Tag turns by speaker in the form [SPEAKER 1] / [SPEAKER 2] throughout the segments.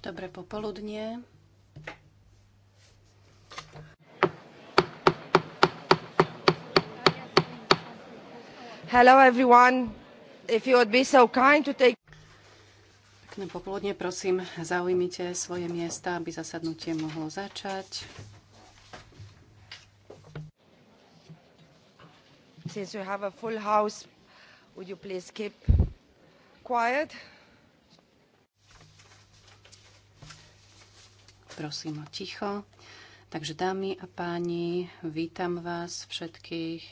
[SPEAKER 1] Dobré popoludnie. Hello everyone. If you would be so kind to take Pekné popoludne, prosím, zaujmite svoje miesta, aby zasadnutie mohlo začať.
[SPEAKER 2] Since you have a full
[SPEAKER 1] house, would you please keep quiet? prosím o ticho. Takže dámy a páni, vítam vás všetkých.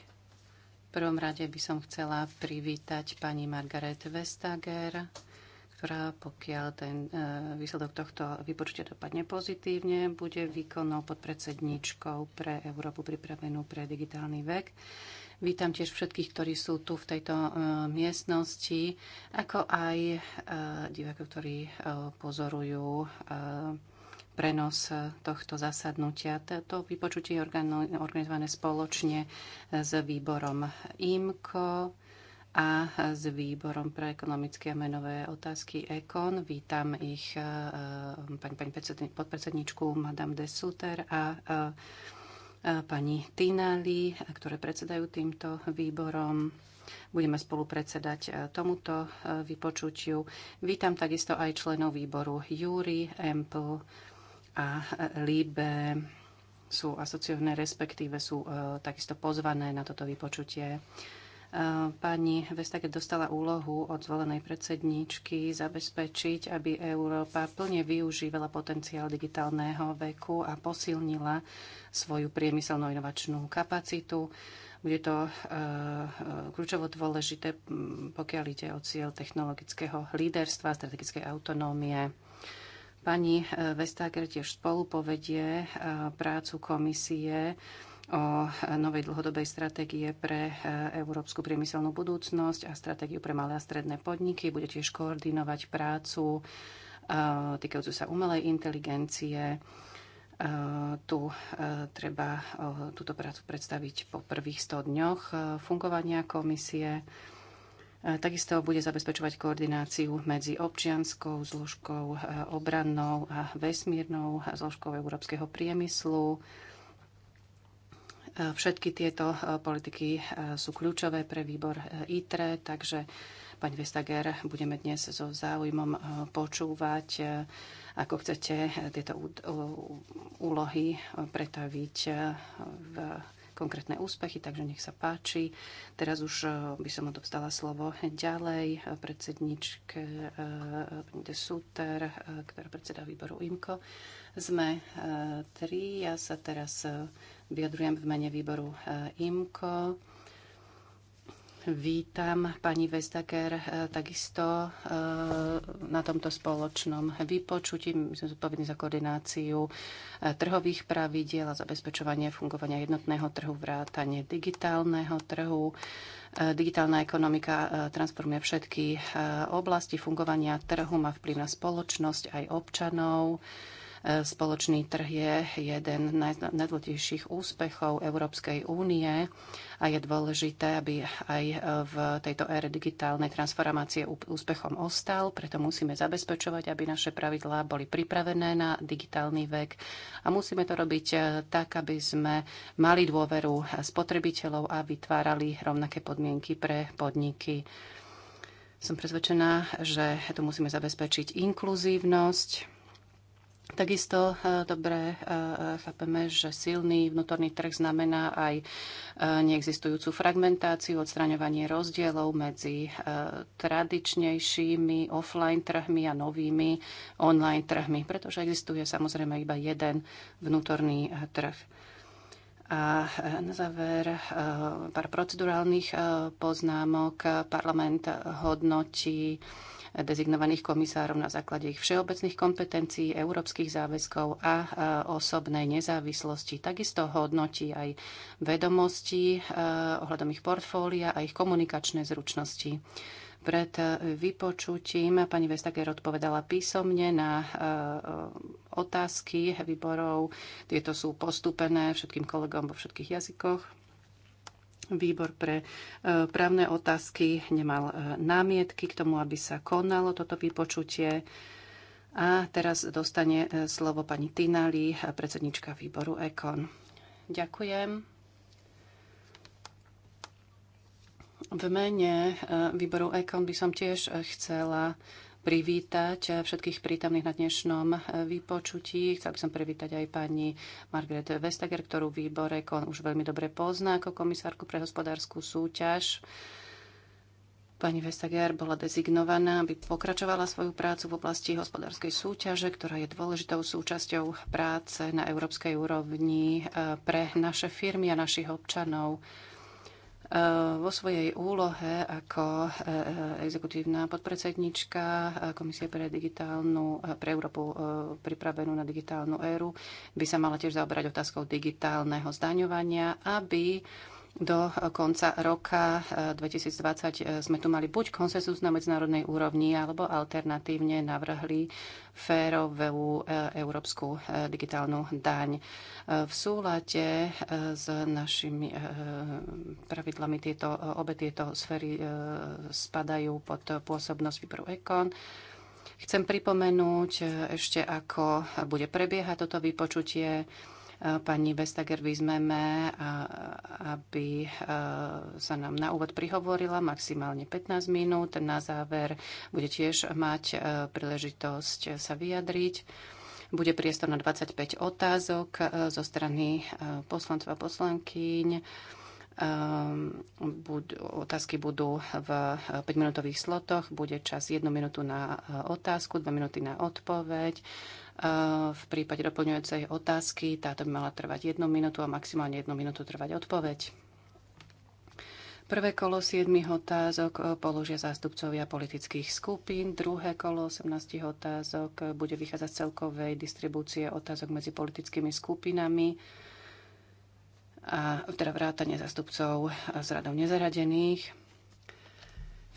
[SPEAKER 1] V prvom rade by som chcela privítať pani Margaret Vestager, ktorá, pokiaľ ten e, výsledok tohto vypočte dopadne pozitívne, bude výkonnou podpredsedničkou pre Európu pripravenú pre digitálny vek. Vítam tiež všetkých, ktorí sú tu v tejto e, miestnosti, ako aj e, divákov, ktorí pozorujú prenos tohto zasadnutia. Toto vypočutie je organizované spoločne s výborom IMCO a s výborom pre ekonomické a menové otázky EKON. Vítam ich eh, pani, pani podpredsedničku Madame de Suter a eh, eh, pani Tinali, ktoré predsedajú týmto výborom budeme spolupredsedať tomuto vypočutiu. Vítam takisto aj členov výboru Júri, Empl a Líbe sú asociované, respektíve sú e, takisto pozvané na toto vypočutie. E, pani Vestager dostala úlohu od zvolenej predsedníčky zabezpečiť, aby Európa plne využívala potenciál digitálneho veku a posilnila svoju priemyselno-inovačnú kapacitu. Bude to e, e kľúčovo dôležité, pokiaľ ide o cieľ technologického líderstva, strategickej autonómie Pani eh, Vestager tiež spolu povedie eh, prácu komisie o eh, novej dlhodobej stratégie pre európsku priemyselnú budúcnosť a stratégiu pre malé a stredné podniky. Bude tiež koordinovať prácu týkajúcu sa umelej inteligencie. Tu treba túto prácu predstaviť po prvých 100 dňoch fungovania komisie. E, takisto bude zabezpečovať koordináciu medzi občianskou zložkou, e, obrannou a vesmírnou zložkou európskeho priemyslu. E, všetky tieto politiky sú kľúčové pre výbor ITRE, takže Pani Vestager, budeme dnes so záujmom počúvať, ako chcete tieto úlohy pretaviť v konkrétne úspechy, takže nech sa páči. Teraz už e, by som odovzdala slovo ďalej predsedničke e, de Suter, e, ktorá predseda výboru IMKO. Sme tri, ja sa teraz vyjadrujem v mene výboru IMKO Vítam pani Vestager e, takisto e, na tomto spoločnom vypočutí. My sme zodpovední za koordináciu e, trhových pravidiel a zabezpečovanie fungovania jednotného trhu, vrátanie digitálneho trhu. Digitálna ekonomika transformuje všetky oblasti fungovania trhu, má vplyv na spoločnosť aj občanov Spoločný trh je jeden z najdôležitejších úspechov Európskej únie a je dôležité, aby aj v tejto ére digitálnej transformácie úspechom ostal. Preto musíme zabezpečovať, aby naše pravidlá boli pripravené na digitálny vek a musíme to robiť eh, tak, aby sme mali dôveru spotrebiteľov a vytvárali rovnaké podmienky pre podniky. Som presvedčená, že tu musíme zabezpečiť inkluzívnosť Takisto e, dobre e, e, chápeme, že silný vnútorný trh znamená aj neexistujúcu fragmentáciu, odstraňovanie rozdielov medzi tradičnejšími offline trhmi a novými online trhmi, pretože existuje samozrejme iba jeden vnútorný trh. A na záver pár procedurálnych poznámok. Parlament hodnotí dezignovaných komisárov na základe ich všeobecných kompetencií, európskych záväzkov a e, osobnej nezávislosti. Takisto hodnotí aj vedomosti e, ohľadom ich portfólia a ich komunikačné zručnosti. Pred e, vypočutím pani Vestager odpovedala písomne na otázky výborov. Tieto sú postúpené všetkým kolegom vo všetkých jazykoch. Výbor pre e, právne otázky nemal e, námietky k tomu, aby sa konalo toto vypočutie. A teraz dostane e, slovo pani Tinali, predsednička výboru EKON. Ďakujem. V mene výboru EKON by som tiež chcela privítať všetkých prítomných na dnešnom vypočutí. Chcel by som privítať aj pani Margrethe Vestager, ktorú výbore už veľmi dobre pozná ako komisárku pre hospodárskú súťaž. Pani Vestager bola dezignovaná, aby pokračovala svoju prácu v oblasti hospodárskej súťaže, ktorá je dôležitou súčasťou práce na európskej úrovni eh, pre naše firmy a našich občanov. Eh, vo svojej úlohe ako eh, exekutívna podpredsednička eh, Komisie pre digitálnu, pre Európu pripravenú na digitálnu éru by sa mala tiež zaoberať otázkou digitálneho zdaňovania, aby do konca roka 2020 eh, eh, sme tu mali buď konsensus na medzinárodnej úrovni, alebo alternatívne navrhli férovú eh, európsku digitálnu daň. V súlade s našimi pravidlami tieto, obe tieto sféry spadajú pod pôsobnosť výboru ECON. Chcem pripomenúť ešte, ako bude prebiehať toto vypočutie. Pani Vestager vyzmeme, aby e, sa nám na úvod prihovorila maximálne 15 minút. Na záver bude tiež mať e, príležitosť sa vyjadriť. Bude priestor na 25 otázok e, zo strany poslancov a poslankyň. Budú, otázky budú v 5-minútových slotoch, bude čas 1 minútu na otázku, 2 minúty na odpoveď Eh, v prípade doplňujúcej otázky táto by mala trvať jednu minútu a maximálne jednu minútu trvať odpoveď. Prvé kolo 7 otázok eh, položia zástupcovia politických skupín, druhé kolo 18 otázok eh, bude vychádzať z celkovej distribúcie otázok medzi politickými skupinami a teda vrátanie zástupcov z radov nezaradených.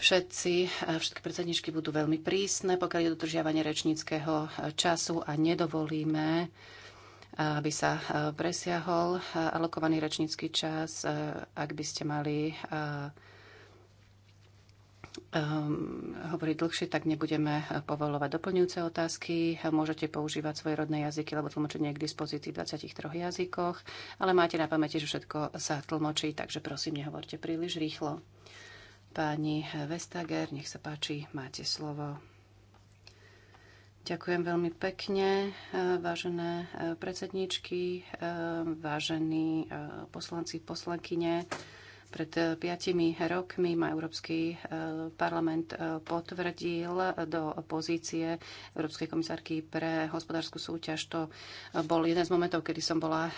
[SPEAKER 1] Všetci, eh, všetky predsedničky budú veľmi prísne, pokiaľ je dodržiavanie rečníckého eh, času a nedovolíme, eh, aby sa presiahol alokovaný rečnícky čas, ak by ste mali um, hovoriť dlhšie, tak nebudeme povolovať doplňujúce otázky. Môžete používať svoje rodné jazyky, lebo tlmočenie je k dispozícii v 23 jazykoch, ale máte na pamäti, že všetko sa tlmočí, takže prosím, nehovorte príliš rýchlo. Pani Vestager, nech sa páči, máte slovo. Ďakujem veľmi pekne, e, vážené e, predsedničky, e, vážení poslanci, poslankyne. Pred eh, piatimi rokmi ma Európsky eh, parlament eh, potvrdil do pozície Európskej komisárky pre hospodárskú súťaž. To bol jeden z momentov, kedy som bola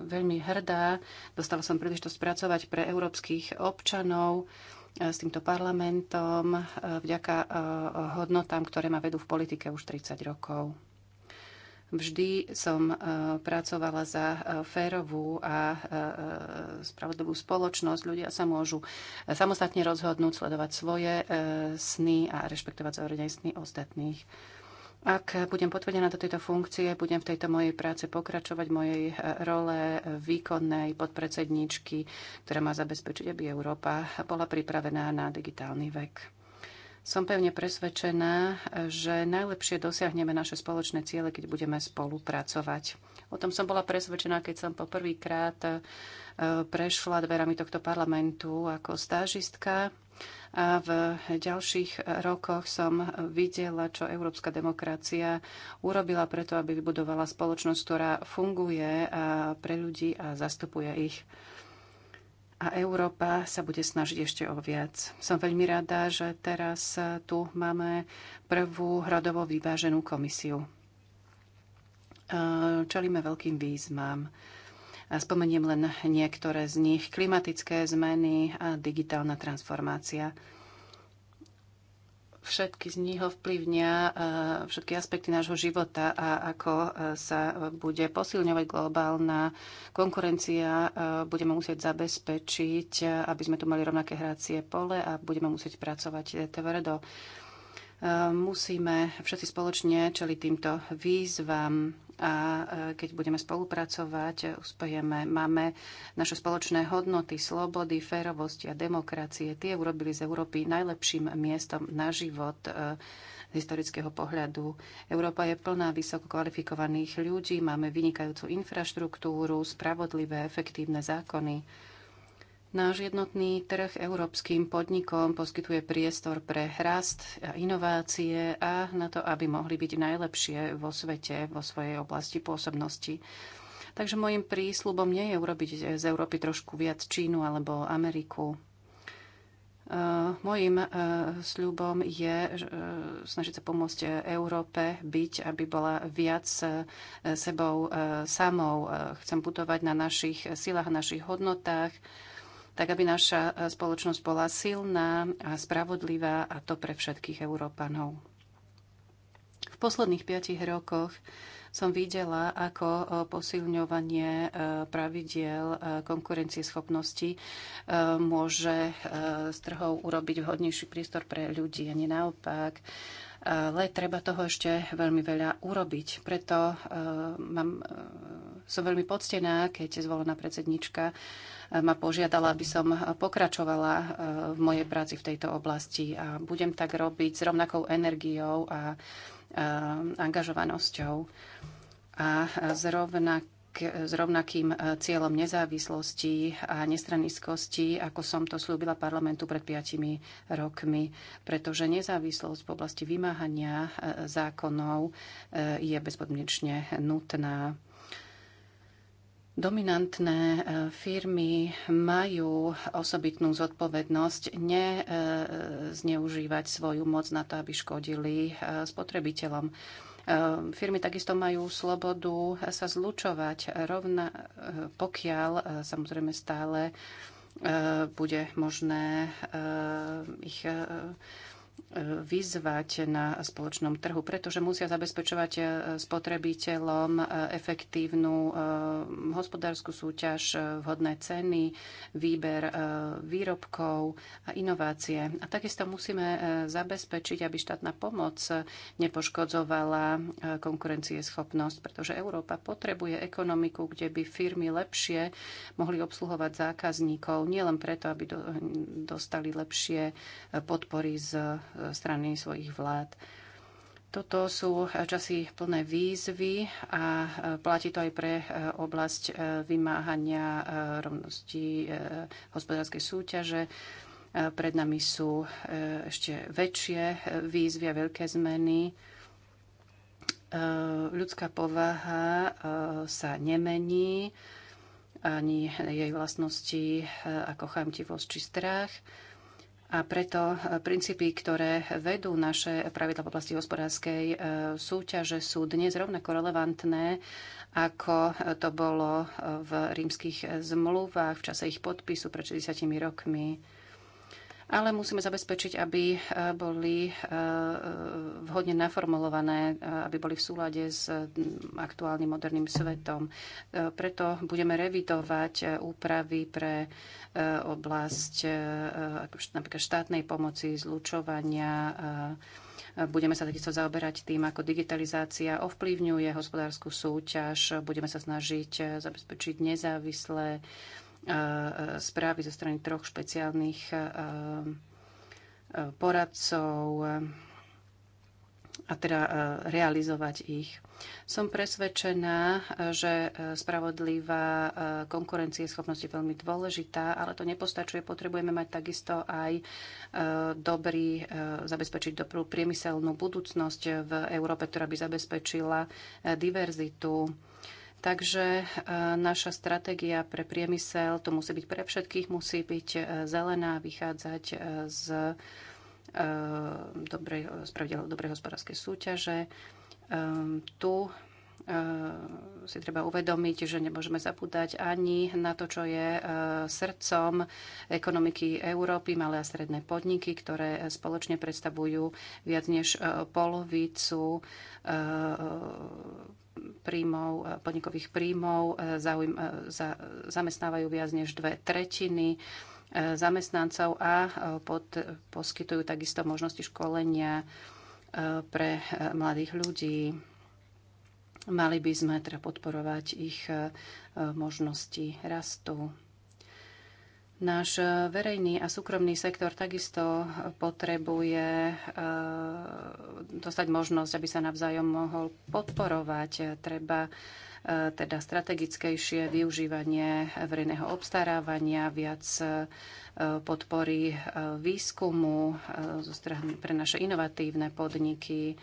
[SPEAKER 1] veľmi hrdá. Dostala som príležitosť pracovať pre európskych občanov s týmto parlamentom vďaka hodnotám, ktoré ma vedú v politike už 30 rokov. Vždy som e, pracovala za e, férovú a e, spravodlivú spoločnosť. Ľudia sa môžu samostatne rozhodnúť, sledovať svoje sny a rešpektovať zároveň aj sny ostatných. Ak budem potvrdená do tejto funkcie, budem v tejto mojej práce pokračovať, mojej role výkonnej podpredsedničky, ktorá má zabezpečiť, aby Európa bola pripravená na digitálny vek. Som pevne presvedčená, že najlepšie dosiahneme naše spoločné ciele, keď budeme spolupracovať. O tom som bola presvedčená, keď som poprvýkrát e, prešla dverami tohto parlamentu ako stážistka. A v ďalších rokoch som videla, čo európska demokracia urobila preto, aby vybudovala spoločnosť, ktorá funguje pre ľudí a zastupuje ich a Európa sa bude snažiť ešte o viac. Som veľmi rada, že teraz eh, tu máme prvú hradovo vyváženú komisiu. Eh, čelíme veľkým a Spomeniem len niektoré z nich. Klimatické zmeny a digitálna transformácia všetky z nich ovplyvnia e, všetky aspekty nášho života a ako e, sa bude posilňovať globálna konkurencia, e, budeme musieť zabezpečiť, aby sme tu mali rovnaké hracie pole a budeme musieť pracovať tvrdo. Musíme všetci spoločne čeliť týmto výzvam a e, keď budeme spolupracovať, uspejeme. Máme naše spoločné hodnoty, slobody, férovosti a demokracie. Tie urobili z Európy najlepším miestom na život e, z historického pohľadu. Európa je plná vysoko kvalifikovaných ľudí, máme vynikajúcu infraštruktúru, spravodlivé, efektívne zákony Náš jednotný trh európskym podnikom poskytuje priestor pre rast a inovácie a na to, aby mohli byť najlepšie vo svete, vo svojej oblasti pôsobnosti. Takže môjim prísľubom nie je urobiť z Európy trošku viac Čínu alebo Ameriku. E, Mojím e, sľubom je e, snažiť sa pomôcť Európe byť, aby bola viac sebou samou. Chcem putovať na našich silách, našich hodnotách, tak aby naša e, spoločnosť bola silná a spravodlivá a to pre všetkých Európanov. V posledných piatich rokoch som videla, ako e, posilňovanie e, pravidiel konkurencieschopnosti môže z trhov urobiť vhodnejší prístor pre ľudí a nie naopak ale treba toho ešte veľmi veľa urobiť. Preto e, mám, e, som veľmi poctená, keď zvolená predsednička e, ma požiadala, aby som pokračovala v mojej práci v tejto oblasti a budem tak robiť s rovnakou energiou a angažovanosťou a zrovna s rovnakým e, cieľom nezávislosti a nestraniskosti, ako som to slúbila parlamentu pred piatimi rokmi, pretože nezávislosť v oblasti vymáhania e, zákonov e, je bezpodmienečne nutná. Dominantné firmy majú osobitnú zodpovednosť nezneužívať svoju moc na to, aby škodili spotrebiteľom. Ehm, firmy takisto majú slobodu sa zlučovať, rovna, eh, pokiaľ eh, samozrejme stále eh, bude možné ich vyzvať na spoločnom trhu, pretože musia zabezpečovať e, spotrebiteľom e, efektívnu e, hospodárskú súťaž, vhodné ceny, výber výrobkov a inovácie. A takisto musíme zabezpečiť, aby štátna pomoc nepoškodzovala konkurencieschopnosť, pretože Európa potrebuje ekonomiku, kde by firmy lepšie mohli obsluhovať zákazníkov, nielen preto, aby dostali lepšie podpory z strany svojich vlád. Toto sú časy plné výzvy a platí to aj pre e, oblasť e, vymáhania e, rovnosti hospodárskej súťaže. Pred nami sú ešte väčšie výzvy a veľké zmeny. Ľudská povaha sa nemení, ani jej vlastnosti ako chamtivosť či strach a preto e, princípy, ktoré vedú naše pravidla v oblasti hospodárskej e, súťaže, sú dnes rovnako relevantné, ako e, to bolo v rímskych zmluvách v čase ich podpisu pred 60 rokmi ale musíme zabezpečiť, aby e, boli e, e, vhodne naformulované, aby boli v súlade s aktuálnym moderným svetom. Preto budeme revidovať úpravy pre oblasť napríklad štátnej pomoci, zlučovania, Budeme sa takisto zaoberať tým, ako digitalizácia ovplyvňuje hospodárskú súťaž. Budeme sa snažiť zabezpečiť nezávislé E, správy zo strany troch špeciálnych e, e, poradcov a teda realizovať ich. Som presvedčená, že spravodlivá konkurencie schopnosť je veľmi dôležitá, ale to nepostačuje. Potrebujeme mať takisto aj dobrý, zabezpečiť dobrú priemyselnú budúcnosť v Európe, ktorá by zabezpečila diverzitu Takže e, naša stratégia pre priemysel, to musí byť pre všetkých, musí byť e, zelená, vychádzať e, z dobrej, z dobrej hospodárskej súťaže. Tu si treba uvedomiť, že nemôžeme zapúdať ani na to, čo je srdcom ekonomiky Európy, malé a stredné podniky, ktoré spoločne predstavujú viac než polovicu príjmov, e, podnikových príjmov e, zaujím, e, za, zamestnávajú viac než dve tretiny zamestnancov a pod, poskytujú takisto možnosti školenia pre mladých ľudí. Mali by sme teda podporovať ich možnosti rastu. Náš e, verejný a súkromný sektor takisto potrebuje e, dostať možnosť, aby sa navzájom mohol podporovať. Treba e, teda strategickejšie využívanie verejného obstarávania, viac podpory výskumu pre naše inovatívne podniky,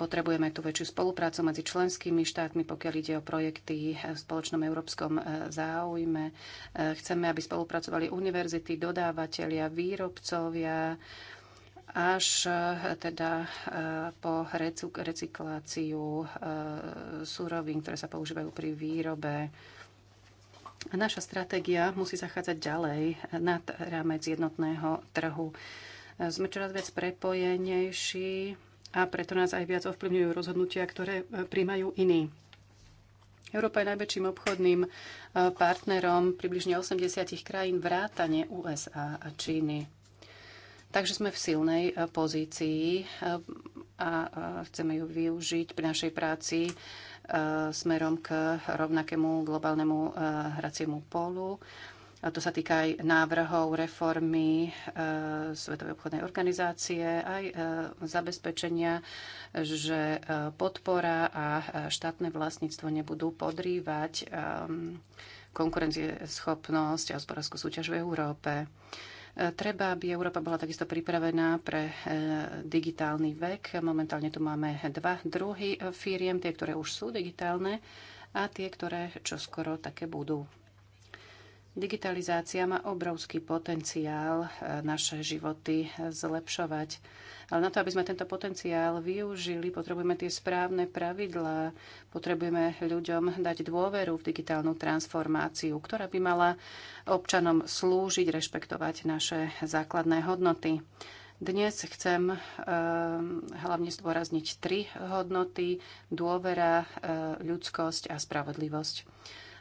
[SPEAKER 1] Potrebujeme tu väčšiu spoluprácu medzi členskými štátmi, pokiaľ ide o projekty v spoločnom európskom e, záujme. E, chceme, aby spolupracovali univerzity, dodávateľia, výrobcovia, až e, teda po recykláciu súrovín, ktoré sa používajú pri výrobe. Naša stratégia musí zachádzať ďalej nad rámec jednotného trhu. Sme čoraz viac prepojenejší a preto nás aj viac ovplyvňujú rozhodnutia, ktoré e, príjmajú iní. Európa je najväčším obchodným e, partnerom približne 80 krajín vrátane USA a Číny. Takže sme v silnej e, pozícii a chceme ju využiť pri našej práci smerom k rovnakému globálnemu hraciemu polu a to sa týka aj návrhov reformy eh, Svetovej obchodnej organizácie, aj eh, zabezpečenia, že eh, podpora a štátne vlastníctvo nebudú podrývať konkurencieschopnosť a hospodárskú súťaž v Európe. Treba, aby Európa bola takisto pripravená pre digitálny vek. Momentálne tu máme dva druhy firiem, tie, ktoré už sú digitálne a tie, ktoré čoskoro také budú. Digitalizácia má obrovský potenciál e, naše životy zlepšovať. Ale na to, aby sme tento potenciál využili, potrebujeme tie správne pravidlá, potrebujeme ľuďom dať dôveru v digitálnu transformáciu, ktorá by mala občanom slúžiť, rešpektovať naše základné hodnoty. Dnes chcem e, hlavne zdôrazniť tri hodnoty dôvera, e, ľudskosť a spravodlivosť.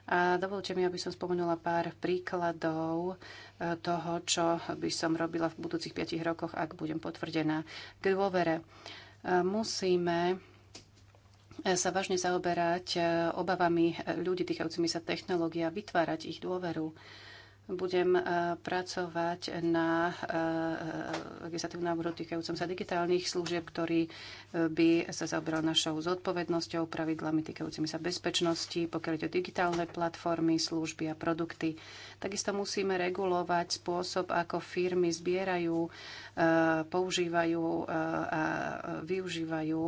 [SPEAKER 1] A dovolte mi, aby som spomenula pár príkladov e, toho, čo by som robila v budúcich 5 rokoch, ak budem potvrdená k dôvere. E, musíme sa vážne zaoberať e, obavami ľudí týkajúcimi sa technológia, vytvárať ich dôveru budem e, pracovať na e, e, legislatívnom návrhu týkajúcom sa digitálnych služieb, ktorý by sa zaoberal našou zodpovednosťou, pravidlami týkajúcimi sa bezpečnosti, pokiaľ ide o digitálne platformy, služby a produkty. Takisto musíme regulovať spôsob, ako firmy zbierajú, používajú a využívajú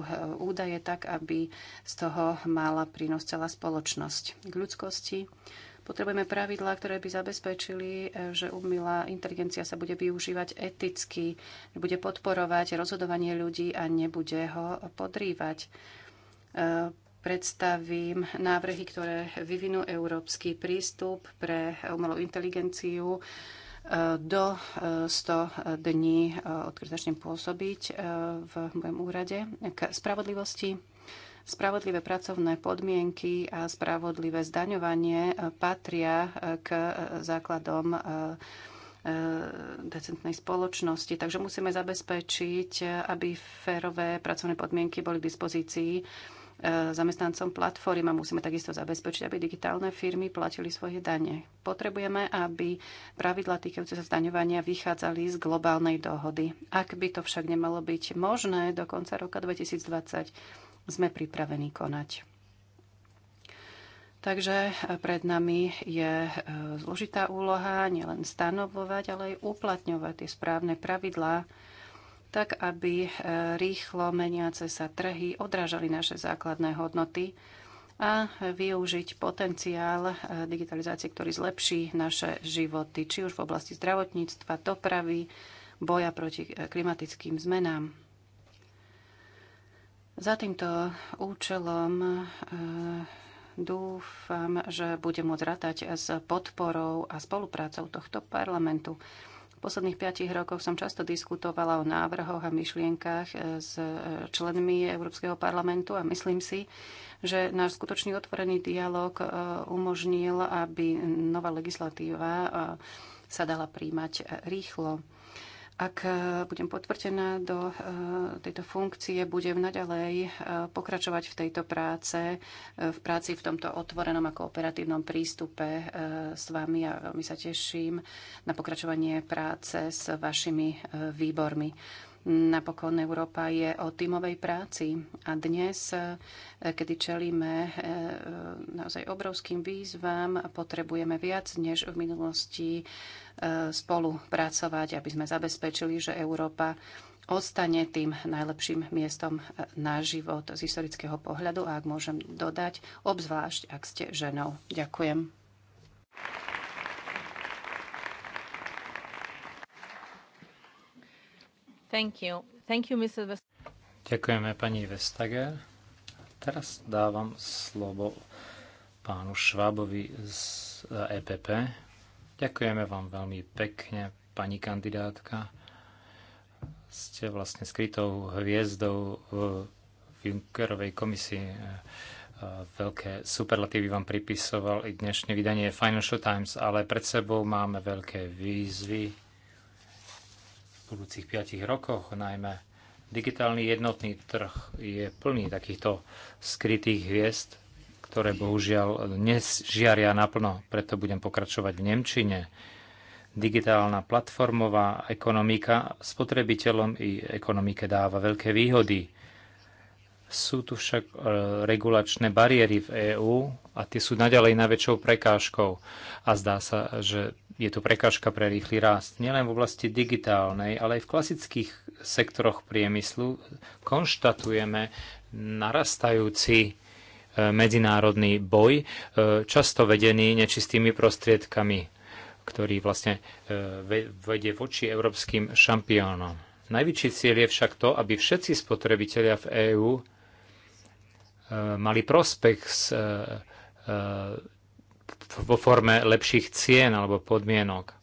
[SPEAKER 1] údaje tak, aby z toho mala prínos celá spoločnosť k ľudskosti Potrebujeme pravidlá, ktoré by zabezpečili, e, že umelá inteligencia sa bude využívať eticky, bude podporovať rozhodovanie ľudí a nebude ho podrývať. E, predstavím návrhy, ktoré vyvinú európsky prístup pre umelú inteligenciu e, do 100 dní, odkedy začnem pôsobiť v mojom úrade k spravodlivosti Spravodlivé pracovné podmienky a spravodlivé zdaňovanie e, patria e, k e, základom decentnej spoločnosti. Takže musíme zabezpečiť, aby férové pracovné podmienky boli k dispozícii zamestnancom platform a musíme takisto zabezpečiť, aby digitálne firmy platili svoje dane. Potrebujeme, aby pravidla týkajúce sa zdaňovania vychádzali z globálnej dohody. Ak by to však nemalo byť možné do konca roka 2020, sme pripravení konať. Takže pred nami je e, zložitá úloha nielen stanovovať, ale aj uplatňovať tie správne pravidlá, tak aby e, rýchlo meniace sa trhy odrážali naše základné hodnoty a využiť potenciál e, digitalizácie, ktorý zlepší naše životy, či už v oblasti zdravotníctva, dopravy, boja proti klimatickým zmenám. Za týmto účelom e, dúfam, že budem môcť rátať s podporou a spoluprácou tohto parlamentu. V posledných piatich rokoch som často diskutovala o návrhoch a myšlienkach e, s členmi Európskeho parlamentu a myslím si, že náš skutočný otvorený dialog e, umožnil, aby nová legislatíva sa dala príjmať rýchlo. Ak e, budem potvrdená do e, tejto funkcie, budem naďalej e, pokračovať v tejto práce, v práci v tomto otvorenom a kooperatívnom prístupe s vami a veľmi sa teším na pokračovanie práce s vašimi výbormi. Napokon Európa je o tímovej práci a dnes, e, kedy čelíme e, naozaj obrovským výzvam, potrebujeme viac než v minulosti e, spolupracovať, aby sme zabezpečili, že Európa ostane tým najlepším miestom na život z historického pohľadu a ak môžem dodať, obzvlášť ak ste ženou. Ďakujem.
[SPEAKER 3] Thank you. Thank you, Mr. Ďakujeme pani Vestager. Teraz dávam slovo pánu Švábovi z EPP. Eh, e Ďakujeme vám veľmi pekne, pani kandidátka. Ste vlastne skrytou hviezdou v eh, Junckerovej komisii. Eh, veľké superlatívy vám pripisoval i dnešné vydanie Financial Times, ale pred sebou máme veľké výzvy budúcich 5 rokoch, najmä digitálny jednotný trh je plný takýchto skrytých hviezd, ktoré bohužiaľ dnes žiaria naplno, preto budem pokračovať v Nemčine. Digitálna platformová ekonomika spotrebiteľom i ekonomike dáva veľké výhody sú tu však e, regulačné bariéry v EÚ a tie sú naďalej najväčšou prekážkou. A zdá sa, že je tu prekážka pre rýchly rast nielen v oblasti digitálnej, ale aj v klasických sektoroch priemyslu. Konštatujeme narastajúci e, medzinárodný boj, e, často vedený nečistými prostriedkami, ktorý vlastne vedie voči európskym šampiónom. Najväčší cieľ je však to, aby všetci spotrebitelia v EÚ mali prospech z, e, e, vo forme lepších cien alebo podmienok.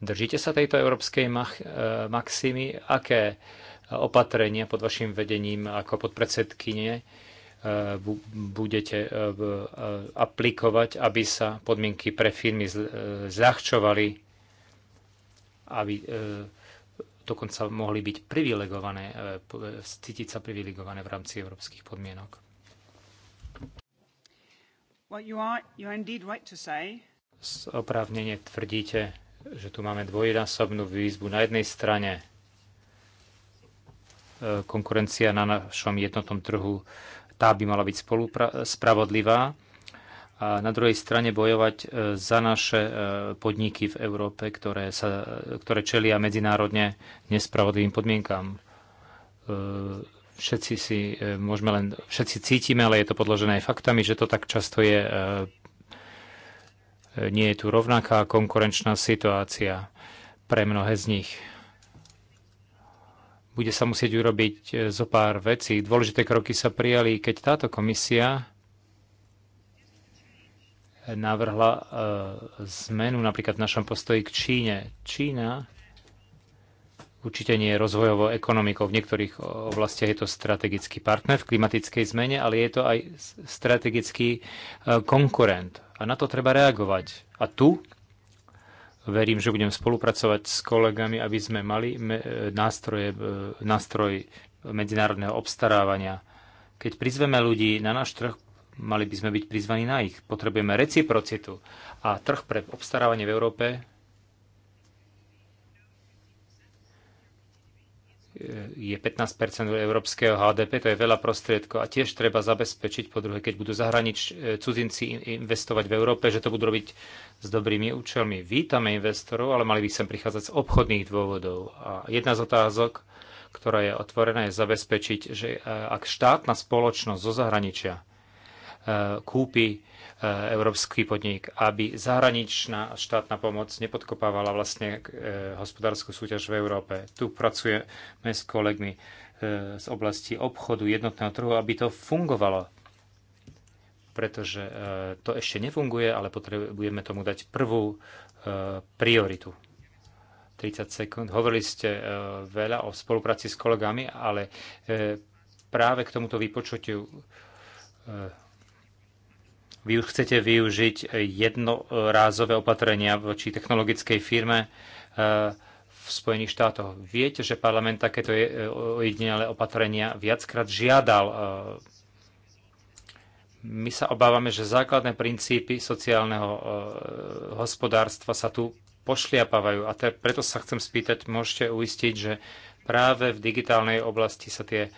[SPEAKER 3] Držíte sa tejto európskej mach, e, maximy? Aké opatrenia pod vašim vedením ako podpredsedkyne budete aplikovať, aby sa podmienky pre firmy zľahčovali, aby dokonca mohli byť privilegované, cítiť sa privilegované v rámci európskych podmienok? Well, Oprávnene tvrdíte, že tu máme dvojnásobnú výzbu. Na jednej strane e, konkurencia na našom jednotnom trhu, tá by mala byť spravodlivá. A na druhej strane bojovať e, za naše e, podniky v Európe, ktoré, sa, ktoré čelia medzinárodne nespravodlivým podmienkám Všetci si e, môžeme len, všetci cítime, ale je to podložené aj faktami, že to tak často je. E, e, nie je tu rovnaká konkurenčná situácia pre mnohé z nich bude sa musieť urobiť zo pár vecí. Dôležité kroky sa prijali, keď táto komisia navrhla zmenu napríklad v našom postoji k Číne. Čína určite nie rozvojovou ekonomikou. V niektorých oblastiach je to strategický partner v klimatickej zmene, ale je to aj strategický e, konkurent. A na to treba reagovať. A tu verím, že budem spolupracovať s kolegami, aby sme mali e, nástroje, e, nástroj medzinárodného obstarávania. Keď prizveme ľudí na náš trh, mali by sme byť prizvaní na ich. Potrebujeme reciprocitu. A trh pre obstarávanie v Európe je 15 európskeho HDP, to je veľa prostriedkov a tiež treba zabezpečiť, po druhé, keď budú zahranič e, cudzinci investovať v Európe, že to budú robiť s dobrými účelmi. Vítame investorov, ale mali by sem prichádzať z obchodných dôvodov. A jedna z otázok, ktorá je otvorená, je zabezpečiť, že e, ak štátna spoločnosť zo zahraničia e, kúpi E, európsky podnik, aby zahraničná štátna pomoc nepodkopávala vlastne e, hospodárskú súťaž v Európe. Tu pracujeme s kolegmi e, z oblasti obchodu jednotného trhu, aby to fungovalo. Pretože to ešte nefunguje, ale potrebujeme tomu dať prvú prioritu. 30 sekúnd. Hovorili ste veľa o spolupráci s kolegami, ale práve k tomuto vypočutiu vy chcete využiť jednorázové opatrenia voči technologickej firme eh, v Spojených štátoch. Viete, že parlament takéto eh, ojedinelé opatrenia viackrát žiadal. Eh. My sa obávame, že základné princípy sociálneho hospodárstva sa tu pošliapávajú A preto sa chcem spýtať, môžete uistiť, že práve v digitálnej oblasti sa tie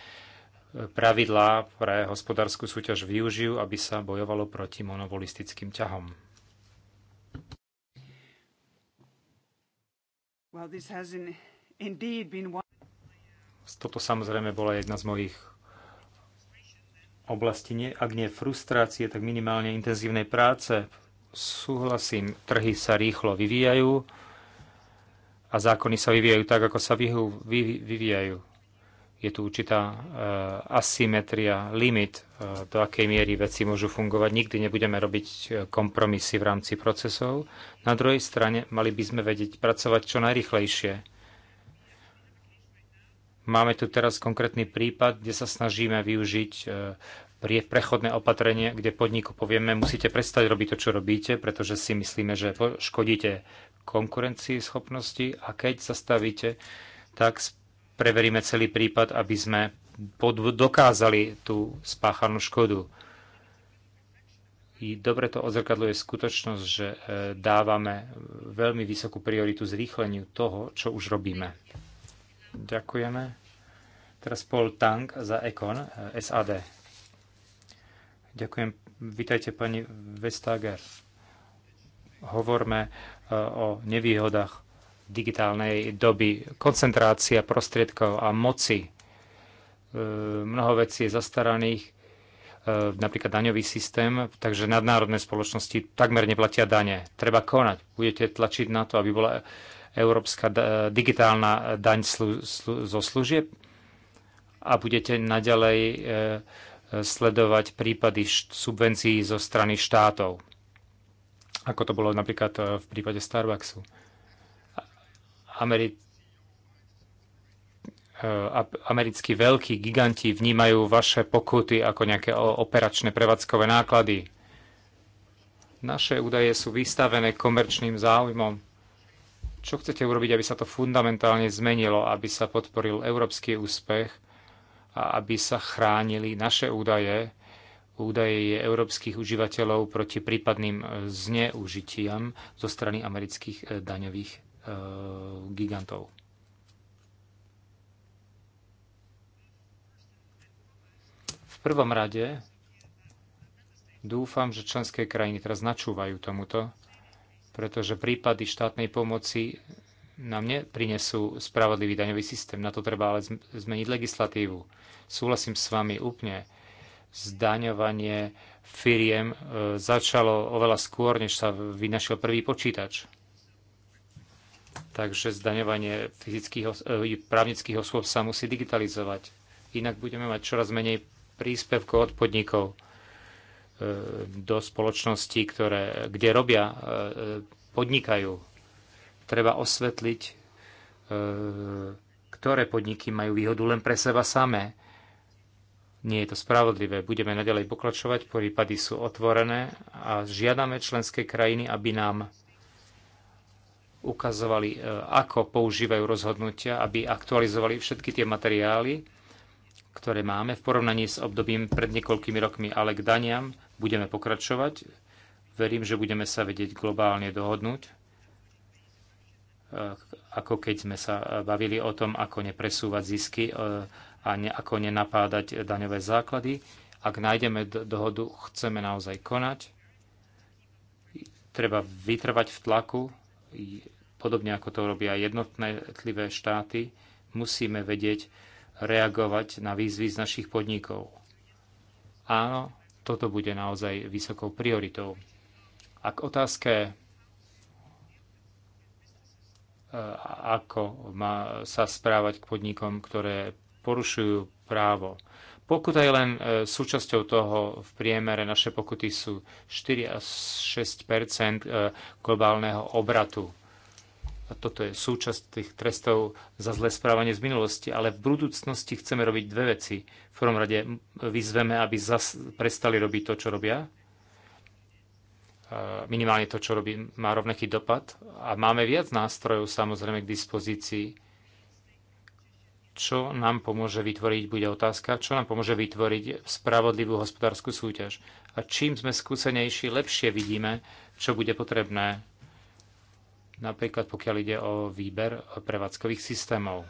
[SPEAKER 3] pravidlá pre hospodárskú súťaž využijú, aby sa bojovalo proti monopolistickým ťahom. Toto samozrejme bola jedna z mojich oblastí, ak nie frustrácie, tak minimálne intenzívnej práce. Súhlasím, trhy sa rýchlo vyvíjajú a zákony sa vyvíjajú tak, ako sa vyvíjajú je tu určitá e, asymetria, limit, e, do akej miery veci môžu fungovať. Nikdy nebudeme robiť e, kompromisy v rámci procesov. Na druhej strane mali by sme vedieť pracovať čo najrychlejšie. Máme tu teraz konkrétny prípad, kde sa snažíme využiť prechodné opatrenie, kde podniku povieme, musíte prestať robiť to, čo robíte, pretože si myslíme, že škodíte konkurencii schopnosti a keď zastavíte, tak preveríme celý prípad, aby sme dokázali tú spáchanú škodu. I dobre to odzrkadluje skutočnosť, že e, dávame veľmi vysokú prioritu zrýchleniu toho, čo už robíme. Ďakujeme. Teraz Paul Tang za Econ e, SAD. Ďakujem. Vítajte, pani Vestager. Hovorme e, o nevýhodách digitálnej doby, koncentrácia prostriedkov a moci. E, mnoho vecí je zastaraných, e, napríklad daňový systém, takže nadnárodné spoločnosti takmer neplatia dane. Treba konať. Budete tlačiť na to, aby bola európska digitálna daň slu, slu, zo služieb a budete naďalej e, sledovať prípady subvencií zo strany štátov, ako to bolo napríklad v prípade Starbucksu Ameri- e, americkí veľkí giganti vnímajú vaše pokuty ako nejaké operačné prevádzkové náklady. Naše údaje sú vystavené komerčným záujmom. Čo chcete urobiť, aby sa to fundamentálne zmenilo, aby sa podporil európsky úspech a aby sa chránili naše údaje, údaje európskych užívateľov proti prípadným e, zneužitiam zo strany amerických e, daňových Eh, gigantov. V prvom rade dúfam, že členské krajiny teraz načúvajú tomuto, pretože prípady štátnej pomoci nám neprinesú spravodlivý daňový systém. Na to treba ale zmeniť legislatívu. Súhlasím s vami úplne. Zdaňovanie firiem eh, začalo oveľa skôr, než sa vynašiel prvý počítač Takže zdaňovanie fyzických, e, právnických osôb sa musí digitalizovať. Inak budeme mať čoraz menej príspevkov od podnikov e, do spoločností, ktoré, kde robia, e, podnikajú. Treba osvetliť, ktoré podniky majú výhodu len pre seba samé. Nie je to spravodlivé. Budeme naďalej pokračovať, prípady sú otvorené a žiadame členské krajiny, aby nám ukazovali, e, ako používajú rozhodnutia, aby aktualizovali všetky tie materiály, ktoré máme v porovnaní s obdobím pred niekoľkými rokmi, ale k daniam budeme pokračovať. Verím, že budeme sa vedieť globálne dohodnúť, e, ako keď sme sa bavili o tom, ako nepresúvať zisky e, a ne, ako nenapádať daňové základy. Ak nájdeme dohodu, chceme naozaj konať. Treba vytrvať v tlaku, podobne ako to robia jednotlivé štáty, musíme vedieť reagovať na výzvy z našich podnikov. Áno, toto bude naozaj vysokou prioritou. A k otázke, e, ako má sa správať k podnikom, ktoré porušujú právo. Pokuta je len e, súčasťou toho, v priemere naše pokuty sú 4 až 6 globálneho obratu. A toto je súčasť tých trestov za zlé správanie z minulosti, ale v budúcnosti chceme robiť dve veci. V prvom rade vyzveme, aby zas prestali robiť to, čo robia. Minimálne to, čo robí, má rovnaký dopad. A máme viac nástrojov samozrejme k dispozícii čo nám pomôže vytvoriť, bude otázka, čo nám pomôže vytvoriť spravodlivú hospodárskú súťaž. A čím sme skúsenejší, lepšie vidíme, čo bude potrebné, napríklad pokiaľ ide o výber prevádzkových systémov.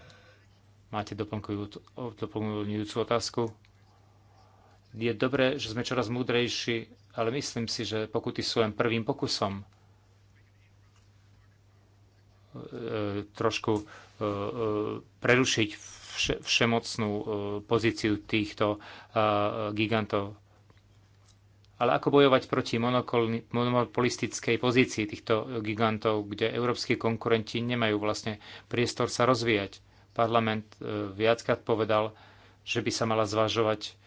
[SPEAKER 3] Máte doplňujúcu otázku? Je dobré, že sme čoraz múdrejší, ale myslím si, že pokuty sú len prvým pokusom. E, trošku E, prerušiť vše, všemocnú e, pozíciu týchto e, gigantov. Ale ako bojovať proti monopolistickej pozícii týchto gigantov, kde európsky konkurenti nemajú vlastne priestor sa rozvíjať? Parlament viackrát povedal, že by sa mala zvažovať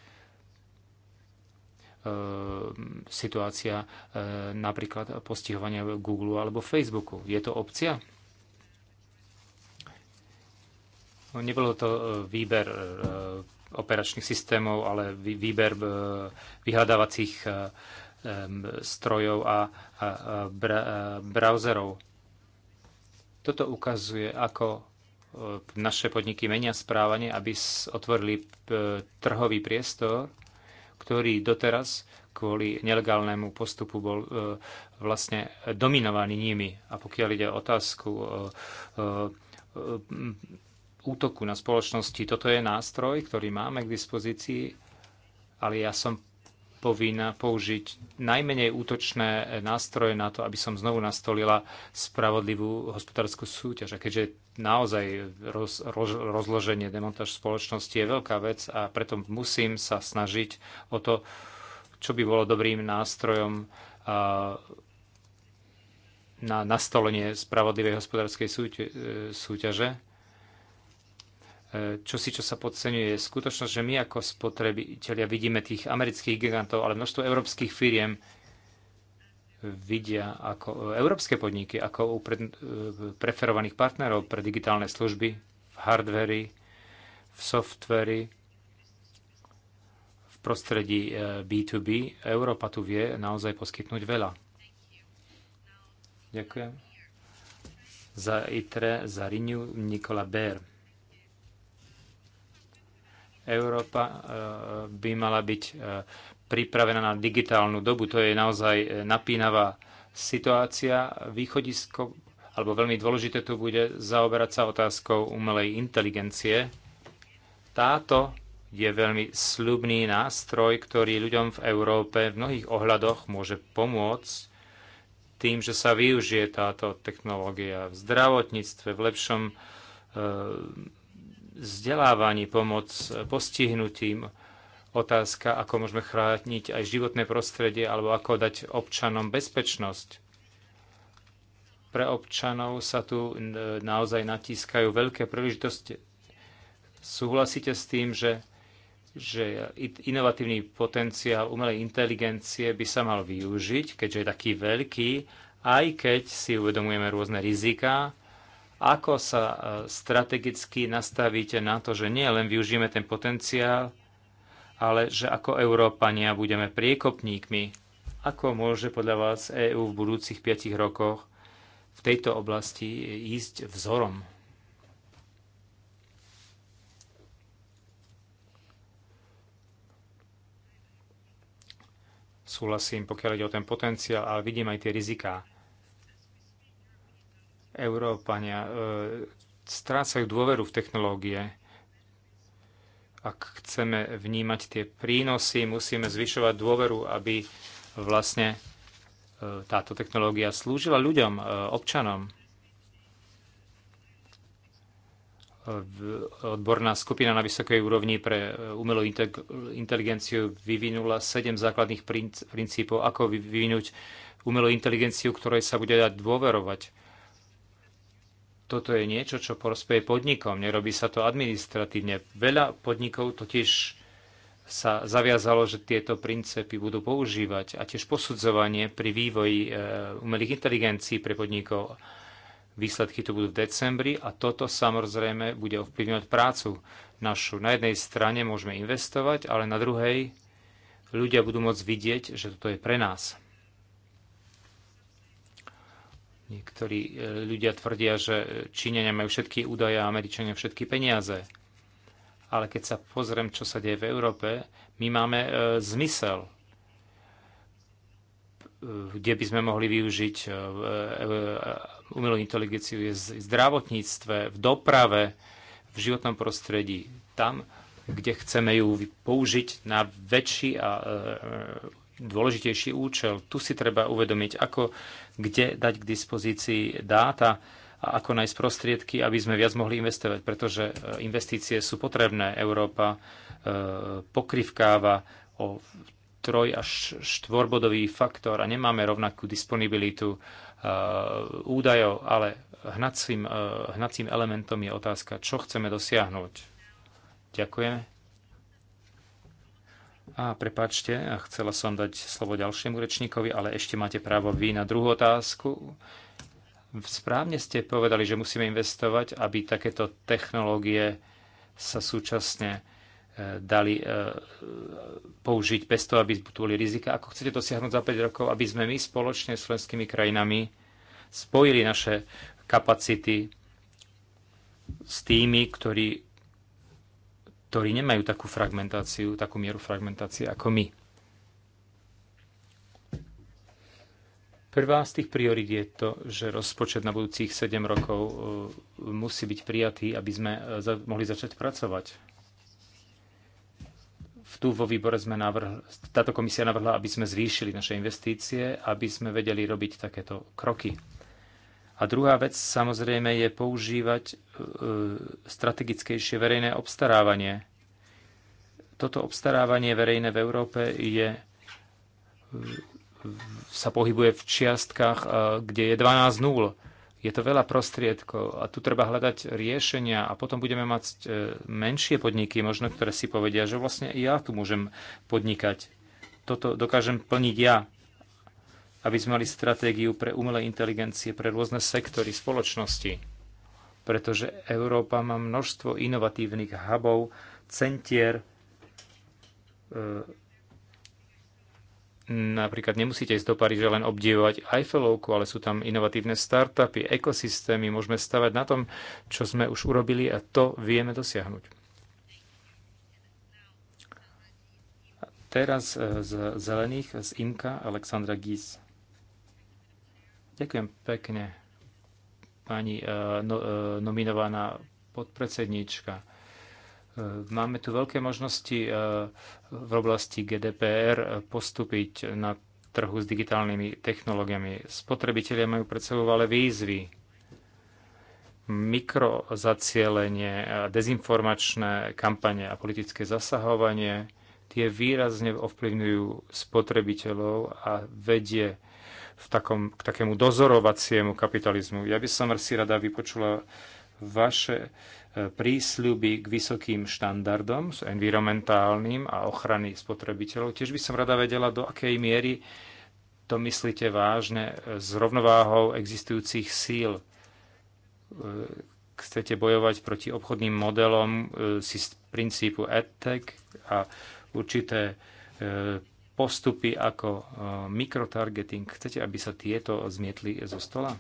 [SPEAKER 3] situácia napríklad postihovania Google alebo Facebooku. Je to opcia? Nebolo to e, výber e, operačných systémov, ale výber e, vyhľadávacích strojov a browserov. Toto ukazuje, ako naše podniky menia správanie, aby otvorili trhový priestor, ktorý doteraz kvôli nelegálnemu postupu bol vlastne dominovaný nimi. A pokiaľ ide o otázku útoku na spoločnosti. Toto je nástroj, ktorý máme k dispozícii, ale ja som povinná použiť najmenej útočné nástroje na to, aby som znovu nastolila spravodlivú hospodárskú súťaž. A keďže naozaj roz, roz, rozloženie demontáž spoločnosti je veľká vec a preto musím sa snažiť o to, čo by bolo dobrým nástrojom na nastolenie spravodlivej hospodárskej e, súťaže čo si, čo sa podceňuje, je skutočnosť, že my ako spotrebitelia vidíme tých amerických gigantov, ale množstvo európskych firiem vidia ako európske podniky, ako u pre, e, preferovaných partnerov pre digitálne služby v hardveri, v softveri, v prostredí B2B. E, Európa tu vie naozaj poskytnúť veľa. Ďakujem. Za ITRE, za Rinu Nikola Bér. Európa e, by mala byť e, pripravená na digitálnu dobu. To je naozaj e, napínavá situácia. Východisko, alebo veľmi dôležité tu bude zaoberať sa otázkou umelej inteligencie. Táto je veľmi sľubný nástroj, ktorý ľuďom v Európe v mnohých ohľadoch môže pomôcť tým, že sa využije táto technológia v zdravotníctve, v lepšom vzdelávaní, pomoc postihnutým, otázka, ako môžeme chrániť aj životné prostredie alebo ako dať občanom bezpečnosť. Pre občanov sa tu naozaj natískajú veľké príležitosti. Súhlasíte s tým, že, že inovatívny potenciál umelej inteligencie by sa mal využiť, keďže je taký veľký, aj keď si uvedomujeme rôzne riziká, ako sa e, strategicky nastavíte na to, že nie len využijeme ten potenciál, ale že ako Európania budeme priekopníkmi? Ako môže podľa vás EÚ v budúcich 5 rokoch v tejto oblasti ísť vzorom? Súhlasím, pokiaľ ide o ten potenciál, ale vidím aj tie riziká Európania e, strácajú dôveru v technológie. Ak chceme vnímať tie prínosy, musíme zvyšovať dôveru, aby vlastne e, táto technológia slúžila ľuďom, e, občanom. Odborná skupina na vysokej úrovni pre umelú inteligenciu vyvinula sedem základných princípov, ako vyvinúť umelú inteligenciu, ktorej sa bude dať dôverovať toto je niečo, čo prospeje podnikom. Nerobí sa to administratívne. Veľa podnikov totiž sa zaviazalo, že tieto princípy budú používať a tiež posudzovanie pri vývoji e, umelých inteligencií pre podnikov. Výsledky tu budú v decembri a toto samozrejme bude ovplyvňovať prácu našu. Na jednej strane môžeme investovať, ale na druhej ľudia budú môcť vidieť, že toto je pre nás. Niektorí e, ľudia tvrdia, že Číňania majú všetky údaje a Američania všetky peniaze. Ale keď sa pozriem, čo sa deje v Európe, my máme e, zmysel, e, kde by sme mohli využiť e, e, umelú inteligenciu, je v zdravotníctve, v doprave, v životnom prostredí. Tam, kde chceme ju použiť na väčší a e, dôležitejší účel. Tu si treba uvedomiť, ako, kde dať k dispozícii dáta a ako nájsť prostriedky, aby sme viac mohli investovať, pretože e, investície sú potrebné. Európa e, pokrivkáva o troj až štvorbodový faktor a nemáme rovnakú disponibilitu e, údajov, ale hnacím, hnacím elementom je otázka, čo chceme dosiahnuť. Ďakujeme. A prepáčte, a chcela som dať slovo ďalšiemu rečníkovi, ale ešte máte právo vy na druhú otázku. Správne ste povedali, že musíme investovať, aby takéto technológie sa súčasne e, dali e, použiť bez toho, aby tu boli rizika. Ako chcete dosiahnuť za 5 rokov, aby sme my spoločne s členskými krajinami spojili naše kapacity s tými, ktorí ktorí nemajú takú fragmentáciu, takú mieru fragmentácie ako my. Prvá z tých priorít je to, že rozpočet na budúcich 7 rokov e, musí byť prijatý, aby sme e, mohli začať pracovať. V tu vo výbore sme navrhli, táto komisia navrhla, aby sme zvýšili naše investície, aby sme vedeli robiť takéto kroky a druhá vec samozrejme je používať e, strategickejšie verejné obstarávanie. Toto obstarávanie verejné v Európe je, e, sa pohybuje v čiastkách, e, kde je 12 nul. Je to veľa prostriedkov a tu treba hľadať riešenia a potom budeme mať menšie podniky, možno ktoré si povedia, že vlastne ja tu môžem podnikať. Toto dokážem plniť ja aby sme mali stratégiu pre umelé inteligencie, pre rôzne sektory spoločnosti. Pretože Európa má množstvo inovatívnych hubov, centier. E, napríklad nemusíte ísť do Paríža len obdivovať Eiffelovku, ale sú tam inovatívne startupy, ekosystémy, môžeme stavať na tom, čo sme už urobili a to vieme dosiahnuť. teraz e, z zelených, z Imka, Alexandra Gies. Ďakujem pekne, pani eh, no, eh, nominovaná podpredsedníčka. Eh, máme tu veľké možnosti v oblasti GDPR postúpiť na trhu s digitálnymi technológiami. Spotrebitelia majú pred sebou ale výzvy. Mikrozacielenie, dezinformačné kampane a politické zasahovanie tie výrazne ovplyvňujú spotrebiteľov a vedie v takom, k takému dozorovaciemu kapitalizmu. Ja by som si rada vypočula vaše e, prísľuby k vysokým štandardom, environmentálnym a ochrany spotrebiteľov. Tiež by som rada vedela, do akej miery to myslíte vážne s rovnováhou existujúcich síl. E, chcete bojovať proti obchodným modelom e, z princípu EdTech a určité postupy ako e, mikrotargeting, chcete, aby sa tieto zmietli zo stola?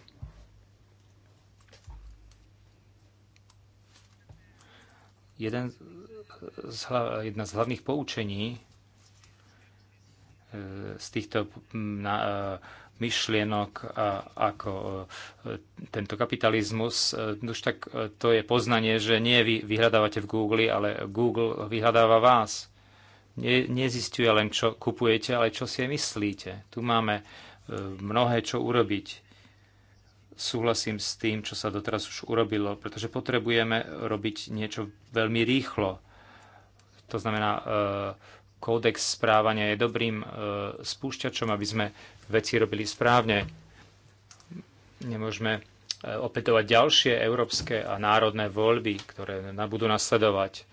[SPEAKER 3] Jeden z, jedna z hlavných poučení e, z týchto e, myšlienok ako tento kapitalizmus. No už tak to je poznanie, že nie vy vyhľadávate v Google, ale Google vyhľadáva vás ne, nezistuje len, čo kupujete, ale čo si aj myslíte. Tu máme e, mnohé, čo urobiť. Súhlasím s tým, čo sa doteraz už urobilo, pretože potrebujeme robiť niečo veľmi rýchlo. To znamená, e, kódex správania je dobrým e, spúšťačom, aby sme veci robili správne. Nemôžeme opätovať ďalšie európske a národné voľby, ktoré budú nasledovať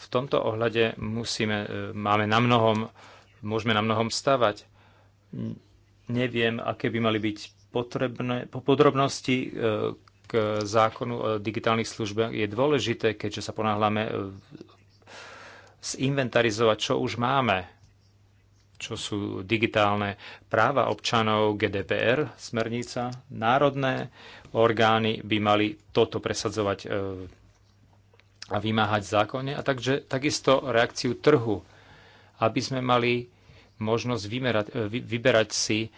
[SPEAKER 3] v tomto ohľade musíme, e, máme na mnohom, môžeme na mnohom stavať. Neviem, aké by mali byť potrebné po podrobnosti e, k zákonu o digitálnych službách. Je dôležité, keďže sa ponáhľame e, zinventarizovať, čo už máme, čo sú digitálne práva občanov, GDPR, smernica, národné orgány by mali toto presadzovať a vymáhať zákony a takže, takisto reakciu trhu, aby sme mali možnosť vymerať, e, vy, vyberať si e,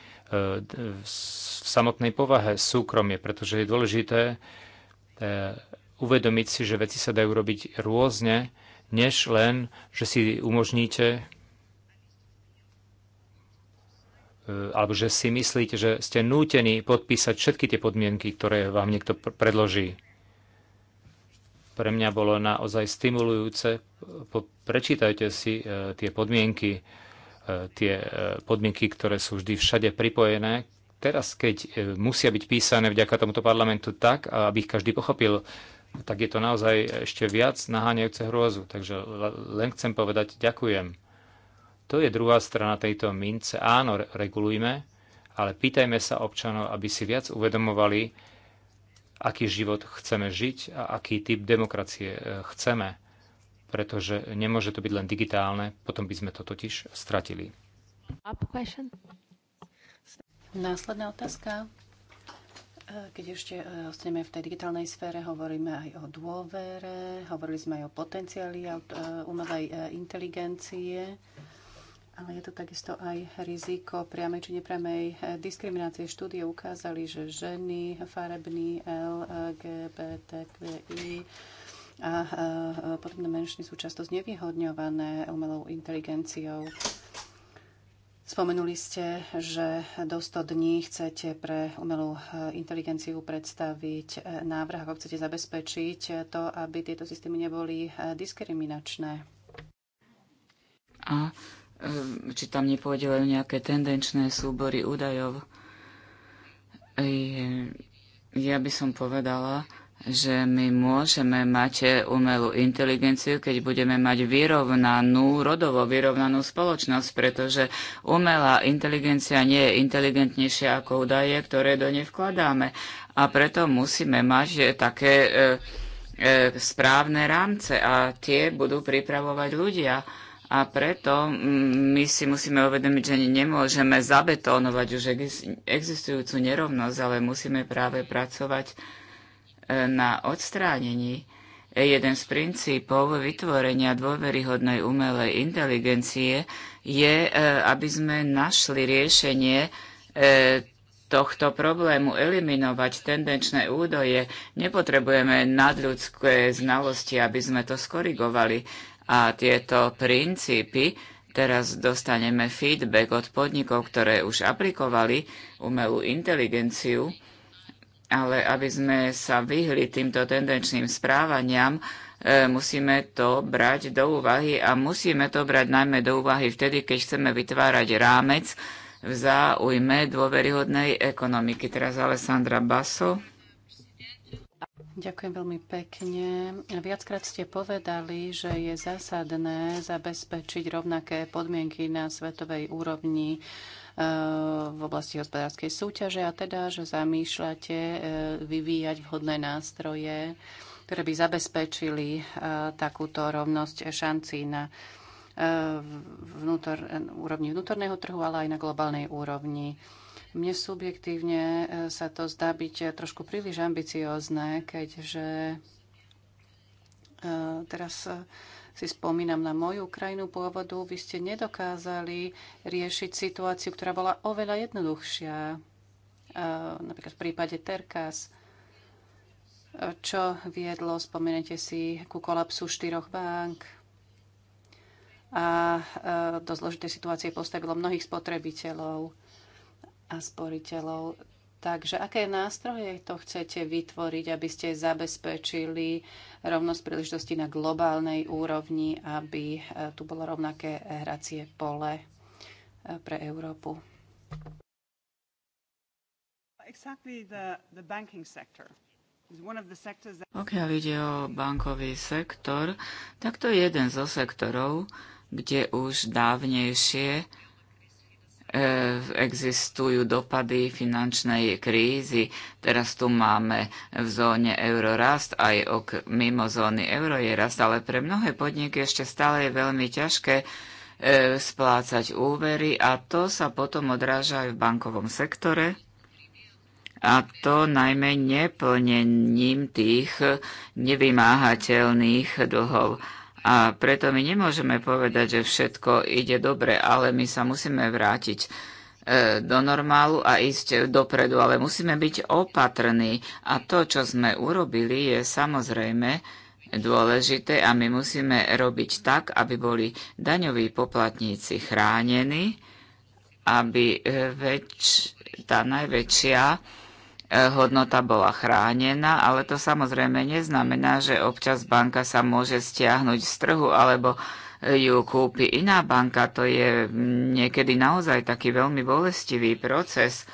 [SPEAKER 3] v samotnej povahe súkromie, pretože je dôležité e, uvedomiť si, že veci sa dajú robiť rôzne, než len, že si umožníte alebo že si myslíte, že ste nútení podpísať všetky tie podmienky, ktoré vám niekto predloží pre mňa bolo naozaj stimulujúce. Prečítajte si e, tie podmienky, e, tie e, podmienky, ktoré sú vždy všade pripojené. Teraz, keď musia byť písané vďaka tomuto parlamentu tak, aby ich každý pochopil, tak je to naozaj ešte viac naháňajúce hrôzu. Takže len chcem povedať ďakujem. To je druhá strana tejto mince. Áno, regulujme, ale pýtajme sa občanov, aby si viac uvedomovali, aký život chceme žiť a aký typ demokracie e, chceme, pretože nemôže to byť len digitálne, potom by sme to totiž stratili.
[SPEAKER 1] Následná otázka. E, keď ešte e, ostaneme v tej digitálnej sfére, hovoríme aj o dôvere, hovorili sme aj o potenciáli umelej inteligencie ale je to takisto aj riziko priamej či nepriamej eh, diskriminácie. Štúdie ukázali, že ženy, farební, LGBTQI a eh, podobné menšiny sú často znevýhodňované umelou inteligenciou. Spomenuli ste, že do 100 dní chcete pre umelú eh, inteligenciu predstaviť návrh, ako chcete zabezpečiť to, aby tieto systémy neboli diskriminačné. A
[SPEAKER 2] Ehm, či tam nepôjde nejaké tendenčné súbory údajov. Ehm, ja by som povedala, že my môžeme mať umelú inteligenciu, keď budeme mať vyrovnanú, rodovo vyrovnanú spoločnosť, pretože umelá inteligencia nie je inteligentnejšia ako údaje, ktoré do nej vkladáme. A preto musíme mať eh, také e, e, správne rámce a tie budú pripravovať ľudia. A preto mm, my si musíme uvedomiť, že nemôžeme zabetónovať už existujúcu nerovnosť, ale musíme práve pracovať e, na odstránení. Jeden z princípov vytvorenia dôveryhodnej umelej inteligencie je, e, aby sme našli riešenie e, tohto problému, eliminovať tendenčné údoje. Nepotrebujeme nadľudské znalosti, aby sme to skorigovali a tieto princípy teraz dostaneme feedback od podnikov, ktoré už aplikovali umelú inteligenciu, ale aby sme sa vyhli týmto tendenčným správaniam, e, musíme to brať do úvahy a musíme to brať najmä do úvahy vtedy, keď chceme vytvárať rámec v záujme dôveryhodnej ekonomiky. Teraz Alessandra Basso.
[SPEAKER 1] Ďakujem veľmi pekne. Viackrát ste povedali, že je zásadné zabezpečiť rovnaké podmienky na svetovej úrovni e, v oblasti hospodárskej súťaže a teda, že zamýšľate e, vyvíjať vhodné nástroje, ktoré by zabezpečili e, takúto rovnosť šancí na vnútor, úrovni vnútorného trhu, ale aj na globálnej úrovni. Mne subjektívne e, sa to zdá byť e, trošku príliš ambiciózne, keďže e, teraz si spomínam na moju krajinu pôvodu, vy ste nedokázali riešiť situáciu, ktorá bola oveľa jednoduchšia. Napríklad v prípade Terkas, čo viedlo, spomenete si, ku kolapsu štyroch bank a do zložitej situácie postavilo mnohých spotrebiteľov a sporiteľov. Takže aké nástroje to chcete vytvoriť, aby ste zabezpečili rovnosť príležitosti na globálnej úrovni, aby e, tu bolo rovnaké hracie pole e, pre Európu? Pokiaľ ide o
[SPEAKER 2] bankový sektor, tak to je jeden zo sektorov, kde už dávnejšie E, existujú dopady finančnej krízy. Teraz tu máme v zóne euro rast, aj ok, mimo zóny euro je rast, ale pre mnohé podniky ešte stále je veľmi ťažké e, splácať úvery a to sa potom odráža aj v bankovom sektore a to najmä neplnením tých nevymáhateľných dlhov. A preto my nemôžeme povedať, že všetko ide dobre, ale my sa musíme vrátiť e, do normálu a ísť dopredu, ale musíme byť opatrní. A to, čo sme urobili, je samozrejme dôležité a my musíme robiť tak, aby boli daňoví poplatníci chránení, aby e, väč, tá najväčšia E, hodnota bola chránená, ale to samozrejme neznamená, že občas banka sa môže stiahnuť z trhu alebo ju kúpi iná banka. To je niekedy naozaj taký veľmi bolestivý proces,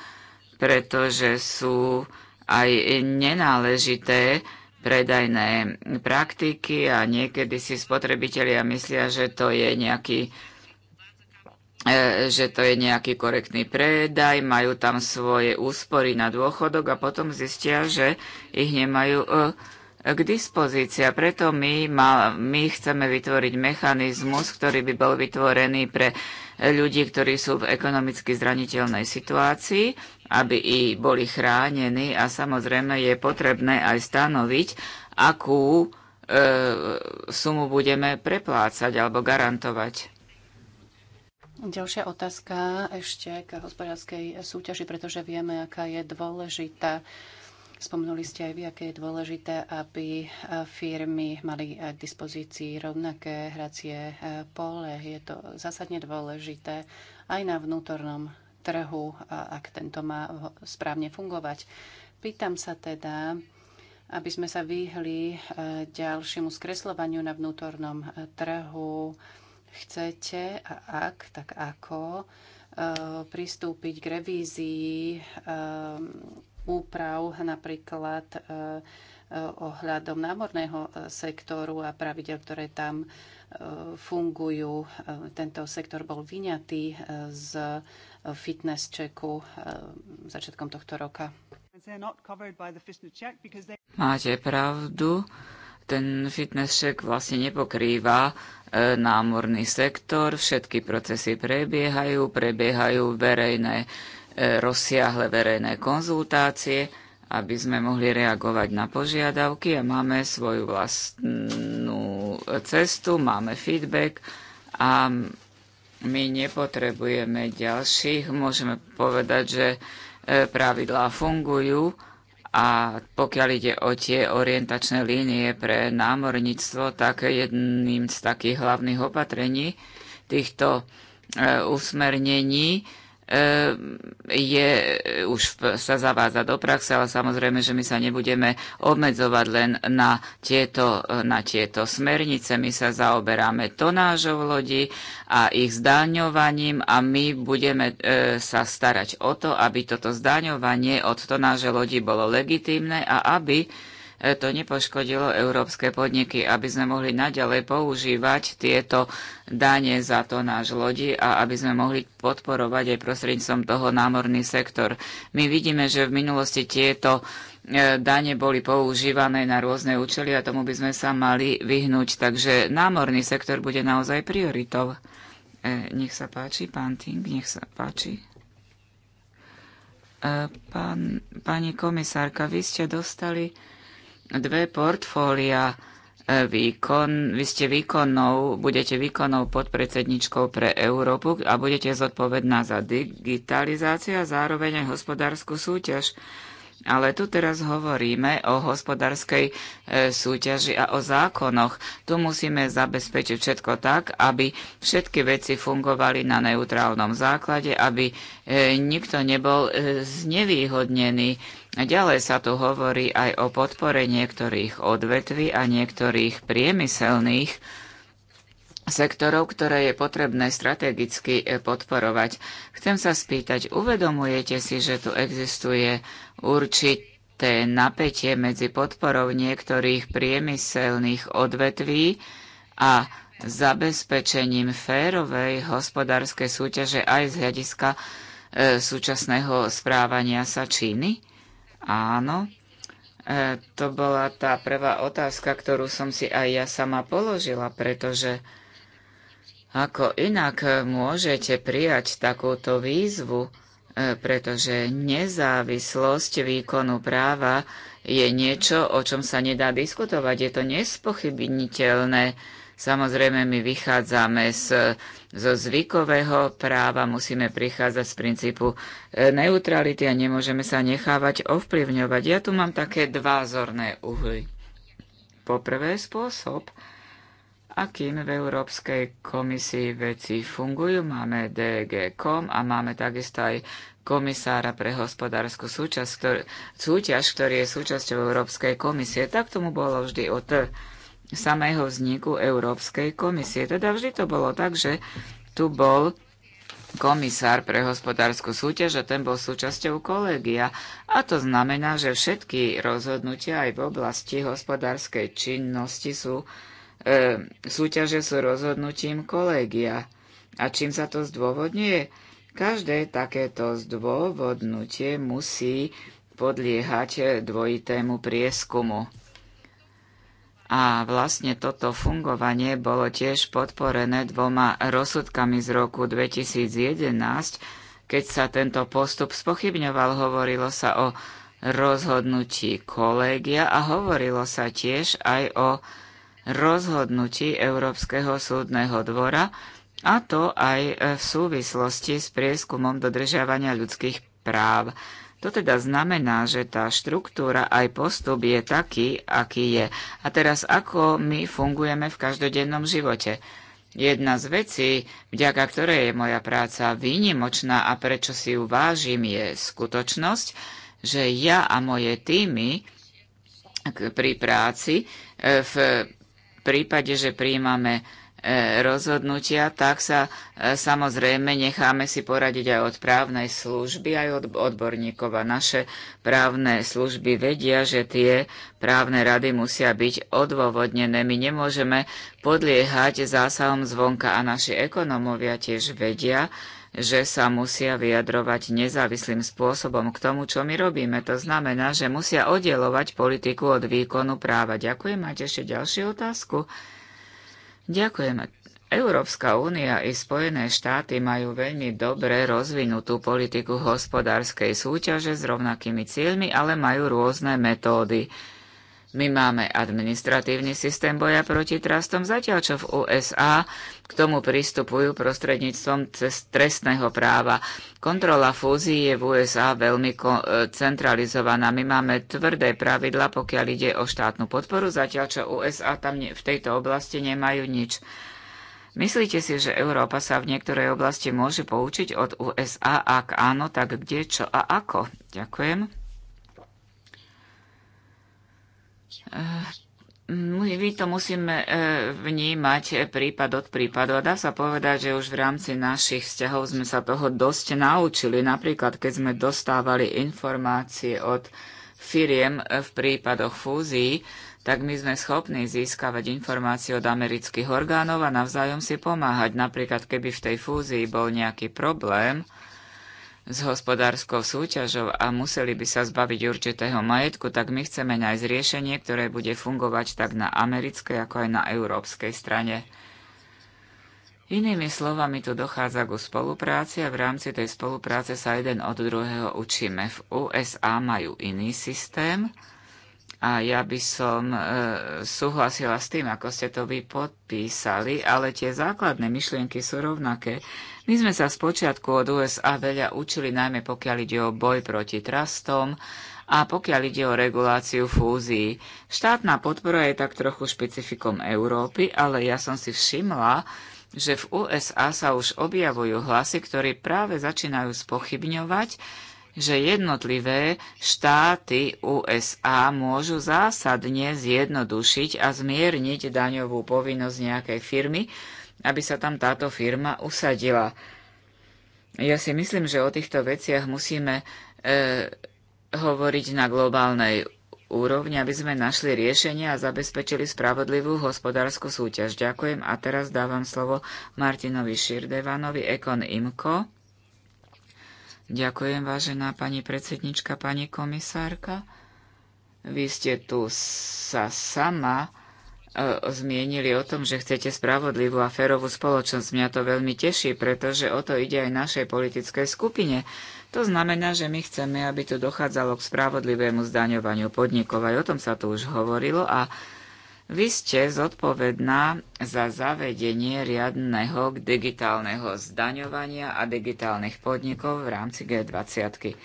[SPEAKER 2] pretože sú aj nenáležité predajné praktiky a niekedy si spotrebitelia myslia, že to je nejaký E, že to je nejaký korektný predaj, majú tam svoje úspory na dôchodok a potom zistia, že ich nemajú e, k dispozícii. A preto my, ma, my chceme vytvoriť mechanizmus, ktorý by bol vytvorený pre ľudí, ktorí sú v ekonomicky zraniteľnej situácii, aby i boli chránení a samozrejme je potrebné aj stanoviť, akú e, sumu budeme preplácať alebo garantovať.
[SPEAKER 1] Ďalšia otázka ešte k hospodárskej súťaži, pretože vieme, aká je dôležitá. Spomnuli ste aj vy, aké je dôležité, aby firmy mali k dispozícii rovnaké hracie e, pole. Je to zásadne dôležité aj na vnútornom trhu, ak tento má správne fungovať. Pýtam sa teda, aby sme sa vyhli e, ďalšiemu skresľovaniu na vnútornom e, trhu, chcete a ak, tak ako e, pristúpiť k revízii e, úprav napríklad e, ohľadom námorného sektoru a pravidel, ktoré tam fungujú. Tento sektor bol vyňatý z fitness checku začiatkom tohto roka.
[SPEAKER 2] Máte pravdu, ten fitness šek vlastne nepokrýva e, námorný sektor, všetky procesy prebiehajú, prebiehajú verejné, e, rozsiahle verejné konzultácie, aby sme mohli reagovať na požiadavky a máme svoju vlastnú cestu, máme feedback a my nepotrebujeme ďalších. Môžeme povedať, že e, pravidlá fungujú a pokiaľ ide o tie orientačné línie pre námorníctvo, tak jedným z takých hlavných opatrení týchto e, usmernení Ehm, je, e, už sa zavádza do praxe, ale samozrejme, že my sa nebudeme obmedzovať len na tieto, e, na tieto smernice. My sa zaoberáme tonážov lodí a ich zdaňovaním a my budeme e, sa starať o to, aby toto zdaňovanie od tonáže lodi bolo legitímne a aby to nepoškodilo európske podniky, aby sme mohli naďalej používať tieto dane za to náš lodi a aby sme mohli podporovať aj prostredníctvom toho námorný sektor. My vidíme, že v minulosti tieto e, dane boli používané na rôzne účely a tomu by sme sa mali vyhnúť. Takže námorný sektor bude naozaj prioritou. E, nech sa páči, pán Ting, nech sa páči. E, pán, pani komisárka, vy ste dostali dve portfólia e, výkon, vy ste výkonnou, budete výkonnou podpredsedničkou pre Európu a budete zodpovedná za digitalizáciu a zároveň aj hospodárskú súťaž. Ale tu teraz hovoríme o hospodárskej e, súťaži a o zákonoch. Tu musíme zabezpečiť všetko tak, aby všetky veci fungovali na neutrálnom základe, aby e, nikto nebol e, znevýhodnený. Ďalej sa tu hovorí aj o podpore niektorých odvetví a niektorých priemyselných sektorov, ktoré je potrebné strategicky e, podporovať. Chcem sa spýtať, uvedomujete si, že tu existuje určité napätie medzi podporou niektorých priemyselných odvetví a zabezpečením férovej hospodárskej súťaže aj z hľadiska e, súčasného správania sa Číny? Áno. E, to bola tá prvá otázka, ktorú som si aj ja sama položila, pretože ako inak môžete prijať takúto výzvu, E, pretože nezávislosť výkonu práva je niečo, o čom sa nedá diskutovať. Je to nespochybniteľné. Samozrejme, my vychádzame z, zo zvykového práva, musíme prichádzať z princípu e, neutrality a nemôžeme sa nechávať ovplyvňovať. Ja tu mám také dva zorné uhly. Poprvé spôsob, a kým v Európskej komisii veci fungujú. Máme DG.com a máme takisto aj komisára pre hospodárskú súčasť, ktorý, súťaž, ktorý je súčasťou Európskej komisie. Tak tomu bolo vždy od samého vzniku Európskej komisie. Teda vždy to bolo tak, že tu bol komisár pre hospodárskú súťaž a ten bol súčasťou kolégia. A to znamená, že všetky rozhodnutia aj v oblasti hospodárskej činnosti sú E, súťaže sú rozhodnutím kolégia. A čím sa to zdôvodňuje? Každé takéto zdôvodnutie musí podliehať dvojitému prieskumu. A vlastne toto fungovanie bolo tiež podporené dvoma rozsudkami z roku 2011, keď sa tento postup spochybňoval, hovorilo sa o rozhodnutí kolégia a hovorilo sa tiež aj o rozhodnutí Európskeho súdneho dvora, a to aj v súvislosti s prieskumom dodržiavania ľudských práv. To teda znamená, že tá štruktúra aj postup je taký, aký je. A teraz ako my fungujeme v každodennom živote? Jedna z vecí, vďaka ktorej je moja práca výnimočná a prečo si ju vážim, je skutočnosť, že ja a moje týmy pri práci e, v prípade, že príjmame e, rozhodnutia, tak sa e, samozrejme necháme si poradiť aj od právnej služby, aj od odborníkov. A naše právne služby vedia, že tie právne rady musia byť odôvodnené. My nemôžeme podliehať zásahom zvonka a naši ekonomovia tiež vedia, že sa musia vyjadrovať nezávislým spôsobom k tomu, čo my robíme. To znamená, že musia oddelovať politiku od výkonu práva. Ďakujem. Máte ešte ďalšiu otázku? Ďakujem. Európska únia i Spojené štáty majú veľmi dobre rozvinutú politiku hospodárskej súťaže s rovnakými cieľmi, ale majú rôzne metódy. My máme administratívny systém boja proti trastom, zatiaľ čo v USA k tomu pristupujú prostredníctvom cez trestného práva. Kontrola fúzií je v USA veľmi e, centralizovaná. My máme tvrdé pravidla, pokiaľ ide o štátnu podporu, zatiaľ čo USA tam v tejto oblasti nemajú nič. Myslíte si, že Európa sa v niektorej oblasti môže poučiť od USA? Ak áno, tak kde, čo a ako? Ďakujem. E, my to musíme e, vnímať prípad od prípadu a dá sa povedať, že už v rámci našich vzťahov sme sa toho dosť naučili. Napríklad, keď sme dostávali informácie od firiem e, v prípadoch fúzií, tak my sme schopní získavať informácie od amerických orgánov a navzájom si pomáhať. Napríklad, keby v tej fúzii bol nejaký problém, s hospodárskou súťažou a museli by sa zbaviť určitého majetku, tak my chceme nájsť riešenie, ktoré bude fungovať tak na americkej, ako aj na európskej strane. Inými slovami, tu dochádza ku spolupráci a v rámci tej spolupráce sa jeden od druhého učíme. V USA majú iný systém, a ja by som e, súhlasila s tým, ako ste to vy podpísali, ale tie základné myšlienky sú rovnaké. My sme sa spočiatku od USA veľa učili, najmä pokiaľ ide o boj proti trastom a pokiaľ ide o reguláciu fúzií. Štátna podpora je tak trochu špecifikom Európy, ale ja som si všimla, že v USA sa už objavujú hlasy, ktorí práve začínajú spochybňovať, že jednotlivé štáty USA môžu zásadne zjednodušiť a zmierniť daňovú povinnosť nejakej firmy, aby sa tam táto firma usadila. Ja si myslím, že o týchto veciach musíme e, hovoriť na globálnej úrovni, aby sme našli riešenie a zabezpečili spravodlivú hospodárskú súťaž. Ďakujem a teraz dávam slovo Martinovi Širdevanovi, Ekon Imko. Ďakujem, vážená pani predsednička, pani komisárka. Vy ste tu sa sama e, zmienili o tom, že chcete spravodlivú a férovú spoločnosť. Mňa to veľmi teší, pretože o to ide aj našej politickej skupine. To znamená, že my chceme, aby tu dochádzalo k spravodlivému zdaňovaniu podnikov. Aj o tom sa tu už hovorilo a vy ste zodpovedná za zavedenie riadneho digitálneho zdaňovania a digitálnych podnikov v rámci G20.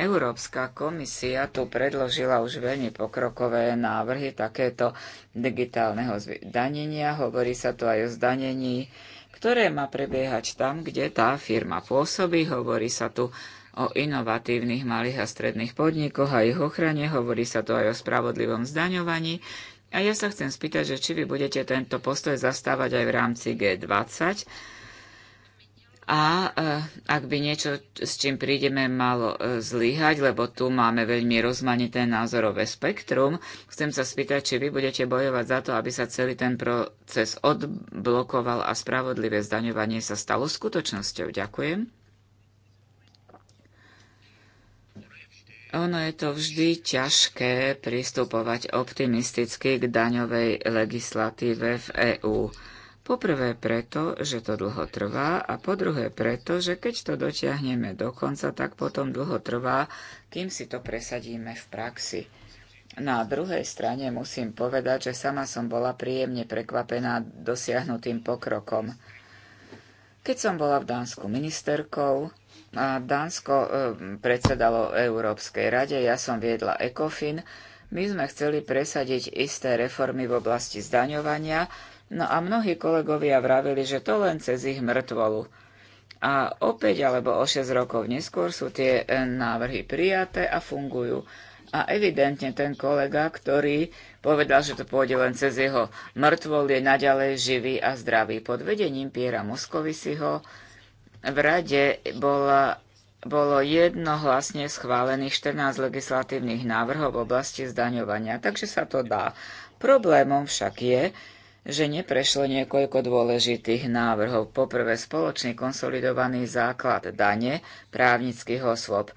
[SPEAKER 2] Európska komisia tu predložila už veľmi pokrokové návrhy takéto digitálneho zdanenia. Hovorí sa tu aj o zdanení, ktoré má prebiehať tam, kde tá firma pôsobí. Hovorí sa tu o inovatívnych malých a stredných podnikoch a ich ochrane. Hovorí sa tu aj o spravodlivom zdaňovaní. A ja sa chcem spýtať, že či vy budete tento postoj zastávať aj v rámci G20 a eh, ak by niečo, s čím prídeme, malo eh, zlyhať, lebo tu máme veľmi rozmanité názorové spektrum, chcem sa spýtať, či vy budete bojovať za to, aby sa celý ten proces odblokoval a spravodlivé zdaňovanie sa stalo skutočnosťou. Ďakujem. Ono je to vždy ťažké pristupovať optimisticky k daňovej legislatíve v EÚ. Poprvé preto, že to dlho trvá a po druhé preto, že keď to dotiahneme do konca, tak potom dlho trvá, kým si to presadíme v praxi. Na druhej strane musím povedať, že sama som bola príjemne prekvapená dosiahnutým pokrokom. Keď som bola v Dánsku ministerkou, Dánsko ehm, predsedalo Európskej rade, ja som viedla ECOFIN. My sme chceli presadiť isté reformy v oblasti zdaňovania, no a mnohí kolegovia vravili, že to len cez ich mŕtvolu. A opäť alebo o 6 rokov neskôr sú tie e, návrhy prijaté a fungujú. A evidentne ten kolega, ktorý povedal, že to pôjde len cez jeho mŕtvol, je naďalej živý a zdravý. Pod vedením Piera Moskovisiho ho v rade bola, bolo jednohlasne schválených 14 legislatívnych návrhov v oblasti zdaňovania, takže sa to dá. Problémom však je, že neprešlo niekoľko dôležitých návrhov. Poprvé spoločný konsolidovaný základ dane právnických osôb.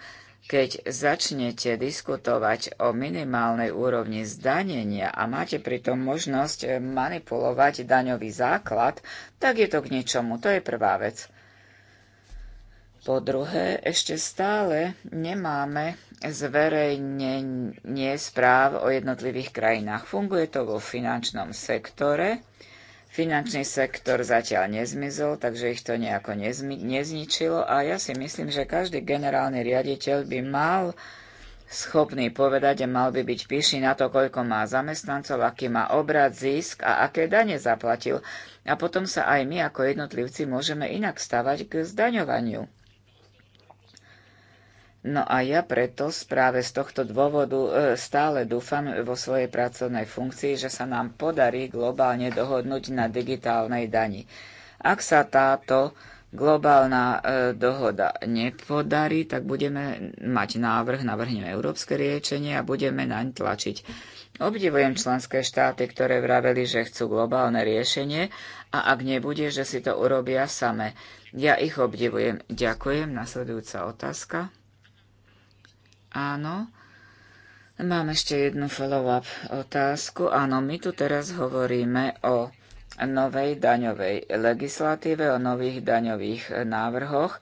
[SPEAKER 2] Keď začnete diskutovať o minimálnej úrovni zdanenia a máte pritom možnosť manipulovať daňový základ, tak je to k ničomu. To je prvá vec. Po druhé, ešte stále nemáme zverejnenie správ o jednotlivých krajinách. Funguje to vo finančnom sektore. Finančný sektor zatiaľ nezmizol, takže ich to nejako nezničilo a ja si myslím, že každý generálny riaditeľ by mal schopný povedať a mal by byť píši na to, koľko má zamestnancov, aký má obrad, zisk a aké dane zaplatil. A potom sa aj my ako jednotlivci môžeme inak stavať k zdaňovaniu. No a ja preto práve z tohto dôvodu e, stále dúfam vo svojej pracovnej funkcii, že sa nám podarí globálne dohodnúť na digitálnej dani. Ak sa táto globálna e, dohoda nepodarí, tak budeme mať návrh, navrhneme európske riečenie a budeme naň tlačiť. Obdivujem členské štáty, ktoré vraveli, že chcú globálne riešenie a ak nebude, že si to urobia same. Ja ich obdivujem. Ďakujem. Nasledujúca otázka. Áno. Mám ešte jednu follow-up otázku. Áno, my tu teraz hovoríme o novej daňovej legislatíve, o nových daňových návrhoch,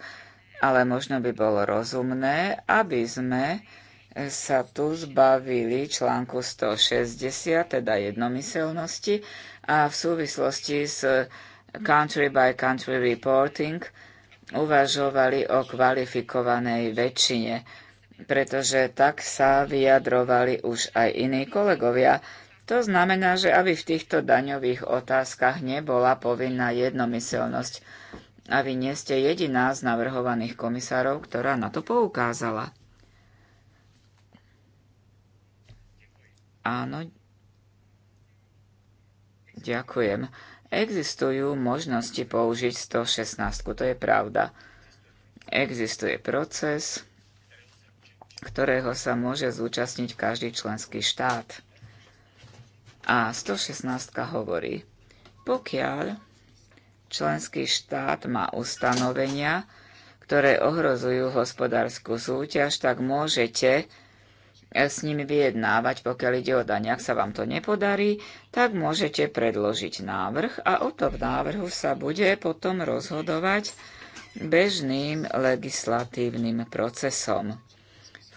[SPEAKER 2] ale možno by bolo rozumné, aby sme sa tu zbavili článku 160, teda jednomyselnosti, a v súvislosti s country by country reporting uvažovali o kvalifikovanej väčšine pretože tak sa vyjadrovali už aj iní kolegovia. To znamená, že aby v týchto daňových otázkach nebola povinná jednomyselnosť. A vy nie ste jediná z navrhovaných komisárov, ktorá na to poukázala. Áno, ďakujem. Existujú možnosti použiť 116, to je pravda. Existuje proces, ktorého sa môže zúčastniť každý členský štát. A 116 hovorí, pokiaľ členský štát má ustanovenia, ktoré ohrozujú hospodárskú súťaž, tak môžete e, s nimi vyjednávať, pokiaľ ide o daň. Ak sa vám to nepodarí, tak môžete predložiť návrh a o tom návrhu sa bude potom rozhodovať bežným legislatívnym procesom.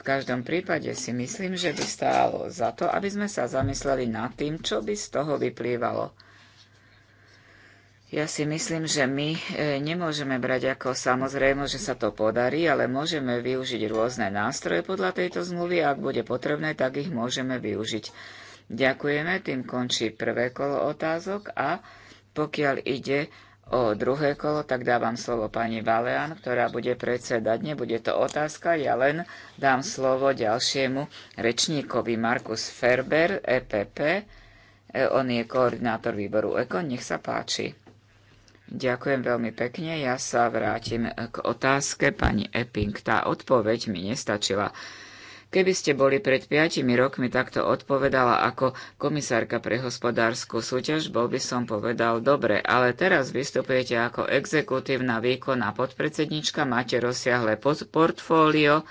[SPEAKER 2] V každom prípade si myslím, že by stálo za to, aby sme sa zamysleli nad tým, čo by z toho vyplývalo. Ja si myslím, že my e, nemôžeme brať ako samozrejme, že sa to podarí, ale môžeme využiť rôzne nástroje podľa tejto zmluvy a ak bude potrebné, tak ich môžeme využiť. Ďakujeme, tým končí prvé kolo otázok a pokiaľ ide o druhé kolo, tak dávam slovo pani Valean, ktorá bude predsedať. Nebude to otázka, ja len dám slovo ďalšiemu rečníkovi Markus Ferber, EPP. E, on je koordinátor výboru EKO. Nech sa páči. Ďakujem veľmi pekne. Ja sa vrátim k otázke pani Epping. Tá odpoveď mi nestačila. Keby ste boli pred piatimi rokmi takto odpovedala ako komisárka pre hospodárskú súťaž, bol by som povedal dobre, ale teraz vystupujete ako exekutívna výkonná podpredsednička, máte rozsiahle portfólio,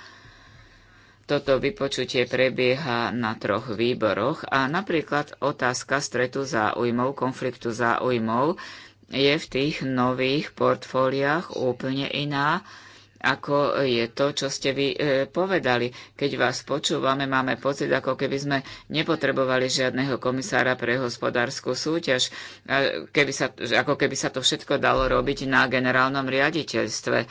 [SPEAKER 2] toto vypočutie prebieha na troch výboroch a napríklad otázka stretu záujmov, konfliktu záujmov je v tých nových portfóliách úplne iná ako je to, čo ste vy e, povedali. Keď vás počúvame, máme pocit, ako keby sme nepotrebovali žiadneho komisára pre hospodárskú súťaž, keby sa, ako keby sa to všetko dalo robiť na generálnom riaditeľstve.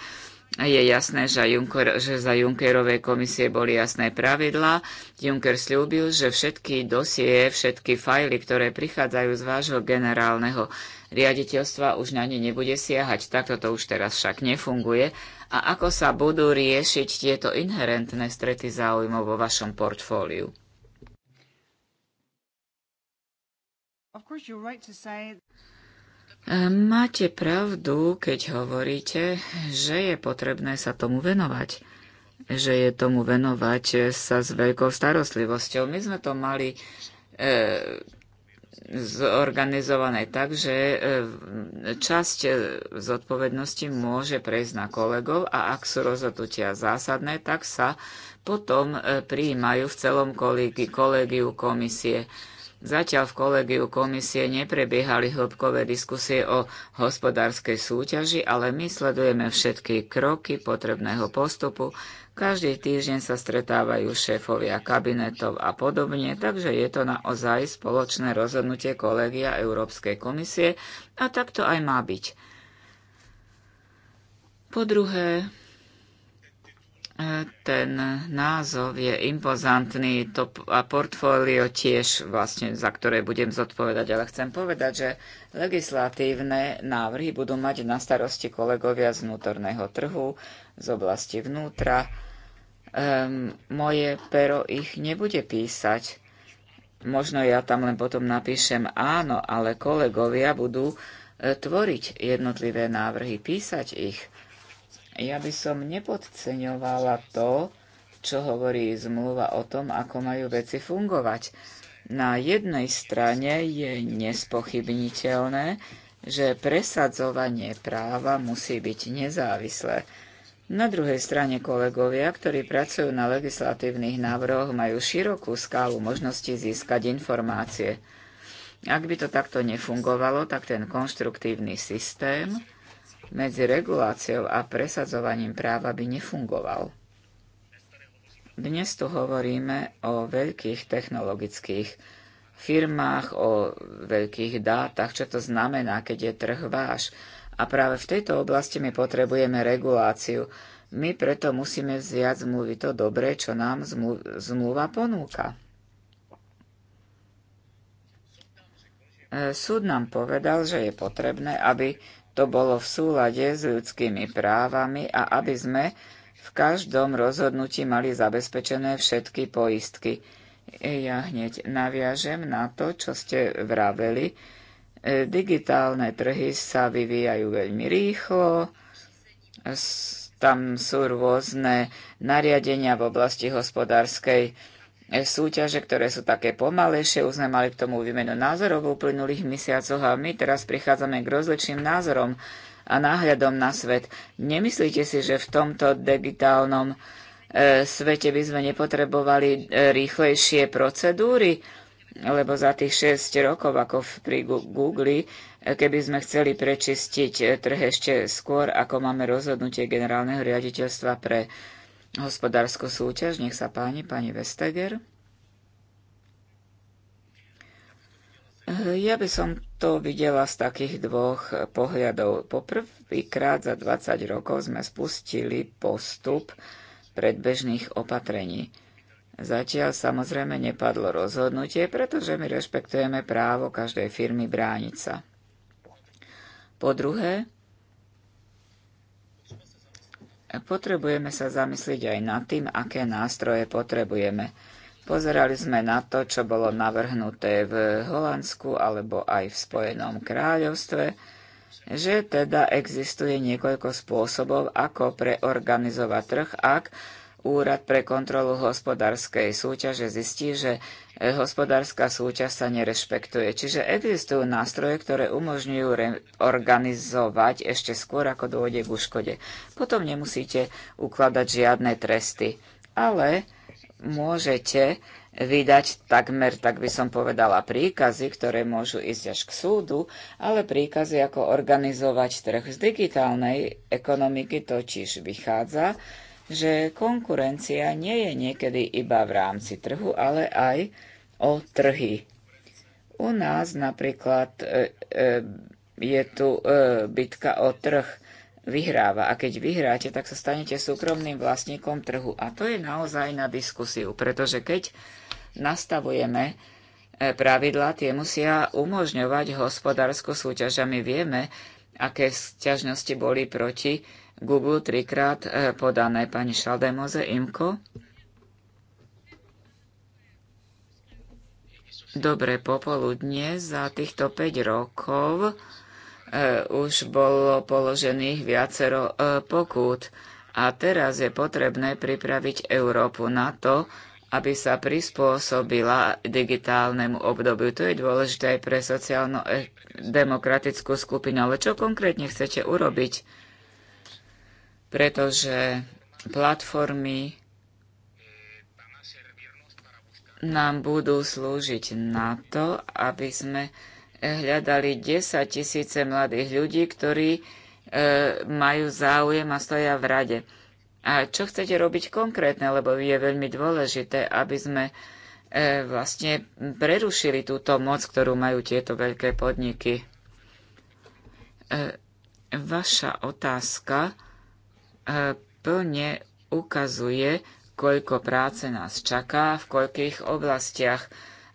[SPEAKER 2] Je jasné, že, Junker, že za Junckerovej komisie boli jasné pravidlá. Juncker slúbil, že všetky dosie, všetky fajly, ktoré prichádzajú z vášho generálneho riaditeľstva, už na ne nebude siahať. Takto to už teraz však nefunguje a ako sa budú riešiť tieto inherentné strety záujmov vo vašom portfóliu? E, máte pravdu, keď hovoríte, že je potrebné sa tomu venovať. Že je tomu venovať sa s veľkou starostlivosťou. My sme to mali e, zorganizované tak, že e, časť e, zodpovednosti môže prejsť na kolegov a ak sú rozhodnutia zásadné, tak sa potom e, prijímajú v celom kolegi, kolegiu komisie. Zatiaľ v kolegiu komisie neprebiehali hĺbkové diskusie o hospodárskej súťaži, ale my sledujeme všetky kroky potrebného postupu, každý týždeň sa stretávajú šéfovia kabinetov a podobne, takže je to naozaj spoločné rozhodnutie kolegia Európskej komisie a tak to aj má byť. Po druhé, e, ten názov je impozantný to, a portfólio tiež, vlastne, za ktoré budem zodpovedať, ale chcem povedať, že legislatívne návrhy budú mať na starosti kolegovia z vnútorného trhu, z oblasti vnútra, um, moje pero ich nebude písať. Možno ja tam len potom napíšem áno, ale kolegovia budú e, tvoriť jednotlivé návrhy, písať ich. Ja by som nepodceňovala to, čo hovorí zmluva o tom, ako majú veci fungovať. Na jednej strane je nespochybniteľné, že presadzovanie práva musí byť nezávislé na druhej strane kolegovia, ktorí pracujú na legislatívnych návrhoch, majú širokú skálu možností získať informácie. Ak by to takto nefungovalo, tak ten konštruktívny systém medzi reguláciou a presadzovaním práva by nefungoval. Dnes tu hovoríme o veľkých technologických firmách, o veľkých dátach, čo to znamená, keď je trh váš a práve v tejto oblasti my potrebujeme reguláciu. My preto musíme vziať zmluvy to dobré, čo nám zmluva ponúka. E, súd nám povedal, že je potrebné, aby to bolo v súlade s ľudskými právami a aby sme v každom rozhodnutí mali zabezpečené všetky poistky. E, ja hneď naviažem na to, čo ste vraveli E, digitálne trhy sa vyvíjajú veľmi rýchlo, tam sú rôzne nariadenia v oblasti hospodárskej e, súťaže, ktoré sú také pomalejšie. Už sme mali k tomu výmenu názorov v uplynulých mesiacoch a my teraz prichádzame k rozličným názorom a náhľadom na svet. Nemyslíte si, že v tomto digitálnom e, svete by sme nepotrebovali rýchlejšie procedúry? lebo za tých 6 rokov, ako pri Google, keby sme chceli prečistiť e, trh ešte skôr, ako máme rozhodnutie generálneho riaditeľstva pre hospodárskú súťaž. Nech sa páni, pani Vestager. E, ja by som to videla z takých dvoch pohľadov. Poprvýkrát za 20 rokov sme spustili postup predbežných opatrení. Zatiaľ samozrejme nepadlo rozhodnutie, pretože my rešpektujeme právo každej firmy brániť sa. Po druhé, potrebujeme sa zamyslieť aj nad tým, aké nástroje potrebujeme. Pozerali sme na to, čo bolo navrhnuté v Holandsku alebo aj v Spojenom kráľovstve, že teda existuje niekoľko spôsobov, ako preorganizovať trh, ak Úrad pre kontrolu hospodárskej súťaže zistí, že e, hospodárska súťaž sa nerešpektuje. Čiže existujú nástroje, ktoré umožňujú organizovať ešte skôr, ako dôjde k úškode. Potom nemusíte ukladať žiadne tresty, ale môžete vydať takmer, tak by som povedala, príkazy, ktoré môžu ísť až k súdu, ale príkazy, ako organizovať trh z digitálnej ekonomiky totiž vychádza, že konkurencia nie je niekedy iba v rámci trhu, ale aj o trhy. U nás napríklad e, e, je tu e, bitka o trh vyhráva a keď vyhráte, tak sa stanete súkromným vlastníkom trhu. A to je naozaj na diskusiu, pretože keď nastavujeme e, pravidlá, tie musia umožňovať hospodárskú súťaž a my vieme, aké sťažnosti boli proti Google trikrát e, podané pani Šaldemoze Imko. Dobré popoludne. Za týchto 5 rokov e, už bolo položených viacero e, pokút a teraz je potrebné pripraviť Európu na to, aby sa prispôsobila digitálnemu obdobiu. To je dôležité aj pre sociálno-demokratickú skupinu. Ale čo konkrétne chcete urobiť? pretože platformy nám budú slúžiť na to, aby sme hľadali 10 tisíce mladých ľudí, ktorí e, majú záujem a stoja v rade. A čo chcete robiť konkrétne, lebo je veľmi dôležité, aby sme e, vlastne prerušili túto moc, ktorú majú tieto veľké podniky. E, vaša otázka E, plne ukazuje, koľko práce nás čaká, v koľkých oblastiach.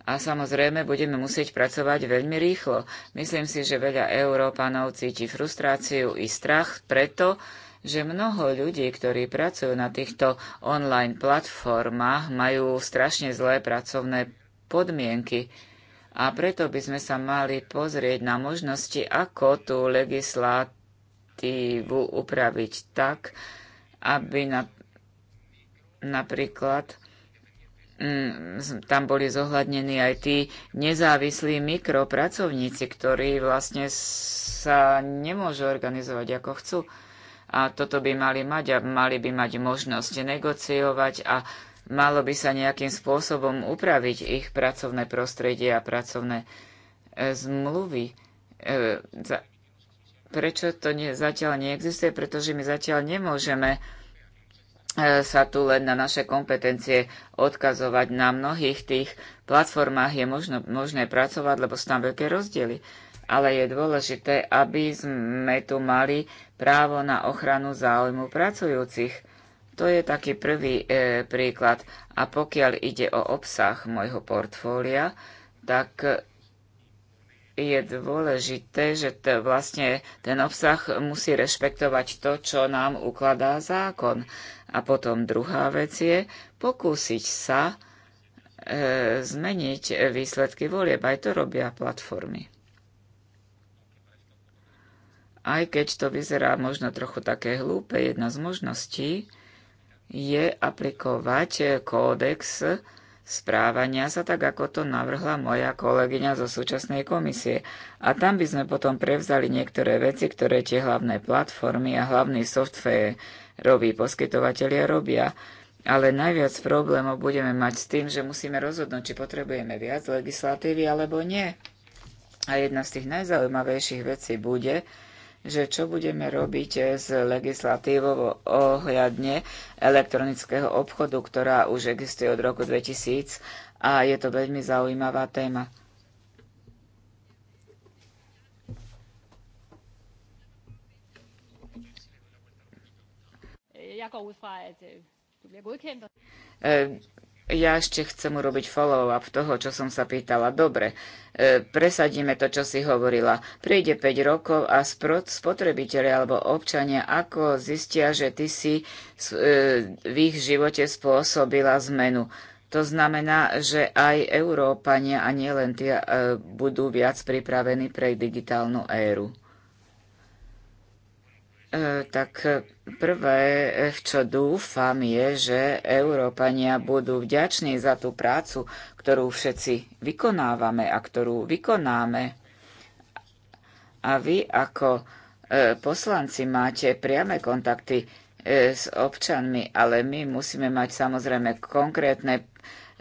[SPEAKER 2] A samozrejme, budeme musieť pracovať veľmi rýchlo. Myslím si, že veľa Európanov cíti frustráciu i strach preto, že mnoho ľudí, ktorí pracujú na týchto online platformách, majú strašne zlé pracovné podmienky. A preto by sme sa mali pozrieť na možnosti, ako tú legislatívu legislatívu upraviť tak, aby na, napríklad mm, tam boli zohľadnení aj tí nezávislí mikropracovníci, ktorí vlastne sa nemôžu organizovať ako chcú. A toto by mali mať a mali by mať možnosť negociovať a malo by sa nejakým spôsobom upraviť ich pracovné prostredie a pracovné e, zmluvy. E, za, prečo to ne, zatiaľ neexistuje, pretože my zatiaľ nemôžeme e, sa tu len na naše kompetencie odkazovať. Na mnohých tých platformách je možno, možné pracovať, lebo sú tam veľké rozdiely. Ale je dôležité, aby sme tu mali právo na ochranu záujmu pracujúcich. To je taký prvý e, príklad. A pokiaľ ide o obsah môjho portfólia, tak je dôležité, že to vlastne ten obsah musí rešpektovať to, čo nám ukladá zákon. A potom druhá vec je pokúsiť sa e, zmeniť výsledky volieb. Aj to robia platformy. Aj keď to vyzerá možno trochu také hlúpe, jedna z možností je aplikovať kódex správania sa, tak ako to navrhla moja kolegyňa zo súčasnej komisie. A tam by sme potom prevzali niektoré veci, ktoré tie hlavné platformy a hlavný software robí, poskytovateľia robia. Ale najviac problémov budeme mať s tým, že musíme rozhodnúť, či potrebujeme viac legislatívy alebo nie. A jedna z tých najzaujímavejších vecí bude, že čo budeme robiť eh, s legislatívou ohľadne elektronického obchodu, ktorá už existuje od roku 2000 a je to veľmi zaujímavá téma. Ďakujem. Ja ešte chcem urobiť follow-up toho, čo som sa pýtala. Dobre, e, presadíme to, čo si hovorila. Prejde 5 rokov a spotrebitelia alebo občania ako zistia, že ty si e, v ich živote spôsobila zmenu. To znamená, že aj Európania a nielen tie e, budú viac pripravení pre digitálnu éru. E, tak e, prvé, e, v čo dúfam, je, že Európania budú vďační za tú prácu, ktorú všetci vykonávame a ktorú vykonáme. A vy ako poslanci máte priame kontakty s občanmi, ale my musíme mať samozrejme konkrétne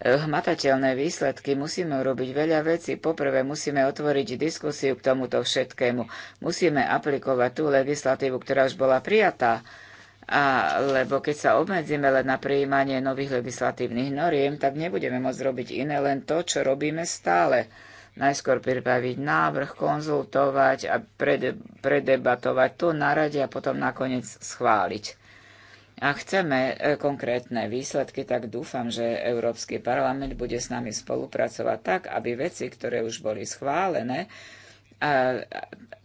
[SPEAKER 2] hmatateľné výsledky. Musíme urobiť veľa vecí. Poprvé musíme otvoriť diskusiu k tomuto všetkému. Musíme aplikovať tú legislatívu, ktorá už bola prijatá. A, lebo keď sa obmedzíme len na prijímanie nových legislatívnych noriem, tak nebudeme môcť robiť iné, len to, čo robíme stále. Najskôr pripraviť návrh, konzultovať a predebatovať tu na rade a potom nakoniec schváliť a chceme e, konkrétne výsledky, tak dúfam, že Európsky parlament bude s nami spolupracovať tak, aby veci, ktoré už boli schválené,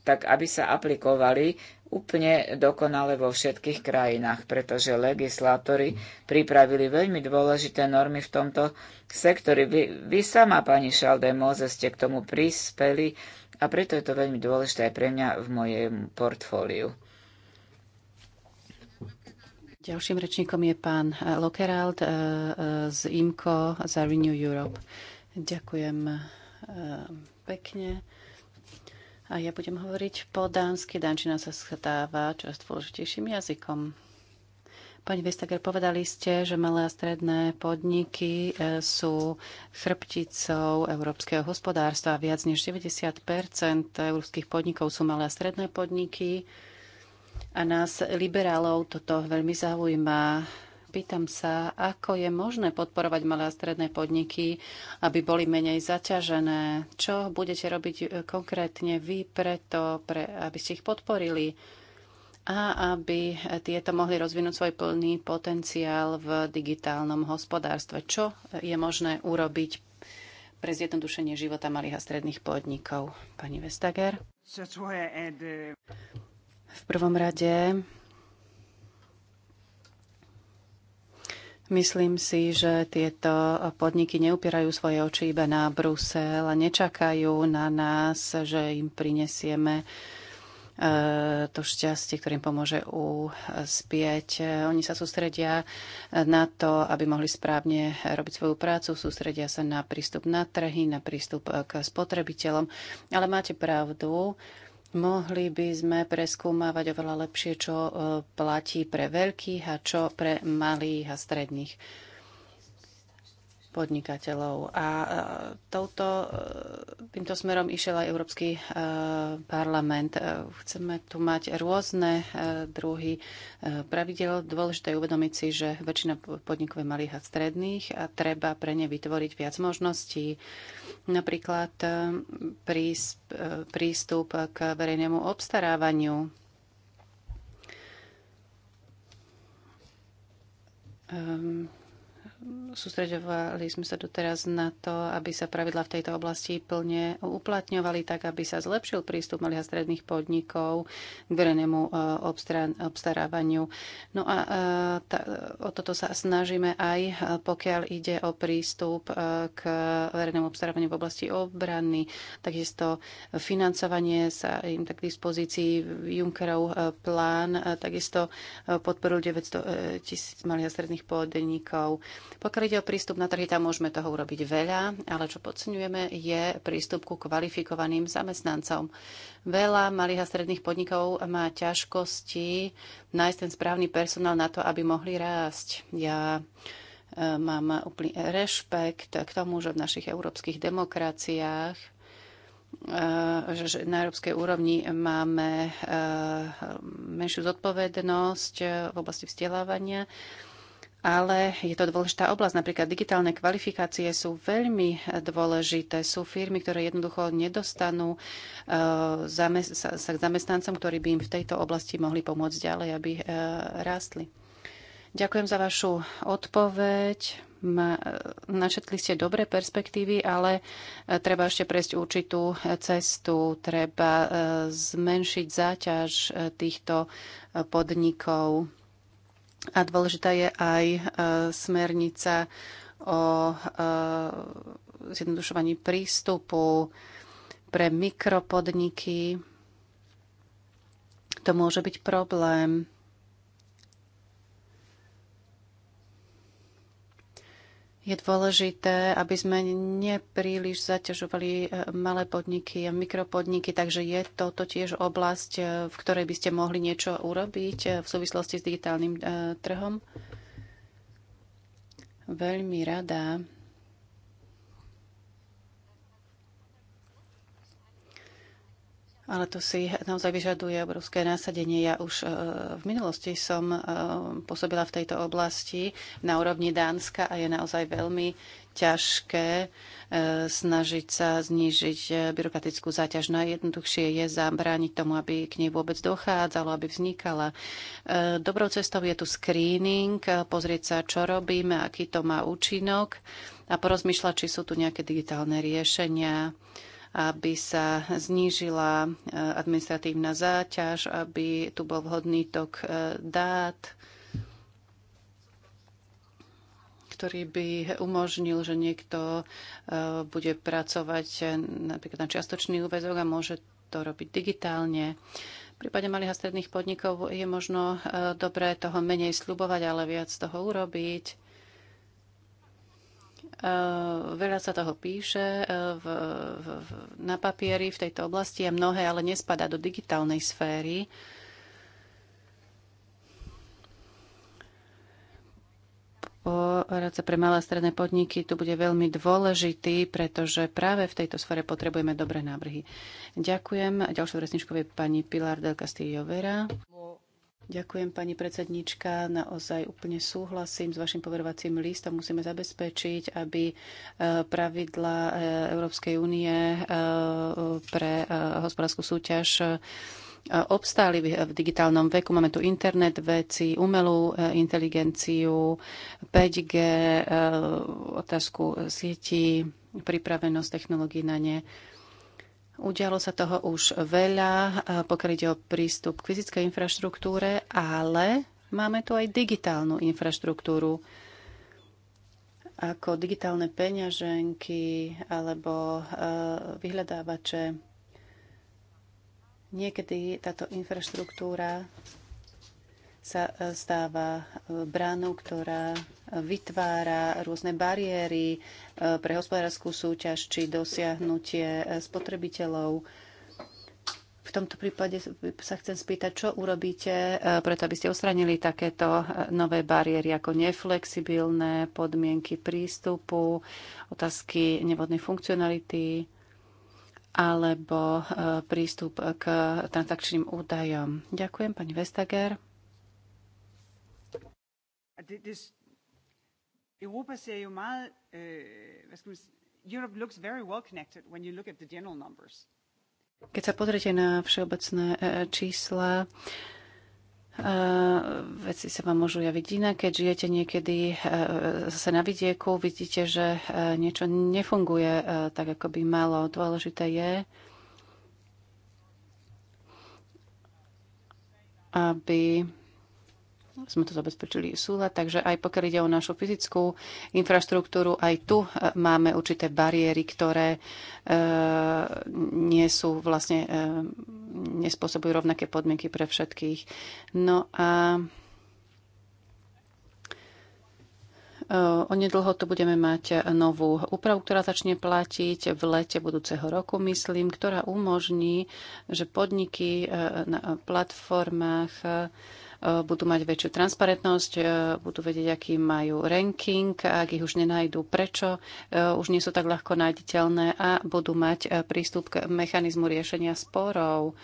[SPEAKER 2] tak aby sa aplikovali úplne dokonale vo všetkých krajinách, pretože legislátori pripravili veľmi dôležité normy v tomto sektore. Vy, vy sama, pani Moze, ste k tomu prispeli a preto je to veľmi dôležité aj pre mňa v mojej portfóliu.
[SPEAKER 1] Ďalším rečníkom je pán eh, Lokerald eh, eh, z IMCO za Renew Europe. Ďakujem pekne. A ja budem hovoriť po dánsky. Dančina sa stáva čas dôležitejším jazykom. Pani Vestager, povedali ste, že malé a stredné podniky sú chrbticou európskeho hospodárstva. Viac než 90 európskych podnikov sú malé a stredné podniky. A nás, liberálov, toto veľmi zaujíma. Pýtam sa, ako je možné podporovať malé a stredné podniky, aby boli menej zaťažené. Čo budete robiť e, konkrétne vy preto, pre, aby ste ich podporili? a aby e, tieto mohli rozvinúť svoj plný potenciál v digitálnom hospodárstve. Čo je možné urobiť pre zjednodušenie života malých a stredných podnikov? Pani Vestager? V prvom rade Myslím si, že tieto podniky neupierajú svoje oči iba na Brusel a nečakajú na nás, že im prinesieme e, to šťastie, ktorým pomôže uspieť. Oni sa sústredia na to, aby mohli správne robiť svoju prácu, sústredia sa na prístup na trhy, na prístup k spotrebiteľom. Ale máte pravdu, Mohli by sme preskúmavať oveľa lepšie, čo e, platí pre veľkých a čo pre malých a stredných podnikateľov. A e, touto, e, týmto smerom išiel aj Európsky e, parlament. Chceme tu mať rôzne druhy pravidel. Dôležité je uvedomiť si, že väčšina podnikov je malých a stredných a treba pre ne vytvoriť viac možností. Napríklad prístup k verejnému obstarávaniu, Um, Sústreďovali sme sa doteraz na to, aby sa pravidla v tejto oblasti plne uplatňovali tak, aby sa zlepšil prístup malých a stredných podnikov k verejnému e, obstarávaniu. No a e, tá, o toto sa snažíme aj e, pokiaľ ide o prístup k verejnému obstarávaniu v oblasti obrany, takisto financovanie sa im tak k dispozícii Junckerov plán, takisto podporu 900 tisíc malých a stredných podnikov. Pokiaľ ide o prístup na trhy, tam môžeme toho urobiť veľa, ale čo podceňujeme je prístup ku kvalifikovaným zamestnancom. Veľa malých a stredných podnikov má ťažkosti nájsť ten správny personál na to, aby mohli rásť. Ja e, mám úplný rešpekt k tomu, že v našich európskych demokraciách e, že na európskej úrovni máme e, menšiu zodpovednosť v oblasti vzdelávania ale je to dôležitá oblasť. Napríklad digitálne kvalifikácie sú veľmi dôležité. Sú firmy, ktoré jednoducho nedostanú eh, sa k zamestnancom, ktorí by im v tejto oblasti mohli pomôcť ďalej, aby eh, rástli. Ďakujem za vašu odpoveď. Eh, načetli ste dobré perspektívy, ale treba ešte prejsť určitú cestu. Treba zmenšiť záťaž týchto podnikov a dôležitá je aj e, smernica o e, zjednodušovaní prístupu pre mikropodniky. To môže byť problém Je dôležité, aby sme nepríliš zaťažovali e, malé podniky a mikropodniky, takže je toto tiež oblasť, e, v ktorej by ste mohli niečo urobiť e, v súvislosti s digitálnym trhom? Veľmi rada ale to si naozaj vyžaduje obrovské násadenie. Ja už e, v minulosti som e, pôsobila v tejto oblasti na úrovni Dánska a je naozaj veľmi ťažké e, snažiť sa znížiť byrokratickú záťaž. Najjednoduchšie je zabrániť tomu, aby k nej vôbec dochádzalo, aby vznikala. Dobrou cestou je tu screening, pozrieť sa, čo robíme, aký to má účinok a porozmýšľať, či sú tu nejaké digitálne riešenia, aby sa znížila e, administratívna záťaž, aby tu bol vhodný tok e, dát, ktorý by umožnil, že niekto e, bude pracovať napríklad na čiastočný úvezok a môže to robiť digitálne. V prípade malých a stredných podnikov je možno dobré toho menej slubovať, ale viac toho urobiť. Eh, veľa sa toho píše eh, v, v, na papieri v tejto oblasti a mnohé ale nespadá do digitálnej sféry. poradca pre malé a stredné podniky tu bude veľmi dôležitý, pretože práve v tejto sfere potrebujeme dobré návrhy. Ďakujem. Ďalšou resničkou je pani Pilar del Castillo Vera. Ďakujem, pani predsednička. Naozaj úplne súhlasím s vašim poverovacím listom. Musíme zabezpečiť, aby e, pravidla e, Európskej únie e, pre hospodárskú súťaž obstáli v digitálnom veku. Máme tu internet veci, umelú inteligenciu, 5G, otázku sieti, pripravenosť technológií na ne. Udialo sa toho už veľa, eh, pokiaľ ide o prístup k fyzickej infraštruktúre, ale máme tu aj digitálnu infraštruktúru, ako digitálne peňaženky alebo eh, vyhľadávače. Niekedy táto infraštruktúra sa e, stáva e, bránou, ktorá vytvára rôzne bariéry e, pre hospodárskú súťaž či dosiahnutie spotrebiteľov. V tomto prípade sa chcem spýtať, čo urobíte, preto aby ste ostranili takéto nové bariéry ako neflexibilné podmienky prístupu, otázky nevodnej funkcionality alebo prístup k transakčným údajom. Ďakujem, pani Vestager. Og det, det, Europa ser jo meget, øh, hvad skal man sige, Europe looks very well connected when you look at the general numbers. Keď sa pozriete na všeobecné e, e, čísla, Uh, veci sa vám môžu javiť inak, keď žijete niekedy uh, zase na vidieku, vidíte, že uh, niečo nefunguje uh, tak, ako by malo. Dôležité je, aby sme to zabezpečili súhľad, takže aj pokiaľ ide o našu fyzickú infraštruktúru, aj tu e, máme určité bariéry, ktoré e, nie sú vlastne, e, nespôsobujú rovnaké podmienky pre všetkých. No a e, Onedlho tu budeme mať novú úpravu, ktorá začne platiť v lete budúceho roku, myslím, ktorá umožní, že podniky e, na platformách Eh, budú mať väčšiu transparentnosť, eh, budú vedieť, aký majú ranking, ak ich už nenajdú, prečo eh, už nie sú tak ľahko nájditeľné a budú mať prístup k mechanizmu riešenia sporov.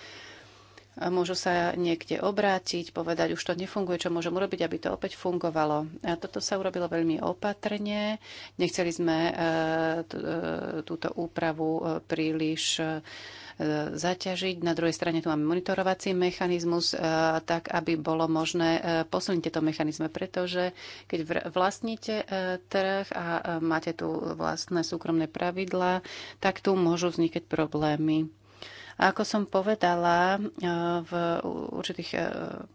[SPEAKER 1] Môžu sa niekde obrátiť, povedať, už to nefunguje, čo môžem urobiť, aby to opäť fungovalo. A toto sa urobilo veľmi opatrne. Nechceli sme túto úpravu príliš E, zaťažiť. Na druhej strane tu máme monitorovací mechanizmus, e, tak aby bolo možné e, posunúť tieto mechanizme, pretože keď vlastníte trh a máte tu vlastné súkromné pravidlá, tak tu môžu vznikať problémy. A ako som povedala, v určitých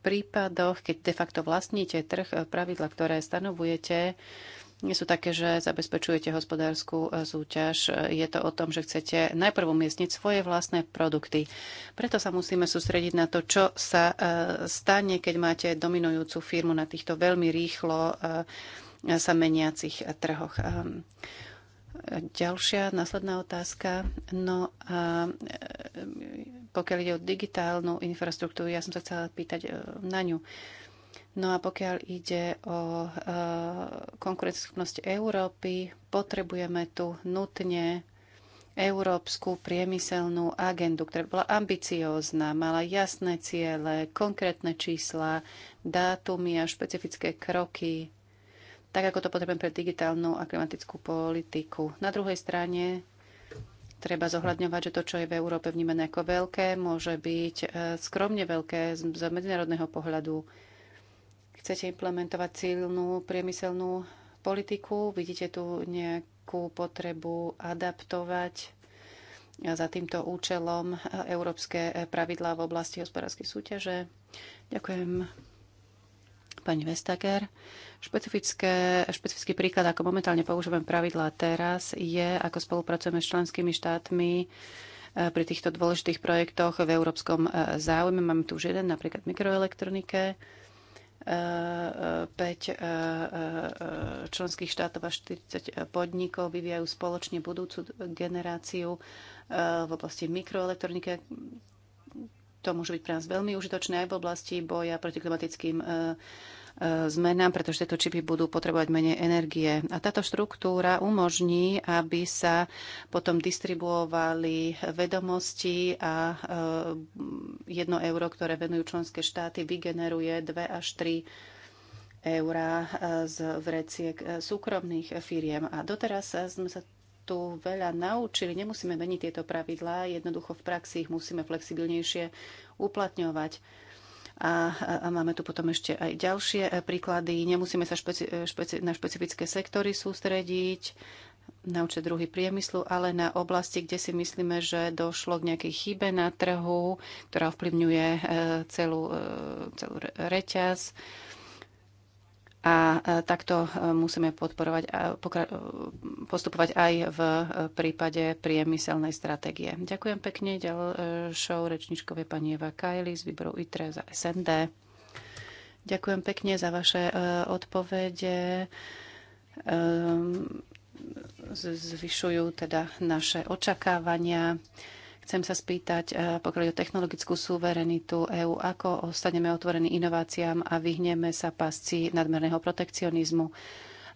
[SPEAKER 1] prípadoch, keď de facto vlastníte trh, pravidla, ktoré stanovujete, nie sú také, že zabezpečujete hospodárskú e, súťaž. Je to o tom, že chcete najprv umiestniť svoje vlastné produkty. Preto sa musíme sústrediť na to, čo sa e, stane, keď máte dominujúcu firmu na týchto veľmi rýchlo e, sa meniacich trhoch. Ďalšia následná otázka. No a pokiaľ ide o digitálnu infraštruktúru, ja som sa chcela pýtať na ňu. No a pokiaľ ide o e, konkurenceschopnosť Európy, potrebujeme tu nutne európsku priemyselnú agendu, ktorá bola ambiciózna, mala jasné ciele, konkrétne čísla, dátumy a špecifické kroky, tak ako to potrebujeme pre digitálnu a klimatickú politiku. Na druhej strane treba zohľadňovať, že to, čo je v Európe vnímané ako veľké, môže byť e, skromne veľké z medzinárodného pohľadu chcete implementovať cílnú priemyselnú politiku? Vidíte tu nejakú potrebu adaptovať za týmto účelom európske pravidlá v oblasti hospodárskej súťaže? Ďakujem pani Vestager. Špecifické, špecifický príklad, ako momentálne používam pravidlá teraz, je, ako spolupracujeme s členskými štátmi e, pri týchto dôležitých projektoch v európskom e, záujme. Máme tu už jeden, napríklad v mikroelektronike 5 eh, eh, eh, členských štátov a 40 podnikov vyvíjajú spoločne budúcu generáciu v oblasti mikroelektroniky, to môže byť pre nás veľmi užitočné aj v oblasti boja proti klimatickým e, e, zmenám, pretože tieto čipy budú potrebovať menej energie. A táto štruktúra umožní, aby sa potom distribuovali vedomosti a e, jedno euro, ktoré venujú členské štáty, vygeneruje 2 až 3 eurá z vreciek súkromných firiem. A doteraz sme sa tu veľa naučili. Nemusíme meniť tieto pravidlá, jednoducho v praxi ich musíme flexibilnejšie uplatňovať. A, a máme tu potom ešte aj ďalšie e, príklady. Nemusíme sa špeci, e, špeci, na špecifické sektory sústrediť, na určité druhy priemyslu, ale na oblasti, kde si myslíme, že došlo k nejakej chybe na trhu, ktorá ovplyvňuje e, celú, celú reťaz a e, takto e, musíme podporovať a e, postupovať aj v prípade priemyselnej stratégie. Ďakujem pekne ďalšou rečničkovej pani Eva Kajli z výboru ITRE za SND. Ďakujem pekne za vaše odpovede. Ehm, zvyšujú teda naše očakávania. Chcem sa spýtať, eh, pokiaľ o technologickú suverenitu EÚ, ako ostaneme otvorení inováciám a vyhneme sa pasci nadmerného protekcionizmu.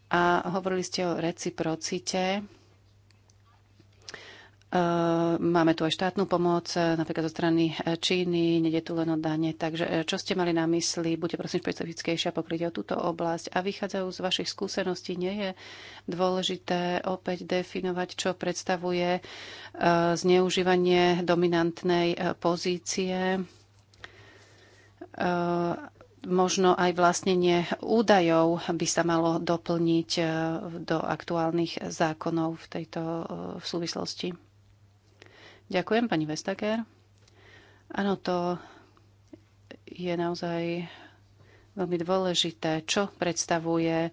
[SPEAKER 1] A hovorili ste o reciprocite Eh, máme tu aj štátnu pomoc, eh, napríklad zo strany eh, Číny, nede tu len o dane. Takže čo ste mali na mysli? Buďte prosím špecifickejšia, pokryť o túto oblasť. A vychádzajú z vašich skúseností, nie je dôležité opäť definovať, čo predstavuje zneužívanie dominantnej pozície možno aj vlastnenie údajov by sa malo doplniť do aktuálnych zákonov v tejto v súvislosti. Ďakujem, pani Vestager. Áno, to je naozaj veľmi dôležité, čo predstavuje e,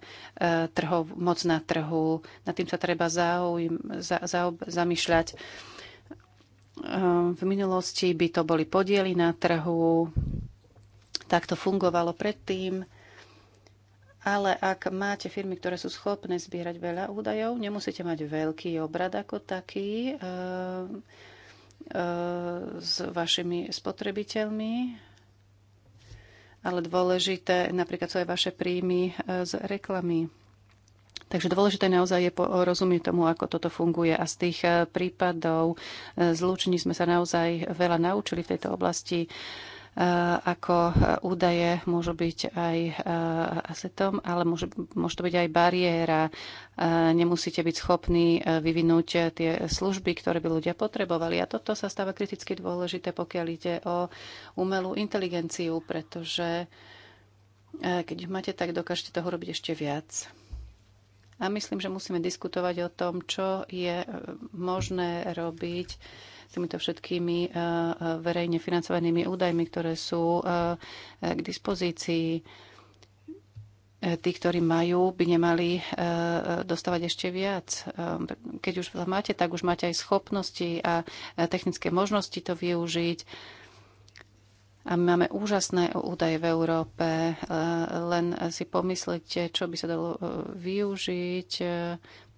[SPEAKER 1] trhov, moc na trhu. Nad tým sa treba zaujím, za, za, zamýšľať. E, v minulosti by to boli podiely na trhu, tak to fungovalo predtým. Ale ak máte firmy, ktoré sú schopné zbierať veľa údajov, nemusíte mať veľký obrad ako taký. E, s vašimi spotrebiteľmi, ale dôležité napríklad sú aj vaše príjmy e, z reklamy. Takže dôležité naozaj je rozumieť tomu, ako toto funguje. A z tých e, prípadov e, zlúčení sme sa naozaj veľa naučili v tejto oblasti. Eh, ako eh, údaje môžu byť aj eh, asetom, ale môže, môže to byť aj bariéra. Nemusíte byť schopní vyvinúť tie služby, ktoré by ľudia potrebovali. A toto sa stáva kriticky dôležité, pokiaľ ide o umelú inteligenciu, pretože keď máte, tak dokážete toho robiť ešte viac. A myslím, že musíme diskutovať o tom, čo je možné robiť s týmito všetkými eh, eh, verejne financovanými údajmi, ktoré sú eh, k dispozícii. Tí, ktorí majú, by nemali dostávať ešte viac. Keď už máte, tak už máte aj schopnosti a technické možnosti to využiť. A my máme úžasné údaje v Európe. Len si pomyslite, čo by sa dalo využiť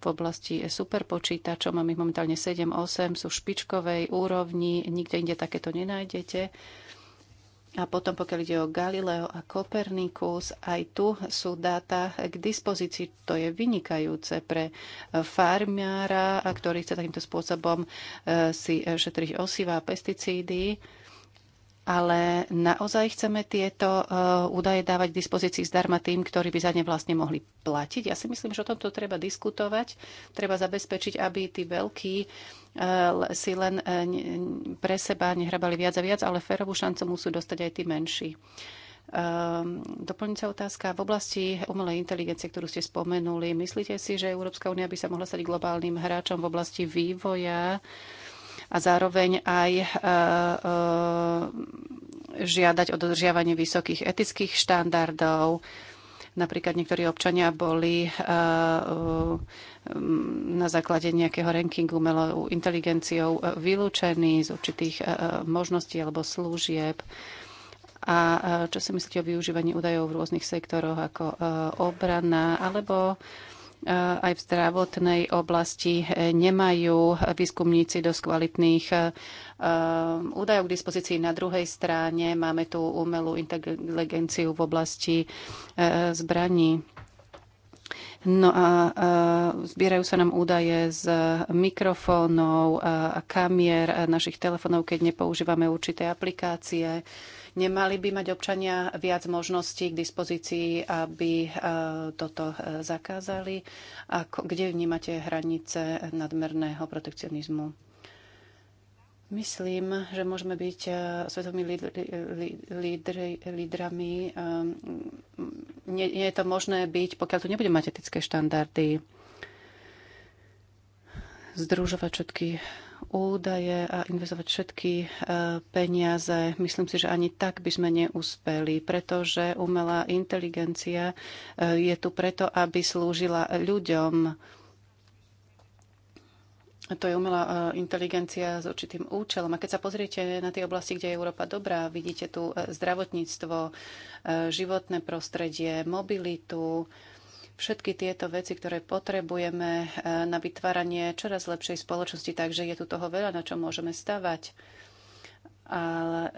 [SPEAKER 1] v oblasti superpočítačov. Mám ich momentálne 7-8, sú v špičkovej úrovni, nikde inde takéto nenájdete. A potom, pokiaľ ide o Galileo a Kopernikus, aj tu sú dáta k dispozícii. To je vynikajúce pre farmiára, ktorý chce takýmto spôsobom eh, si eh, šetriť osiva a pesticídy ale naozaj chceme tieto eh, údaje dávať k dispozícii zdarma tým, ktorí by za ne vlastne mohli platiť. Ja si myslím, že o tomto treba diskutovať. Treba zabezpečiť, aby tí veľkí eh, si len eh, pre seba nehrabali viac a viac, ale férovú šancu musú dostať aj tí menší. Ehm, doplňujúca otázka. V oblasti umelej inteligencie, ktorú ste spomenuli, myslíte si, že Európska únia by sa mohla stať globálnym hráčom v oblasti vývoja a zároveň aj e, e, žiadať o dodržiavanie vysokých etických štandardov. Napríklad niektorí občania boli e, na základe nejakého rankingu umelou inteligenciou vylúčení z určitých možností alebo služieb. A čo si myslíte o využívaní údajov v rôznych sektoroch ako obrana alebo Eh, aj v zdravotnej oblasti eh, nemajú výskumníci dosť kvalitných eh, údajov k dispozícii. Na druhej strane máme tu umelú inteligenciu v oblasti zbraní. No a zbierajú sa nám údaje z mikrofónov a kamier našich telefónov, keď nepoužívame určité aplikácie. Nemali by mať občania viac možností k dispozícii, aby e, toto e, zakázali? A kde vnímate hranice nadmerného protekcionizmu? Myslím, že môžeme byť e, svetovými e, lídrami. E, nie, nie je to možné byť, pokiaľ tu nebudeme mať etické štandardy, združovať všetky údaje a investovať všetky peniaze. Myslím si, že ani tak by sme neúspeli, pretože umelá inteligencia je tu preto, aby slúžila ľuďom to je umelá e, inteligencia s určitým účelom. A keď sa pozriete na tie oblasti, kde je Európa dobrá, vidíte tu e, zdravotníctvo, e, životné prostredie, mobilitu, všetky tieto veci, ktoré potrebujeme na vytváranie čoraz lepšej spoločnosti, takže je tu toho veľa, na čo môžeme stavať. Ale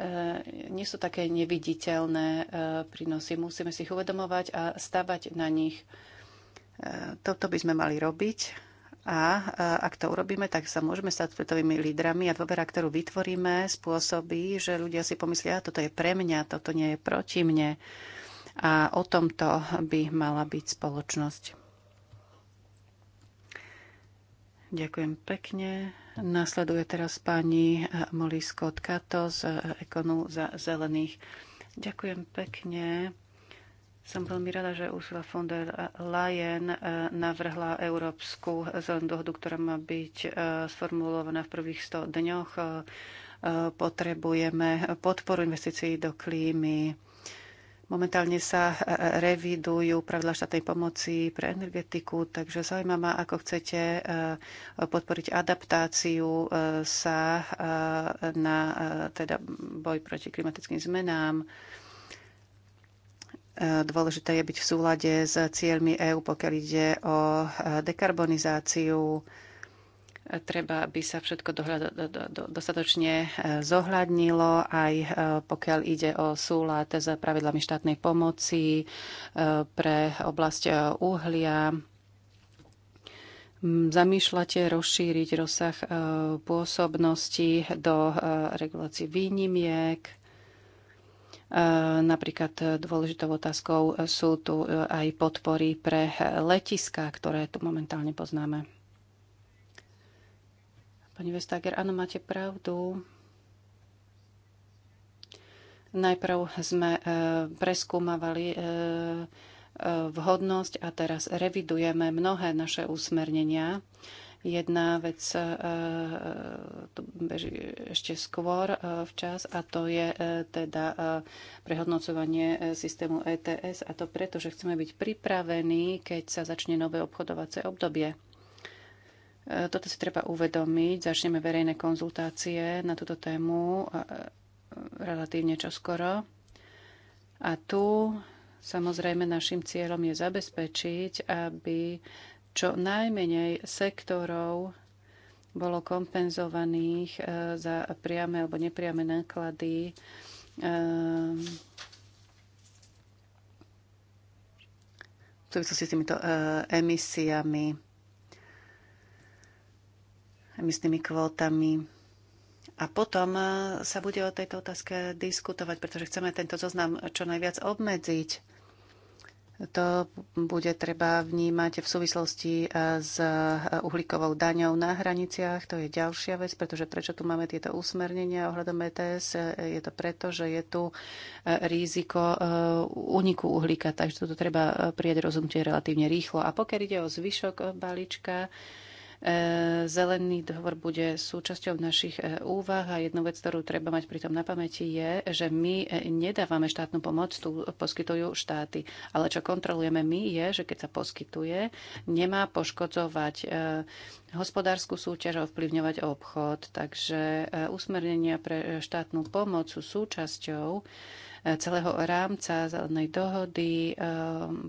[SPEAKER 1] nie sú také neviditeľné prínosy. Musíme si ich uvedomovať a stavať na nich. Toto by sme mali robiť a ak to urobíme, tak sa môžeme stať svetovými lídrami a dôvera, ktorú vytvoríme, spôsobí, že ľudia si pomyslia, toto je pre mňa, toto nie je proti mne. A o tomto by mala byť spoločnosť. Ďakujem pekne. Nasleduje teraz pani e, Molly Scott Kato z e, Ekonu za zelených. Ďakujem pekne. Som veľmi rada, že Ursula von der Leyen eh, navrhla európsku zelenú dohodu, ktorá má byť eh, sformulovaná v prvých 100 dňoch. Eh, potrebujeme podporu investícií do klímy. Momentálne sa revidujú pravidla štátnej pomoci pre energetiku, takže zaujímavá, ako chcete podporiť adaptáciu sa na teda boj proti klimatickým zmenám Dôležité je byť v súlade s cieľmi EÚ, pokiaľ ide o e, dekarbonizáciu. Treba, aby sa všetko dohľad, do, do, do, dostatočne e, zohľadnilo, aj e, pokiaľ ide o súlad s pravidlami štátnej pomoci pre oblasť uhlia. Zamýšľate rozšíriť rozsah pôsobnosti do regulácií výnimiek Eh, napríklad eh, dôležitou otázkou eh, sú tu aj podpory pre letiská, ktoré tu momentálne poznáme. Pani Vestager, áno, máte pravdu. Najprv sme preskúmavali vhodnosť a teraz revidujeme mnohé naše usmernenia Jedna vec e, e, beží ešte skôr e, včas a to je teda prehodnocovanie systému ETS a to preto, že chceme byť pripravení, keď sa začne nové obchodovacie obdobie. Toto si treba uvedomiť. Začneme verejné konzultácie na túto tému relatívne čoskoro. A tu samozrejme našim cieľom je zabezpečiť, aby čo najmenej sektorov bolo kompenzovaných e, za priame alebo nepriame náklady. E, v súvislosti s týmito e, emisiami, emisnými kvótami. A potom sa bude o tejto otázke diskutovať, pretože chceme tento zoznam čo najviac obmedziť to bude treba vnímať v súvislosti e, s e, uhlíkovou daňou na hraniciach. To je ďalšia vec, pretože prečo tu máme tieto usmernenia ohľadom ETS? E, je to preto, že je tu riziko uniku uhlíka, takže toto treba prijať rozumte relatívne rýchlo. A pokiaľ ide o zvyšok balíčka, E, zelený dohovor bude súčasťou našich e, úvah a jednu vec, ktorú treba mať pritom na pamäti, je, že my e, nedávame štátnu pomoc, tu poskytujú štáty. Ale čo kontrolujeme my je, že keď sa poskytuje, nemá poškodzovať hospodárskú súťaž a ovplyvňovať obchod. Takže usmernenia pre štátnu pomoc sú súčasťou celého rámca zelenej dohody, eh,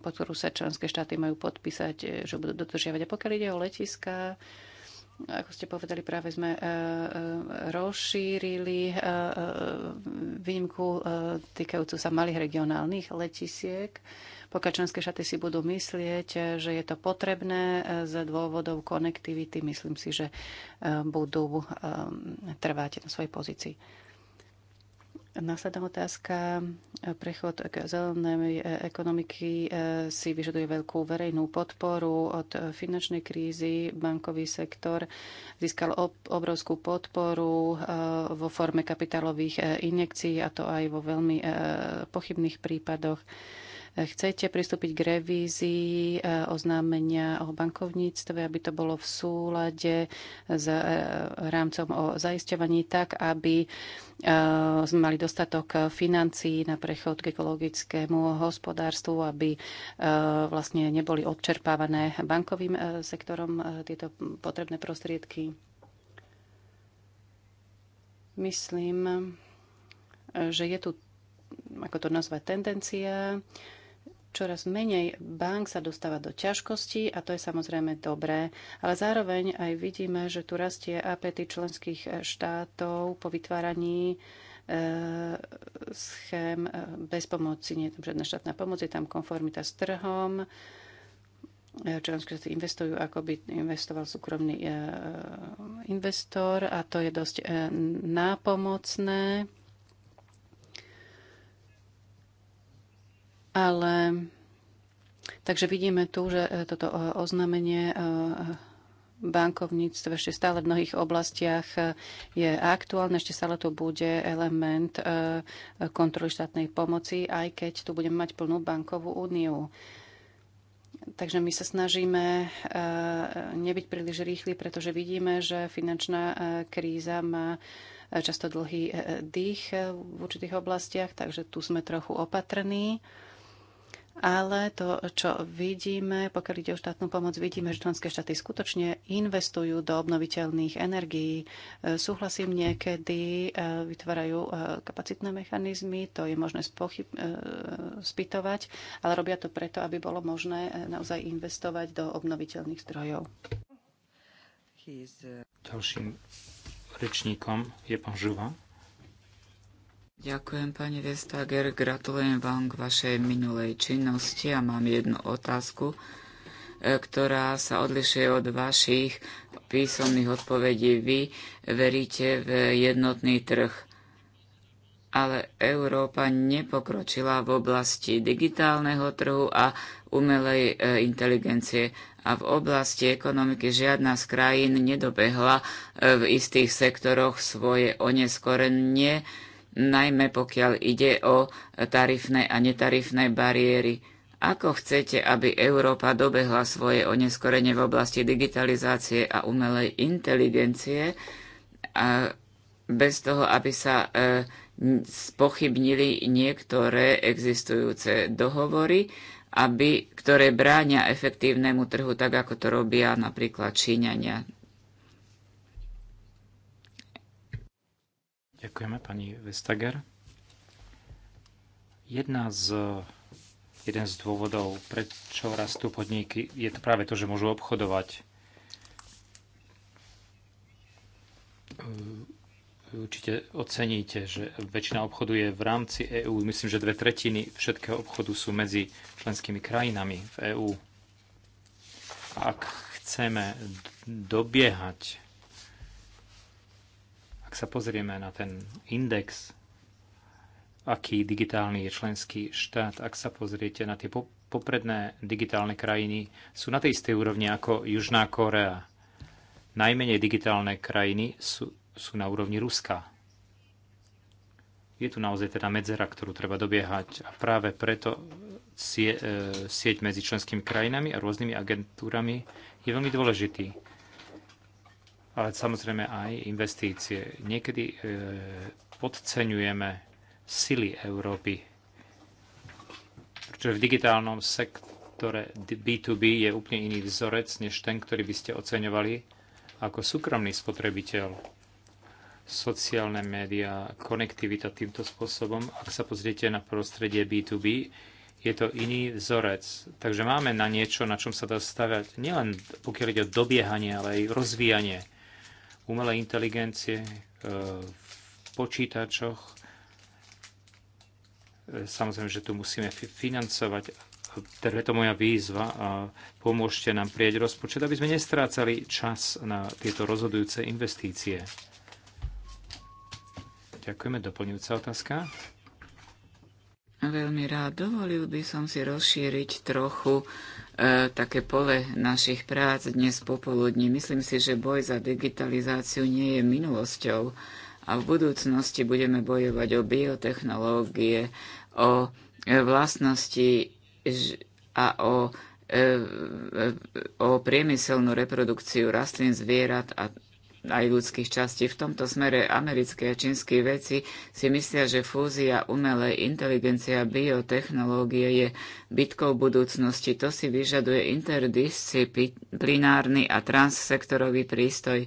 [SPEAKER 1] pod ktorú sa členské štáty majú podpísať, eh, že budú dodržiavať. A pokiaľ ide o letiska, eh, ako ste povedali, práve sme rozšírili výnimku týkajúcu sa malých regionálnych letisiek. Pokiaľ členské štáty si budú myslieť, že je to potrebné z dôvodov konektivity, myslím si, že budú trvať na svojej pozícii. Následná otázka. Prechod k zelenej ekonomiky eh, si vyžaduje veľkú verejnú podporu. Od finančnej krízy bankový sektor získal obrovskú podporu eh, vo forme kapitálových eh, injekcií, a to aj vo veľmi pochybných prípadoch. Chcete pristúpiť k revízii e, oznámenia o bankovníctve, aby to bolo v súlade s e, rámcom o zaisťovaní tak, aby e, sme mali dostatok financií na prechod k ekologickému hospodárstvu, aby vlastne neboli odčerpávané bankovým sektorom tieto potrebné prostriedky. Myslím, že je tu, ako to nazvať, tendencia čoraz menej bank sa dostáva do ťažkostí a to je samozrejme dobré. Ale zároveň aj vidíme, že tu rastie apety členských e, štátov po vytváraní e, schém e, bez pomoci. Nie je tam žiadna štátna pomoc, je tam konformita s trhom. Členské štáty investujú, ako by investoval súkromný investor a to je dosť nápomocné. Ale takže vidíme tu, že e, toto e, oznámenie e, bankovníctve ešte stále v mnohých oblastiach je aktuálne, ešte stále tu bude element kontroly štátnej pomoci, aj keď tu budeme mať plnú bankovú úniu. Takže my sa snažíme nebyť príliš rýchli, pretože vidíme, že finančná kríza má často dlhý dých v určitých oblastiach, takže tu sme trochu opatrní ale to, čo vidíme, pokiaľ ide o štátnu pomoc, vidíme, že členské štáty skutočne investujú do obnoviteľných energií. E, súhlasím, niekedy e, vytvárajú e, kapacitné mechanizmy, to je možné spochyb- spýtovať, ale robia to preto, aby bolo možné naozaj investovať do obnoviteľných zdrojov.
[SPEAKER 3] Ďalším rečníkom je pán Žuva.
[SPEAKER 2] Ďakujem, pani Vestager. Gratulujem vám k vašej minulej činnosti a mám jednu otázku, e, ktorá sa odlišuje od vašich písomných odpovedí. Vy veríte v jednotný trh, ale Európa nepokročila v oblasti digitálneho trhu a umelej e, inteligencie a v oblasti ekonomiky žiadna z krajín nedobehla e, v istých sektoroch svoje oneskorenie najmä pokiaľ ide o tarifné a netarifné bariéry. Ako chcete, aby Európa dobehla svoje oneskorenie v oblasti digitalizácie a umelej inteligencie, a bez toho, aby sa e, spochybnili niektoré existujúce dohovory, aby, ktoré bránia efektívnemu trhu, tak ako to robia napríklad Číňania.
[SPEAKER 3] Ďakujeme, pani Vestager. Jedna z, jeden z dôvodov, prečo rastú podniky, je to práve to, že môžu obchodovať. Ehm, určite oceníte, že väčšina obchodu je v rámci EÚ. Myslím, že dve tretiny všetkého obchodu sú medzi členskými krajinami v EÚ. Ak chceme dobiehať ak sa pozrieme na ten index, aký digitálny je členský štát, ak sa pozriete na tie popredné digitálne krajiny, sú na tej istej úrovni ako Južná Korea. Najmenej digitálne krajiny sú, sú na úrovni Ruska. Je tu naozaj teda medzera, ktorú treba dobiehať a práve preto e, sieť medzi členskými krajinami a rôznymi agentúrami je veľmi dôležitý ale samozrejme aj investície. Niekedy e, podceňujeme sily Európy, pretože v digitálnom sektore B2B je úplne iný vzorec, než ten, ktorý by ste oceňovali ako súkromný spotrebiteľ. Sociálne médiá, konektivita týmto spôsobom, ak sa pozriete na prostredie B2B, je to iný vzorec. Takže máme na niečo, na čom sa dá stavať, nielen pokiaľ ide o dobiehanie, ale aj rozvíjanie umelej inteligencie e, v počítačoch. E, samozrejme, že tu musíme financovať. Teda je to moja výzva a pomôžte nám prieť rozpočet, aby sme nestrácali čas na tieto rozhodujúce investície. Ďakujeme. Doplňujúca otázka?
[SPEAKER 2] Veľmi rád. Dovolil by som si rozšíriť trochu E, také pole našich prác dnes popoludní. Myslím si, že boj za digitalizáciu nie je minulosťou a v budúcnosti budeme bojovať o biotechnológie, o vlastnosti a o, e, e, o priemyselnú reprodukciu rastlín, zvierat a aj ľudských častí. V tomto smere americké a čínske veci si myslia, že fúzia umelej inteligencie a biotechnológie je bytkou budúcnosti. To si vyžaduje interdisciplinárny a transsektorový prístoj.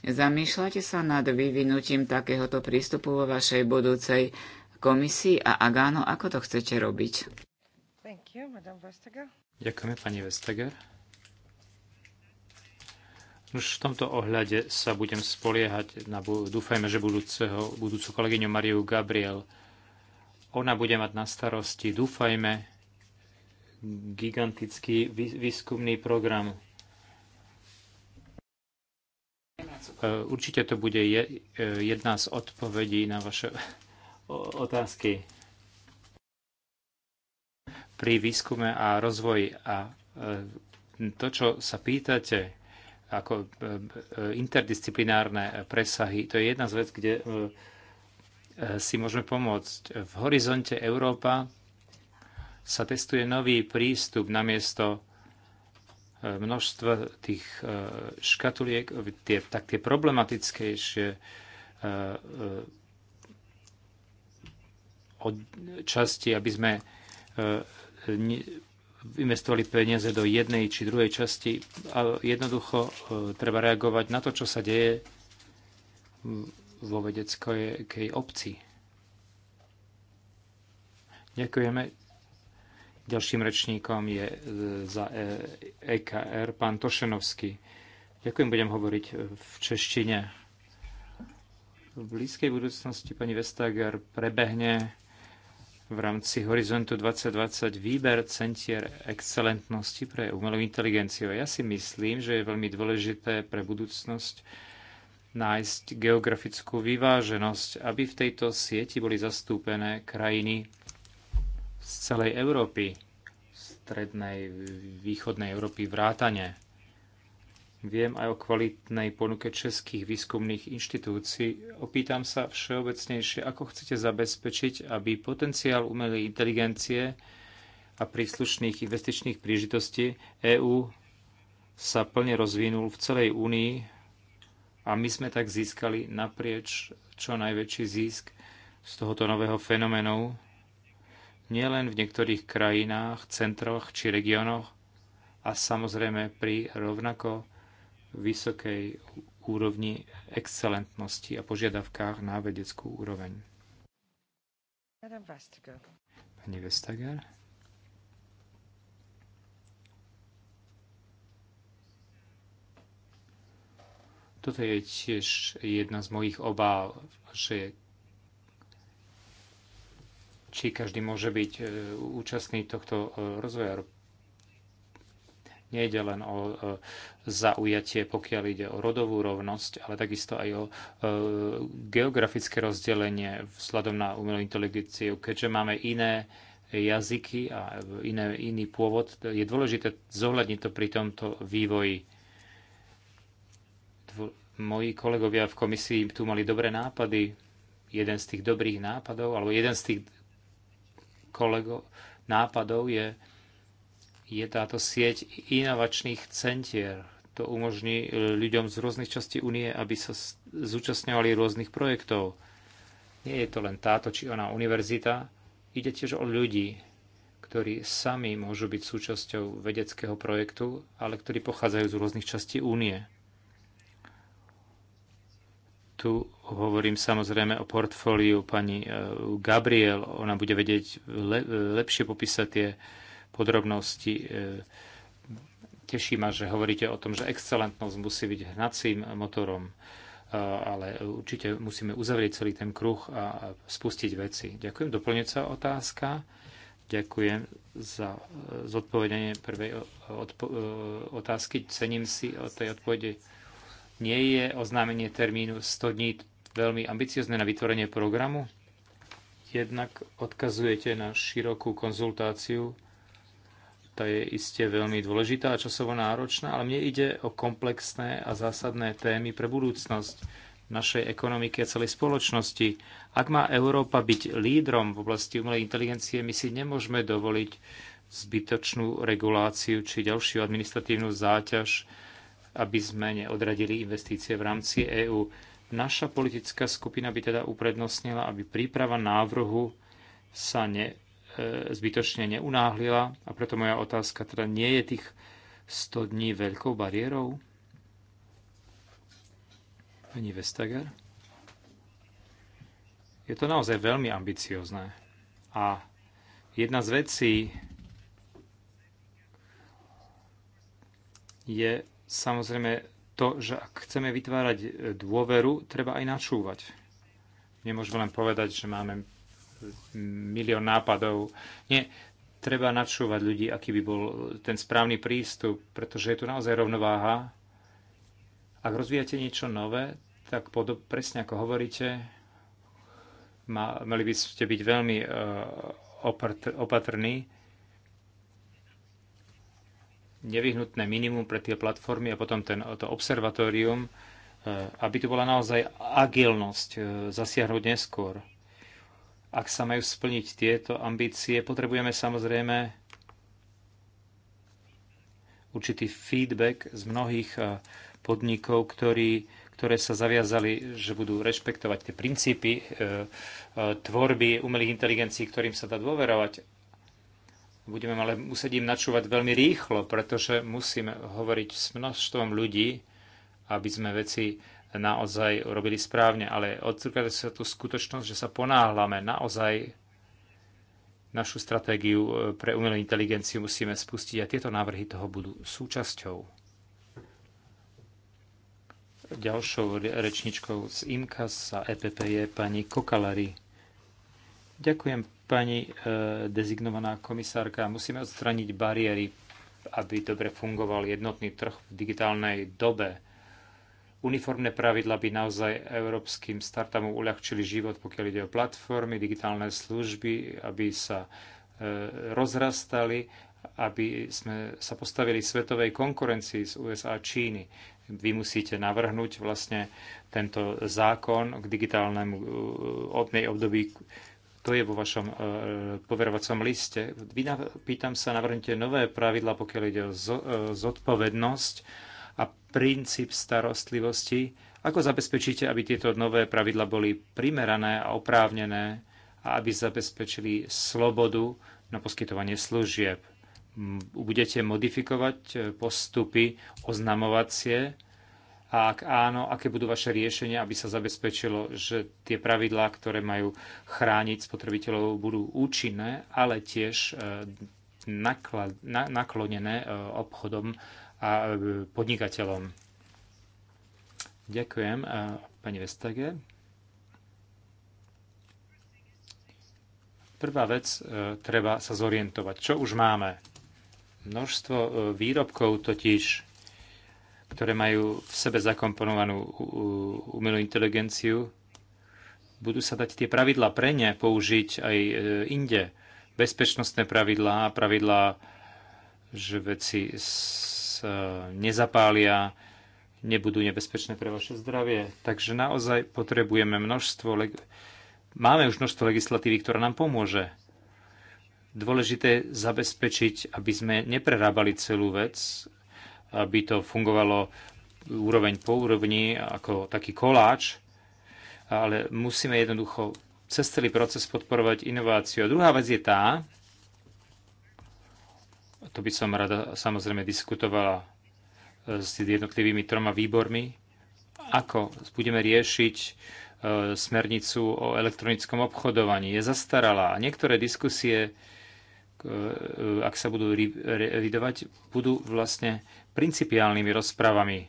[SPEAKER 2] Zamýšľate sa nad vyvinutím takéhoto prístupu vo vašej budúcej komisii a Agáno, ako to chcete robiť? You,
[SPEAKER 3] Ďakujeme, pani Vestager. Už v tomto ohľade sa budem spoliehať na, dúfajme, že budúceho, budúcu kolegyňu Mariu Gabriel. Ona bude mať na starosti, dúfajme, gigantický výskumný program. E, určite to bude e, jedna z odpovedí na vaše otázky pri výskume a rozvoji. A e, to, čo sa pýtate, ako e, e, interdisciplinárne presahy. To je jedna z vec, kde e, si môžeme pomôcť. V horizonte Európa sa testuje nový prístup namiesto množstva tých škatuliek, tie, tak tie problematickejšie od časti, aby sme investovali peniaze do jednej či druhej časti. A jednoducho e, treba reagovať na to, čo sa deje vo vedeckej obci. Ďakujeme. Ďalším rečníkom je e, za EKR e pán Tošenovský. Ďakujem, budem hovoriť v češtine. V blízkej budúcnosti pani Vestager prebehne v rámci Horizontu 2020 výber centier excelentnosti pre umelú inteligenciu. Ja si myslím, že je veľmi dôležité pre budúcnosť nájsť geografickú vyváženosť, aby v tejto sieti boli zastúpené krajiny z celej Európy, strednej, východnej Európy vrátane. Viem aj o kvalitnej ponuke českých výskumných inštitúcií. Opýtam sa všeobecnejšie, ako chcete zabezpečiť, aby potenciál umelej inteligencie a príslušných investičných príležitostí EÚ sa plne rozvinul v celej únii a my sme tak získali naprieč čo najväčší zisk z tohoto nového fenoménu, nielen v niektorých krajinách, centroch či regiónoch a samozrejme pri rovnako vysokej úrovni excelentnosti a požiadavkách na vedeckú úroveň. Pani Vestager. Toto je tiež jedna z mojich obáv, že či každý môže byť e, účastný tohto e, rozvoja Nejde len o e, zaujatie, pokiaľ ide o rodovú rovnosť, ale takisto aj o e, geografické rozdelenie vzhľadom na umelú inteligenciu, keďže máme iné jazyky a iné, iný pôvod. Je dôležité zohľadniť to pri tomto vývoji. Moji kolegovia v komisii tu mali dobré nápady. Jeden z tých dobrých nápadov, alebo jeden z tých kolegov nápadov je je táto sieť inovačných centier. To umožní e, ľuďom z rôznych častí únie, aby sa zúčastňovali rôznych projektov. Nie je to len táto či ona univerzita, ide tiež o ľudí, ktorí sami môžu byť súčasťou vedeckého projektu, ale ktorí pochádzajú z rôznych častí únie tu hovorím samozrejme o portfóliu pani e, Gabriel. Ona bude vedieť le, lepšie popísať tie podrobnosti. E, teší ma, že hovoríte o tom, že excelentnosť musí byť hnacím motorom, e, ale určite musíme uzavrieť celý ten kruh a spustiť veci. Ďakujem. Doplňujúca otázka. Ďakujem za e, zodpovedanie prvej otázky. Cením si o tej odpovede. Nie je oznámenie termínu 100 dní veľmi ambiciozne na vytvorenie programu? Jednak odkazujete na širokú konzultáciu tá je iste veľmi dôležitá a časovo náročná, ale mne ide o komplexné a zásadné témy pre budúcnosť našej ekonomiky a celej spoločnosti. Ak má Európa byť lídrom v oblasti umelej inteligencie, my si nemôžeme dovoliť zbytočnú reguláciu či ďalšiu administratívnu záťaž, aby sme neodradili investície v rámci EÚ. Naša politická skupina by teda uprednostnila, aby príprava návrhu sa ne E, zbytočne neunáhlila a preto moja otázka teda nie je tých 100 dní veľkou bariérou? Pani Vestager? Je to naozaj veľmi ambiciozne. A jedna z vecí je samozrejme to, že ak chceme vytvárať dôveru, treba aj načúvať. Nemôžeme len povedať, že máme milión nápadov. Nie, treba nadšúvať ľudí, aký by bol ten správny prístup, pretože je tu naozaj rovnováha. Ak rozvíjate niečo nové, tak podob, presne ako hovoríte, ma, mali by ste byť veľmi uh, e, opatr, opatrní. Nevyhnutné minimum pre tie platformy a potom ten, to observatórium, uh, aby tu bola naozaj agilnosť uh, zasiahnuť neskôr ak sa majú splniť tieto ambície, potrebujeme samozrejme určitý feedback z mnohých eh, podnikov, ktorí, ktoré sa zaviazali, že budú rešpektovať tie princípy e, e, tvorby umelých inteligencií, ktorým sa dá dôverovať. Budeme ale musieť im načúvať veľmi rýchlo, pretože musíme hovoriť s množstvom ľudí, aby sme veci naozaj robili správne, ale odzrkadľuje sa tu skutočnosť, že sa ponáhlame. Naozaj našu stratégiu e, pre umelú inteligenciu musíme spustiť a tieto návrhy toho budú súčasťou. Ďalšou rečničkou z IMKA sa EPP je pani Kokalari. Ďakujem, pani e, dezignovaná komisárka. Musíme odstraniť bariéry, aby dobre fungoval jednotný trh v digitálnej dobe Uniformné pravidla by naozaj európskym startupom uľahčili život, pokiaľ ide o platformy, digitálne služby, aby sa e, rozrastali, aby sme sa postavili svetovej konkurencii z USA a Číny. Vy musíte navrhnúť vlastne tento zákon k digitálnemu e, obnej období, to je vo vašom e, poverovacom liste. Vy, pýtam sa, navrhnite nové pravidla, pokiaľ ide o zodpovednosť a princíp starostlivosti. Ako zabezpečíte, aby tieto nové pravidla boli primerané a oprávnené a aby zabezpečili slobodu na poskytovanie služieb? Budete modifikovať e, postupy oznamovacie? A ak áno, aké budú vaše riešenia, aby sa zabezpečilo, že tie pravidlá, ktoré majú chrániť spotrebiteľov, budú účinné, ale tiež e, na, naklonené e, obchodom a e, podnikateľom. Ďakujem, e, pani Vestage. Prvá vec, e, treba sa zorientovať. Čo už máme? Množstvo výrobkov totiž, ktoré majú v sebe zakomponovanú umelú inteligenciu, budú sa dať tie pravidla pre ne použiť aj inde. Bezpečnostné pravidlá, pravidlá, že veci nezapália, nebudú nebezpečné pre vaše zdravie. Takže naozaj potrebujeme množstvo, máme už množstvo legislatívy, ktorá nám pomôže. Dôležité zabezpečiť, aby sme neprerábali celú vec, aby to fungovalo úroveň po úrovni ako taký koláč, ale musíme jednoducho cez celý proces podporovať inováciu. A druhá vec je tá, to by som rada samozrejme diskutovala e, s jednotlivými troma výbormi, ako budeme riešiť e, smernicu o elektronickom obchodovaní. Je zastaralá a niektoré diskusie, e, ak sa budú revidovať, budú vlastne principiálnymi rozprávami.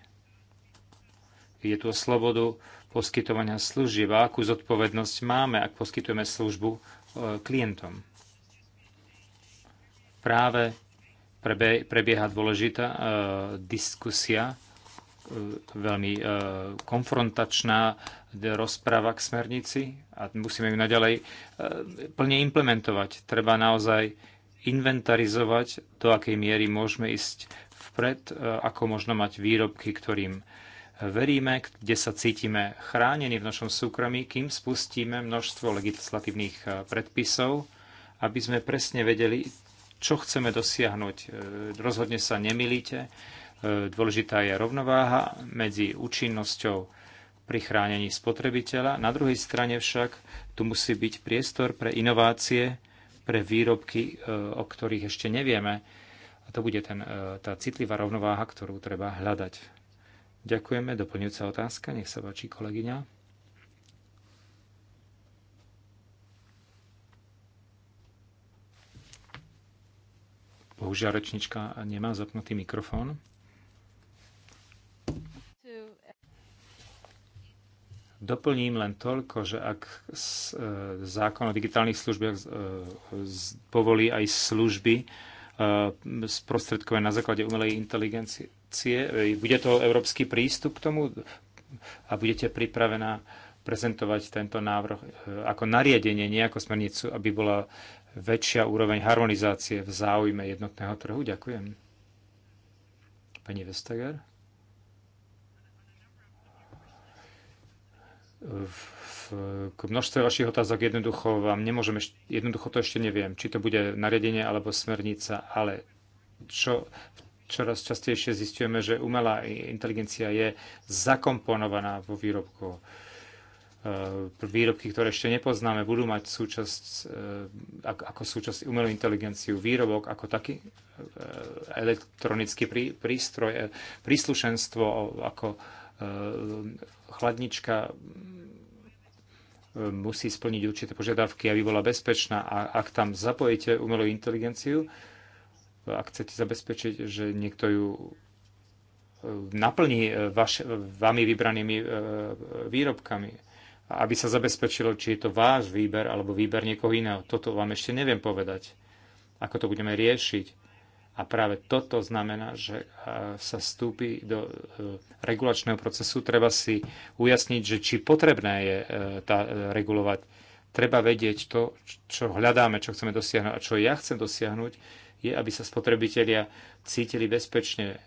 [SPEAKER 3] Je tu o slobodu poskytovania služieb a akú zodpovednosť máme, ak poskytujeme službu klientom. Práve prebieha dôležitá e, diskusia, e, veľmi e, konfrontačná e, rozpráva k smernici a musíme ju naďalej e, plne implementovať. Treba naozaj inventarizovať, do akej miery môžeme ísť vpred, e, ako možno mať výrobky, ktorým e, veríme, kde sa cítime chránení v našom súkromí, kým spustíme množstvo legislatívnych e, predpisov, aby sme presne vedeli, čo chceme dosiahnuť. E, rozhodne sa nemilíte. E, dôležitá je rovnováha medzi účinnosťou pri chránení spotrebiteľa. Na druhej strane však tu musí byť priestor pre inovácie, pre výrobky, e, o ktorých ešte nevieme. A to bude ten, tá citlivá rovnováha, ktorú treba hľadať. Ďakujeme. Doplňujúca otázka. Nech sa páči, kolegyňa. Bohužiaľ, rečnička nemá zapnutý mikrofón. Doplním len toľko, že ak e, zákon o digitálnych službách e, povolí aj služby e, sprostredkové na základe umelej inteligencie, bude to európsky prístup k tomu a budete pripravená prezentovať tento návrh ako nariadenie, nie ako smernicu, aby bola väčšia úroveň harmonizácie v záujme jednotného trhu? Ďakujem. Pani Vestager? k množstve vašich otázok jednoducho vám nemôžeme. jednoducho to ešte neviem, či to bude nariadenie alebo smernica, ale čo čoraz častejšie zistujeme, že umelá inteligencia je zakomponovaná vo výrobku. E, výrobky, ktoré ešte nepoznáme, budú mať súčasť, e, ako súčasť umelú inteligenciu výrobok, ako taký e, elektronický prístroj, príslušenstvo, ako chladnička musí splniť určité požiadavky, aby bola bezpečná. A ak tam zapojíte umelú inteligenciu, ak chcete zabezpečiť, že niekto ju naplní vaš, vami vybranými výrobkami, aby sa zabezpečilo, či je to váš výber alebo výber niekoho iného. Toto vám ešte neviem povedať, ako to budeme riešiť. A práve toto znamená, že e, sa vstúpi do e, regulačného procesu. Treba si ujasniť, že či potrebné je e, tá regulovať. Treba vedieť to, čo hľadáme, čo chceme dosiahnuť a čo ja chcem dosiahnuť, je, aby sa spotrebitelia cítili bezpečne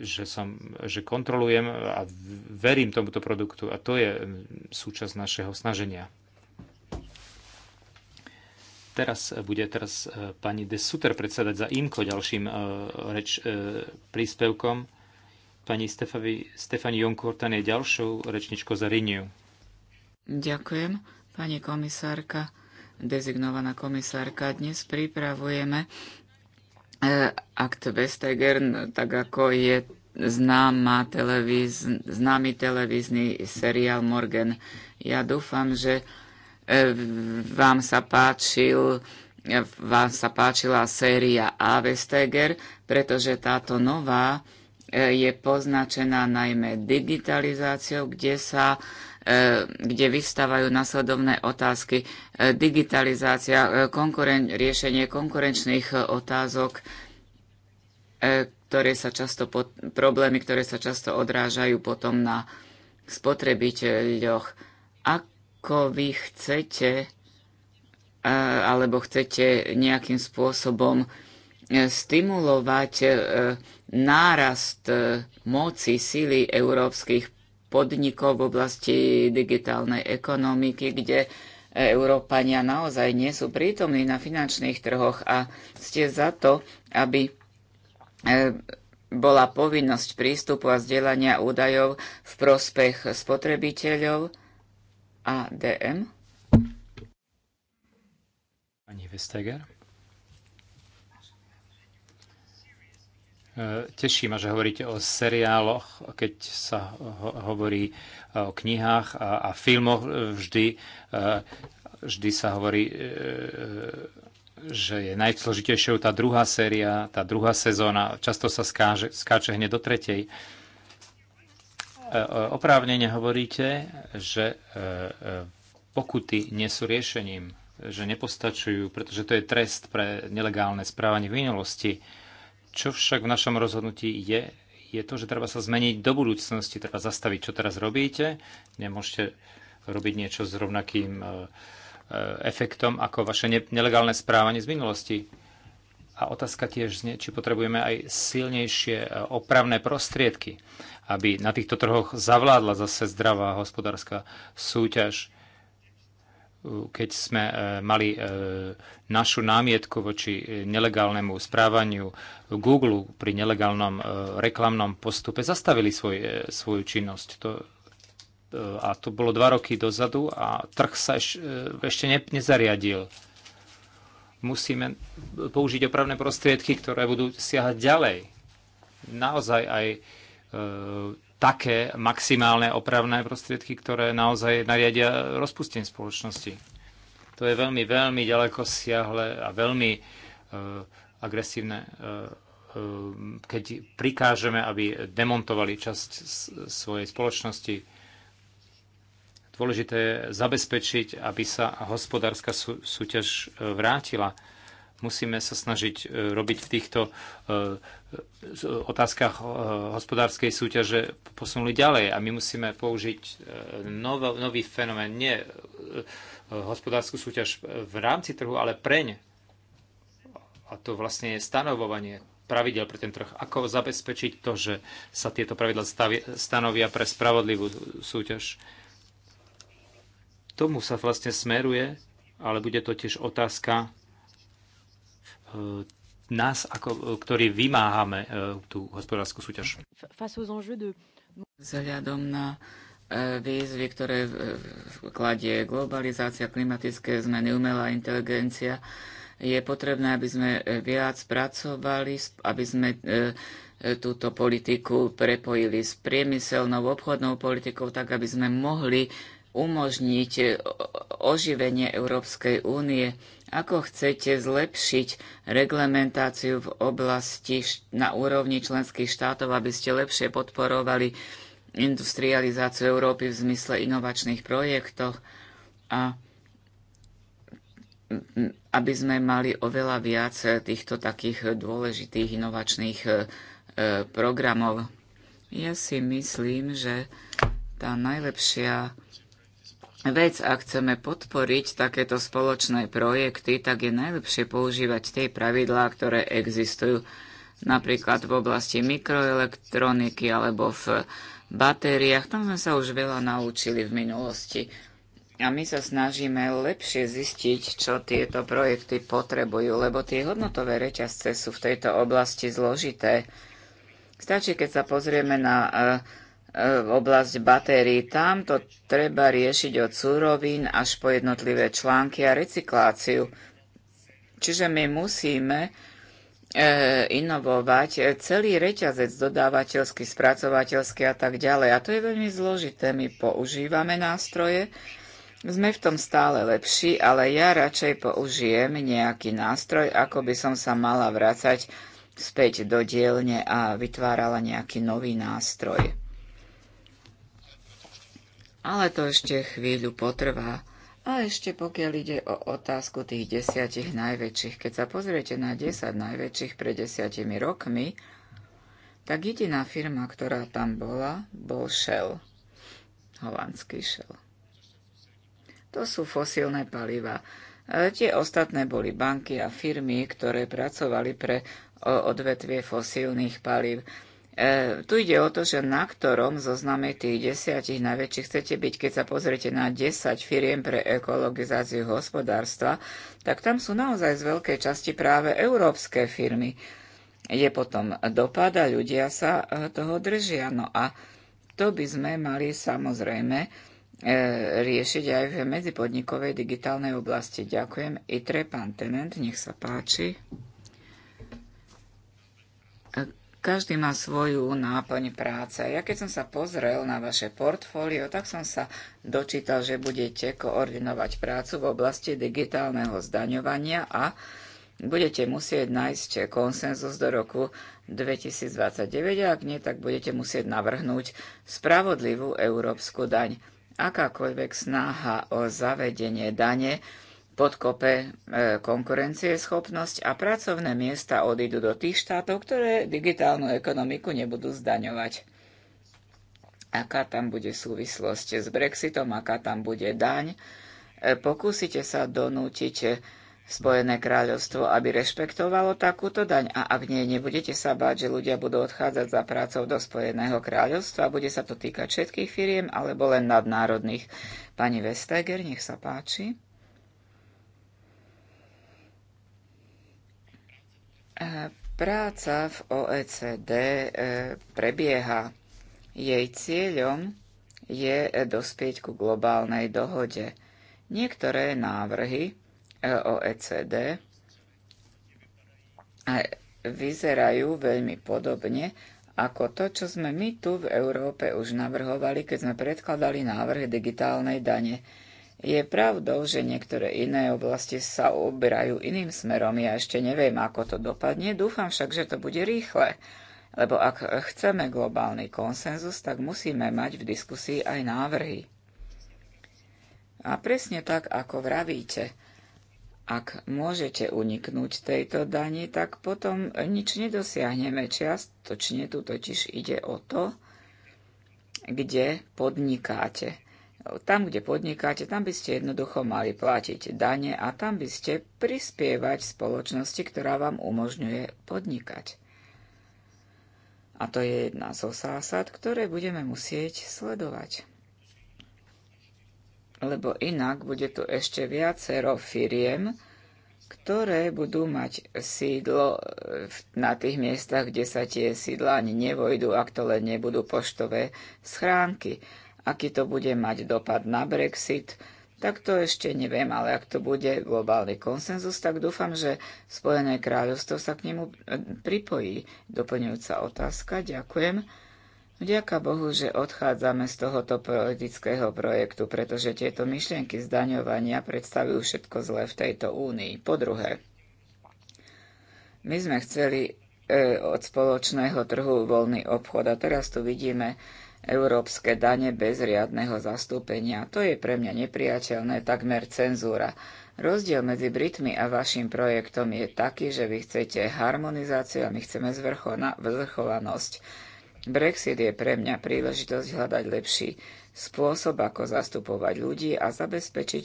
[SPEAKER 3] že, som, že kontrolujem a verím tomuto produktu a to je súčasť našeho snaženia. Teraz bude teraz e, pani De Suter predsedať za IMKO ďalším e, reč, e, príspevkom. Pani Stefani, Stefani Jonkortan je ďalšou rečničkou za Riniu.
[SPEAKER 2] Ďakujem, pani komisárka. Dezignovaná komisárka, dnes pripravujeme
[SPEAKER 3] E, Akt Vestager,
[SPEAKER 2] no, tak ako je známa televíz, známy televízny seriál Morgan. Ja dúfam, že e, vám sa páčil e, vám sa páčila séria A. Vestager, pretože táto nová je poznačená najmä digitalizáciou, kde sa E, kde vystávajú nasledovné otázky. E, digitalizácia, e, konkuren- riešenie konkurenčných otázok, ktoré sa často pod- problémy, ktoré sa často odrážajú potom na spotrebiteľoch. Ako vy chcete alebo chcete nejakým spôsobom stimulovať nárast moci, síly európskych podnikov v oblasti digitálnej ekonomiky, kde Európania naozaj nie sú prítomní na finančných trhoch a ste za to, aby e, bola povinnosť prístupu a zdieľania údajov v prospech spotrebiteľov a DM?
[SPEAKER 3] Pani Vestager. E, teší ma, že hovoríte o seriáloch, keď sa ho- hovorí o knihách a, a filmoch e, vždy, e, vždy sa hovorí, že je najzložitejšou tá druhá séria, tá druhá sezóna. Často sa skáže, skáče hneď do tretej. Oprávnene hovoríte, že pokuty nie sú riešením, že nepostačujú, pretože to je trest pre nelegálne správanie v minulosti čo však v našom rozhodnutí je, je to, že treba sa zmeniť do budúcnosti, treba zastaviť, čo teraz robíte. Nemôžete robiť niečo s rovnakým e, e, efektom ako vaše nelegálne správanie z minulosti. A otázka tiež znie, či potrebujeme aj silnejšie e, opravné prostriedky, aby na týchto trhoch zavládla zase zdravá hospodárska súťaž keď sme e, mali e, našu námietku voči e, nelegálnemu správaniu Google pri nelegálnom reklamnom postupe, zastavili svoj, svoju činnosť. To, a to bolo dva roky dozadu a trh sa eš, ešte ne, nezariadil. Musíme použiť opravné prostriedky, ktoré budú siahať ďalej. Naozaj aj také maximálne opravné prostriedky, ktoré naozaj nariadia rozpustenie spoločnosti. To je veľmi, veľmi ďaleko siahle a veľmi uh, agresívne, uh, uh, keď prikážeme, aby demontovali časť svojej spoločnosti. Dôležité je zabezpečiť, aby sa hospodárska súťaž vrátila Musíme sa snažiť e, robiť v týchto e, e, otázkach hospodárskej súťaže posunuli ďalej a my musíme použiť nový fenomén, nie hospodárskú súťaž v rámci trhu, ale preň. A to vlastne je stanovovanie pravidel pre ten trh. Ako zabezpečiť to, že sa tieto pravidla stanovia pre spravodlivú súťaž? Tomu sa vlastne smeruje, ale bude to tiež otázka E, nás, ako, e, ktorí vymáhame e, tú hospodárskú súťaž.
[SPEAKER 2] Vzhľadom na výzvy, ktoré kladie globalizácia, klimatické zmeny, umelá inteligencia, je potrebné, aby sme viac pracovali, aby sme túto politiku prepojili s priemyselnou obchodnou politikou, tak aby sme mohli umožniť oživenie Európskej únie ako chcete zlepšiť reglementáciu v oblasti na úrovni členských štátov, aby ste lepšie podporovali industrializáciu Európy v zmysle inovačných projektov a aby sme mali oveľa viac týchto takých dôležitých inovačných e, programov. Ja si myslím, že tá najlepšia vec a chceme podporiť takéto spoločné projekty, tak je najlepšie používať tie pravidlá, ktoré existujú napríklad v oblasti mikroelektroniky alebo v batériách. Tam sme sa už veľa naučili v minulosti. A my sa snažíme lepšie zistiť, čo tieto projekty potrebujú, lebo tie hodnotové reťazce sú v tejto oblasti zložité. Stačí, keď sa pozrieme na uh, E, oblasť batérií. Tam to treba riešiť od súrovín až po jednotlivé články a recykláciu. Čiže my musíme e, inovovať celý reťazec dodávateľský, spracovateľský a tak ďalej. A to je veľmi zložité. My používame nástroje, sme v tom stále lepší, ale ja radšej použijem nejaký nástroj, ako by som sa mala vrácať späť do dielne a vytvárala nejaký nový nástroj ale to ešte chvíľu potrvá. A ešte pokiaľ ide o otázku tých desiatich najväčších, keď sa pozriete na 10 najväčších pred desiatimi rokmi, tak jediná firma, ktorá tam bola, bol Shell. Holandský Shell. To sú fosílne paliva. E, tie ostatné boli banky a firmy, ktoré pracovali pre odvetvie fosílnych palív. E, tu ide o to, že na ktorom zozname tých desiatich najväčších chcete byť, keď sa pozriete na 10 firiem pre ekologizáciu hospodárstva, tak tam sú naozaj z veľkej časti práve európske firmy. Je potom dopad a ľudia sa e, toho držia. No a to by sme mali samozrejme e, riešiť aj v medzipodnikovej digitálnej oblasti. Ďakujem. Itre, pán Tenent, nech sa páči. Každý má svoju náplň práce. Ja keď som sa pozrel na vaše portfólio, tak som sa dočítal, že budete koordinovať prácu v oblasti digitálneho zdaňovania a budete musieť nájsť konsenzus do roku 2029 a ak nie, tak budete musieť navrhnúť spravodlivú európsku daň. Akákoľvek snaha o zavedenie dane podkope e, konkurencieschopnosť a pracovné miesta odídu do tých štátov, ktoré digitálnu ekonomiku nebudú zdaňovať. Aká tam bude súvislosť s Brexitom, aká tam bude daň. E, pokúsite sa donútiť Spojené kráľovstvo, aby rešpektovalo takúto daň a ak nie, nebudete sa báť, že ľudia budú odchádzať za prácou do Spojeného kráľovstva, bude sa to týkať všetkých firiem alebo len nadnárodných. Pani Vestager, nech sa páči. E, práca v OECD e, prebieha. Jej cieľom je e, dospieť ku globálnej dohode. Niektoré návrhy OECD vyzerajú veľmi podobne ako to, čo sme my tu v Európe už navrhovali, keď sme predkladali návrhy digitálnej dane. Je pravdou, že niektoré iné oblasti sa oberajú iným smerom. Ja ešte neviem, ako to dopadne. Dúfam však, že to bude rýchle. Lebo ak chceme globálny konsenzus, tak musíme mať v diskusii aj návrhy. A presne tak, ako vravíte. Ak môžete uniknúť tejto dani, tak potom nič nedosiahneme. Čiastočne tu totiž ide o to, kde podnikáte tam, kde podnikáte, tam by ste jednoducho mali platiť dane a tam by ste prispievať spoločnosti, ktorá vám umožňuje podnikať. A to je jedna zo zásad, ktoré budeme musieť sledovať. Lebo inak bude tu ešte viacero firiem, ktoré budú mať sídlo eh, na tých miestach, kde sa tie sídla ani nevojdu, ak to len nebudú poštové schránky aký to bude mať dopad na Brexit, tak to ešte neviem, ale ak to bude globálny konsenzus, tak dúfam, že Spojené kráľovstvo sa k nemu e, pripojí. Doplňujúca otázka, ďakujem. Vďaka Bohu, že odchádzame z tohoto politického projektu, pretože tieto myšlienky zdaňovania predstavujú všetko zlé v tejto únii. Po druhé, my sme chceli e, od spoločného trhu voľný obchod a teraz tu vidíme európske dane bez riadneho zastúpenia. To je pre mňa nepriateľné, takmer cenzúra. Rozdiel medzi Britmi a vašim projektom je taký, že vy chcete harmonizáciu a my chceme zvrchovanosť. Brexit je pre mňa príležitosť hľadať lepší spôsob, ako zastupovať ľudí a zabezpečiť,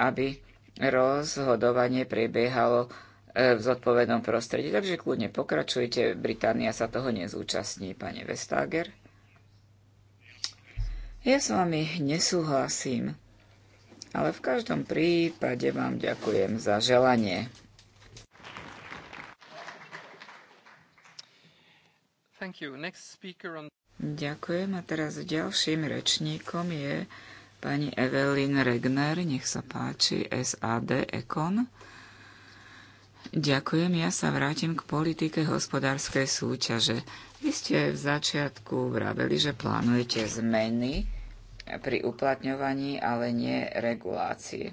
[SPEAKER 2] aby rozhodovanie prebiehalo e, v zodpovednom prostredí. Takže kľudne pokračujte, Británia sa toho nezúčastní, pani Vestager. Ja s vami nesúhlasím, ale v každom prípade vám ďakujem za želanie.
[SPEAKER 3] On...
[SPEAKER 2] Ďakujem a teraz ďalším rečníkom je pani Evelyn Regner, nech sa páči, SAD Econ. Ďakujem, ja sa vrátim k politike hospodárskej súťaže. Vy ste v začiatku vraveli, že plánujete zmeny pri uplatňovaní, ale nie regulácii.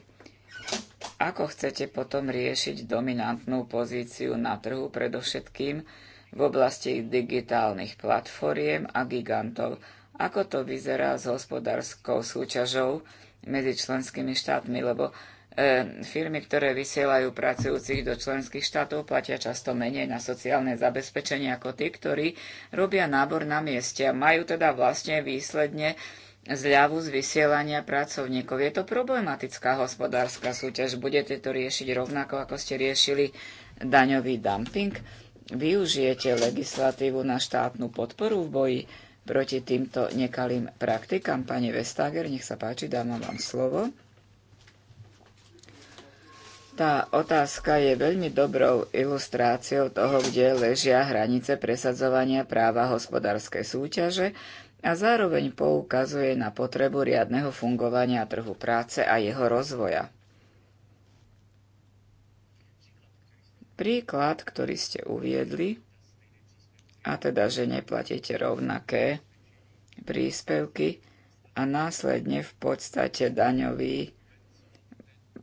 [SPEAKER 2] Ako chcete potom riešiť dominantnú pozíciu na trhu, predovšetkým v oblasti digitálnych platformiem a gigantov? Ako to vyzerá s hospodárskou súťažou medzi členskými štátmi? Lebo e, firmy, ktoré vysielajú pracujúcich do členských štátov, platia často menej na sociálne zabezpečenie ako tí, ktorí robia nábor na mieste a majú teda vlastne výsledne zľavu z vysielania pracovníkov. Je to problematická hospodárska súťaž. Budete to riešiť rovnako, ako ste riešili daňový dumping. Využijete legislatívu na štátnu podporu v boji proti týmto nekalým praktikám. Pani Vestager, nech sa páči, dám vám slovo. Tá otázka je veľmi dobrou ilustráciou toho, kde ležia hranice presadzovania práva hospodárskej súťaže a zároveň poukazuje na potrebu riadneho fungovania trhu práce a jeho rozvoja. Príklad, ktorý ste uviedli, a teda, že neplatíte rovnaké príspevky a následne v podstate daňoví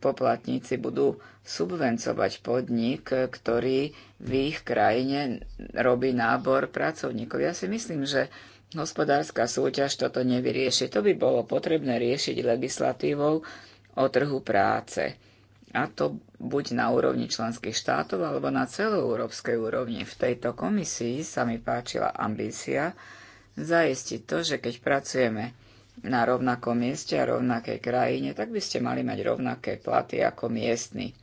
[SPEAKER 2] poplatníci budú subvencovať podnik, ktorý v ich krajine robí nábor pracovníkov. Ja si myslím, že hospodárska súťaž toto nevyrieši. To by bolo potrebné riešiť legislatívou o trhu práce. A to buď na úrovni členských štátov, alebo na celoeurópskej úrovni. V tejto komisii sa mi páčila ambícia zaistiť to, že keď pracujeme na rovnakom mieste a rovnakej krajine, tak by ste mali mať rovnaké platy ako miestni.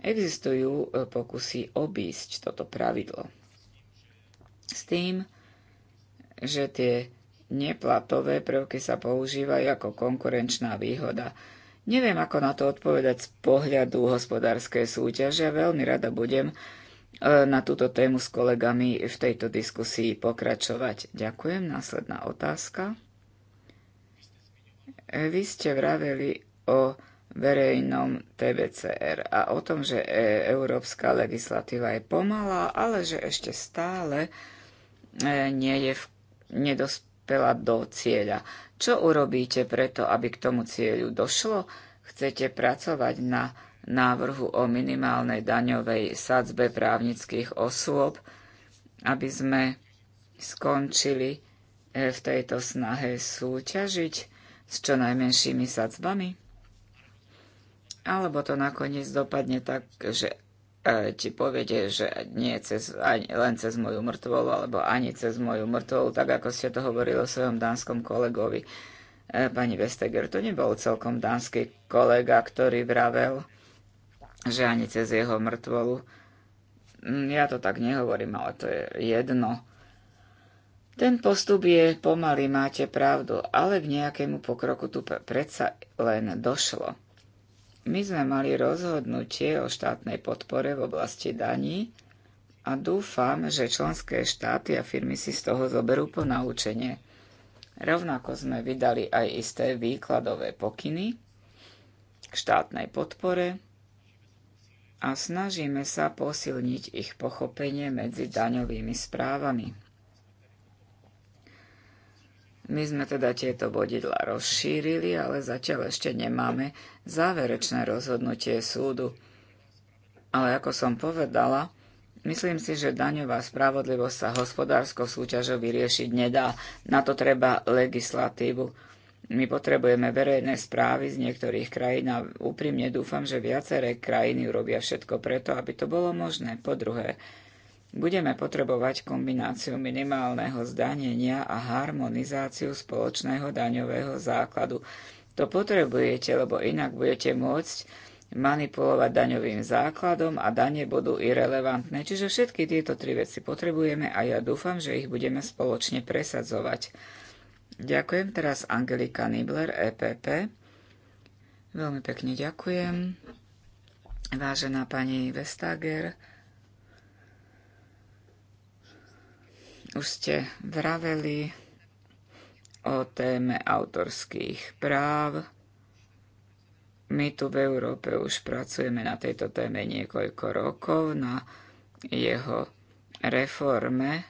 [SPEAKER 2] Existujú eh, pokusy obísť toto pravidlo. S tým, že tie neplatové prvky sa používajú ako konkurenčná výhoda. Neviem, ako na to odpovedať z pohľadu hospodárskej súťaže. Veľmi rada budem e, na túto tému s kolegami v tejto diskusii pokračovať. Ďakujem. Následná otázka. Vy ste vraveli o verejnom TBCR a o tom, že e, európska legislatíva je pomalá, ale že ešte stále e, nie je v nedospela do cieľa. Čo urobíte preto, aby k tomu cieľu došlo? Chcete pracovať na návrhu o minimálnej daňovej sadzbe právnických osôb, aby sme skončili e, v tejto snahe súťažiť s čo najmenšími sadzbami? Alebo to nakoniec dopadne tak, že E, ti povede, že nie cez, ani, len cez moju mŕtvolu, alebo ani cez moju mŕtvolu, tak ako ste to hovorili o svojom dánskom kolegovi. E, pani Vesteger, to nebol celkom dánsky kolega, ktorý vravel, že ani cez jeho mŕtvolu. Mm, ja to tak nehovorím, ale to je jedno. Ten postup je pomaly, máte pravdu, ale k nejakému pokroku tu predsa len došlo. My sme mali rozhodnutie o štátnej podpore v oblasti daní a dúfam, že členské štáty a firmy si z toho zoberú ponaučenie. Rovnako sme vydali aj isté výkladové pokyny k štátnej podpore a snažíme sa posilniť ich pochopenie medzi daňovými správami. My sme teda tieto vodidla rozšírili, ale zatiaľ ešte nemáme záverečné rozhodnutie súdu. Ale ako som povedala, myslím si, že daňová spravodlivosť sa hospodárskou súťažou vyriešiť nedá. Na to treba legislatívu. My potrebujeme verejné správy z niektorých krajín a úprimne dúfam, že viaceré krajiny urobia všetko preto, aby to bolo možné. Po druhé, budeme potrebovať kombináciu minimálneho zdanenia a harmonizáciu spoločného daňového základu. To potrebujete, lebo inak budete môcť manipulovať daňovým základom a dane budú irrelevantné. Čiže všetky tieto tri veci potrebujeme a ja dúfam, že ich budeme spoločne presadzovať. Ďakujem teraz Angelika Nibler, EPP. Veľmi pekne ďakujem. Vážená pani Vestager, Už ste vraveli o téme autorských práv. My tu v Európe už pracujeme na tejto téme niekoľko rokov, na jeho reforme.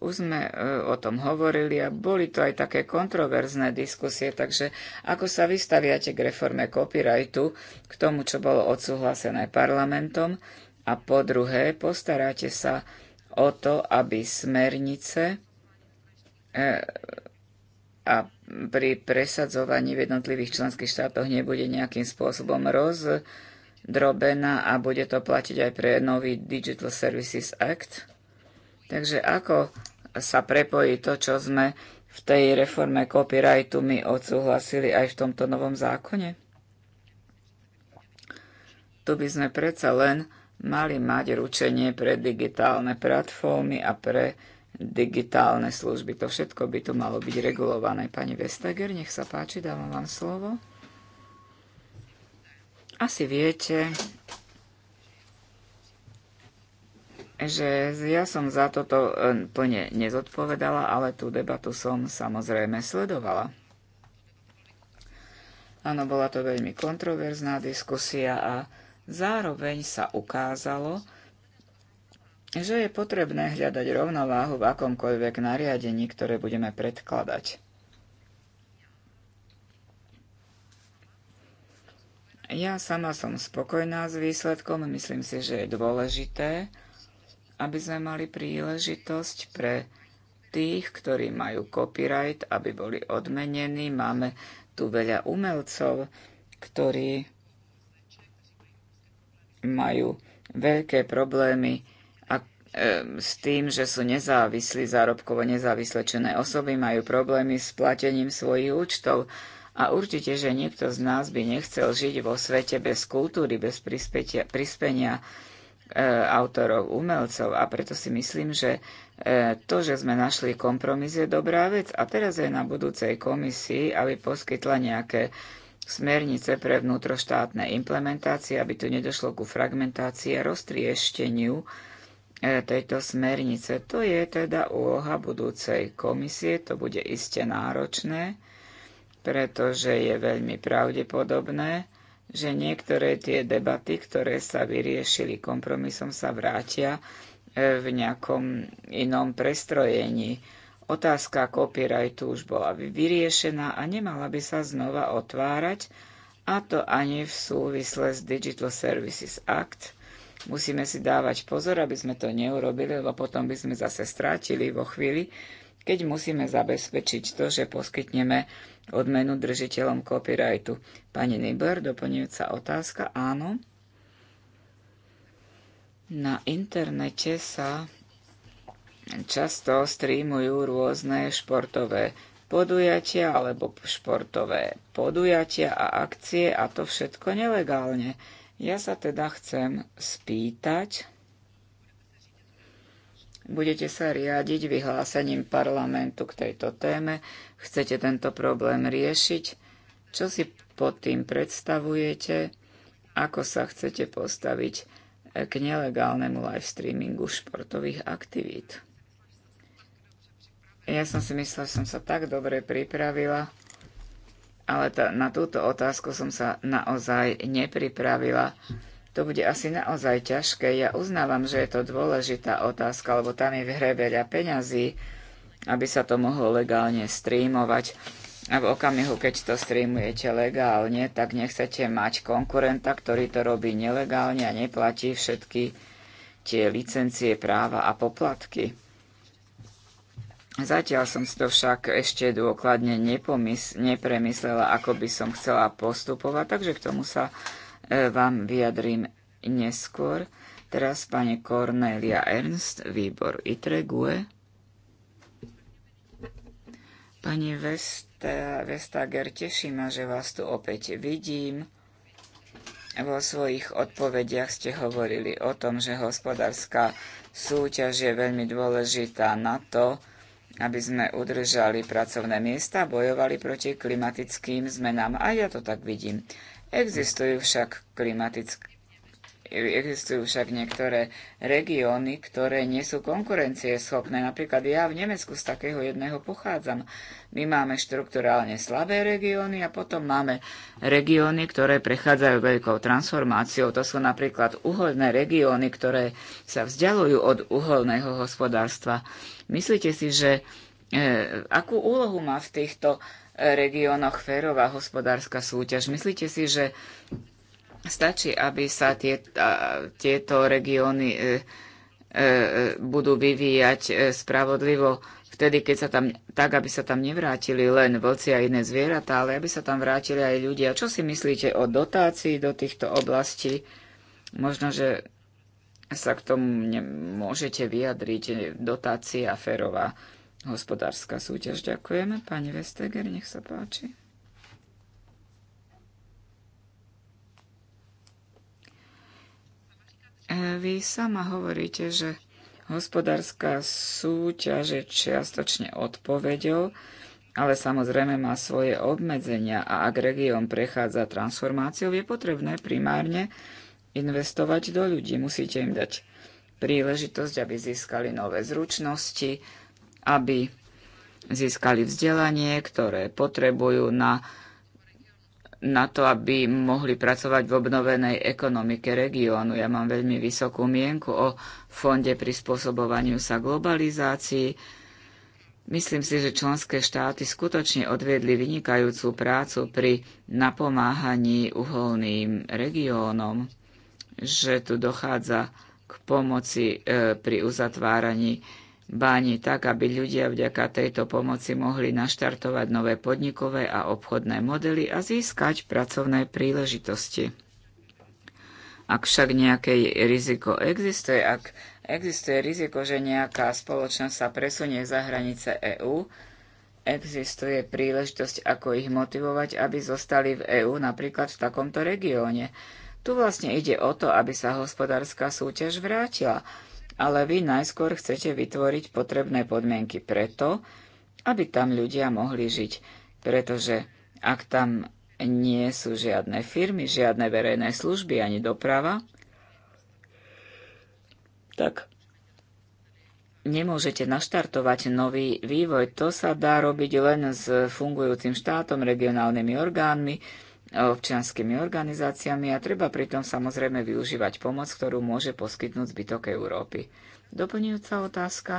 [SPEAKER 2] Už sme e, o tom hovorili a boli to aj také kontroverzné diskusie, takže ako sa vystaviate k reforme copyrightu, k tomu, čo bolo odsúhlasené parlamentom a po druhé, postaráte sa o to, aby smernice e, a pri presadzovaní v jednotlivých členských štátoch nebude nejakým spôsobom rozdrobená a bude to platiť aj pre nový Digital Services Act. Takže ako sa prepojí to, čo sme v tej reforme copyrightu my odsúhlasili aj v tomto novom zákone? Tu by sme predsa len mali mať ručenie pre digitálne platformy a pre digitálne služby. To všetko by tu malo byť regulované. Pani Vestager, nech sa páči, dávam vám slovo. Asi viete, že ja som za toto e, plne nezodpovedala, ale tú debatu som samozrejme sledovala. Áno, bola to veľmi kontroverzná diskusia a Zároveň sa ukázalo, že je potrebné hľadať rovnováhu v akomkoľvek nariadení, ktoré budeme predkladať. Ja sama som spokojná s výsledkom, myslím si, že je dôležité, aby sme mali príležitosť pre tých, ktorí majú copyright, aby boli odmenení. Máme tu veľa umelcov, ktorí majú veľké problémy a, e, s tým, že sú nezávislí, zárobkovo nezávislečené osoby, majú problémy s platením svojich účtov. A určite, že nikto z nás by nechcel žiť vo svete bez kultúry, bez prispenia e, autorov, umelcov. A preto si myslím, že e, to, že sme našli kompromis, je dobrá vec. A teraz je na budúcej komisii, aby poskytla nejaké smernice pre vnútroštátne implementácie, aby tu nedošlo ku fragmentácii a roztriešteniu e, tejto smernice. To je teda úloha budúcej komisie, to bude iste náročné, pretože je veľmi pravdepodobné, že niektoré tie debaty, ktoré sa vyriešili kompromisom, sa vrátia e, v nejakom inom prestrojení. Otázka copyrightu už bola vyriešená a nemala by sa znova otvárať, a to ani v súvisle s Digital Services Act. Musíme si dávať pozor, aby sme to neurobili, lebo potom by sme zase strátili vo chvíli, keď musíme zabezpečiť to, že poskytneme odmenu držiteľom copyrightu. Pani Nibler, doplňujúca otázka, áno. Na internete sa často streamujú rôzne športové podujatia alebo športové podujatia a akcie a to všetko nelegálne. Ja sa teda chcem spýtať, budete sa riadiť vyhlásením parlamentu k tejto téme, chcete tento problém riešiť, čo si pod tým predstavujete, ako sa chcete postaviť k nelegálnemu live streamingu športových aktivít. Ja som si myslela, že som sa tak dobre pripravila, ale tá, na túto otázku som sa naozaj nepripravila. To bude asi naozaj ťažké. Ja uznávam, že je to dôležitá otázka, lebo tam je v hre veľa peňazí, aby sa to mohlo legálne streamovať. A v okamihu, keď to streamujete legálne, tak nechcete mať konkurenta, ktorý to robí nelegálne a neplatí všetky tie licencie, práva a poplatky. Zatiaľ som si to však ešte dôkladne nepremyslela, ako by som chcela postupovať, takže k tomu sa e, vám vyjadrím neskôr. Teraz pani Cornelia Ernst, výbor Itregue. Pani Vesta, Vestager, teší ma, že vás tu opäť vidím. Vo svojich odpovediach ste hovorili o tom, že hospodárska súťaž je veľmi dôležitá na to, aby sme udržali pracovné miesta, bojovali proti klimatickým zmenám. A ja to tak vidím. Existujú však klimatické Existujú však niektoré regióny, ktoré nie sú konkurencieschopné. Napríklad ja v Nemecku z takého jedného pochádzam. My máme štrukturálne slabé regióny a potom máme regióny, ktoré prechádzajú veľkou transformáciou. To sú napríklad uholné regióny, ktoré sa vzdialujú od uholného hospodárstva. Myslíte si, že e, akú úlohu má v týchto e, regiónoch férová hospodárska súťaž. Myslíte si, že Stačí, aby sa tie, tieto regióny e, e, budú vyvíjať e, spravodlivo vtedy, keď sa tam, tak aby sa tam nevrátili len vlci a iné zvieratá, ale aby sa tam vrátili aj ľudia. Čo si myslíte o dotácii do týchto oblastí? Možno, že sa k tomu môžete vyjadriť dotácia férová hospodárska súťaž. Ďakujeme. Pani Vesteger, nech sa páči. E, vy sama hovoríte, že hospodárska súťaž je čiastočne odpovedou, ale samozrejme má svoje obmedzenia a ak región prechádza transformáciou, je potrebné primárne investovať do ľudí. Musíte im dať príležitosť, aby získali nové zručnosti, aby získali vzdelanie, ktoré potrebujú na na to, aby mohli pracovať v obnovenej ekonomike regiónu. Ja mám veľmi vysokú mienku o fonde prispôsobovaniu sa globalizácii. Myslím si, že členské štáty skutočne odviedli vynikajúcu prácu pri napomáhaní uholným regiónom, že tu dochádza k pomoci e, pri uzatváraní báni tak, aby ľudia vďaka tejto pomoci mohli naštartovať nové podnikové a obchodné modely a získať pracovné príležitosti. Ak však nejaké riziko existuje, ak existuje riziko, že nejaká spoločnosť sa presunie za hranice EÚ, existuje príležitosť, ako ich motivovať, aby zostali v EÚ napríklad v takomto regióne. Tu vlastne ide o to, aby sa hospodárska súťaž vrátila – ale vy najskôr chcete vytvoriť potrebné podmienky preto, aby tam ľudia mohli žiť, pretože ak tam nie sú žiadne firmy, žiadne verejné služby ani doprava, tak nemôžete naštartovať nový vývoj. To sa dá robiť len s fungujúcim štátom, regionálnymi orgánmi, občianskými organizáciami a treba pritom samozrejme využívať pomoc, ktorú môže poskytnúť zbytok Európy. Doplňujúca otázka.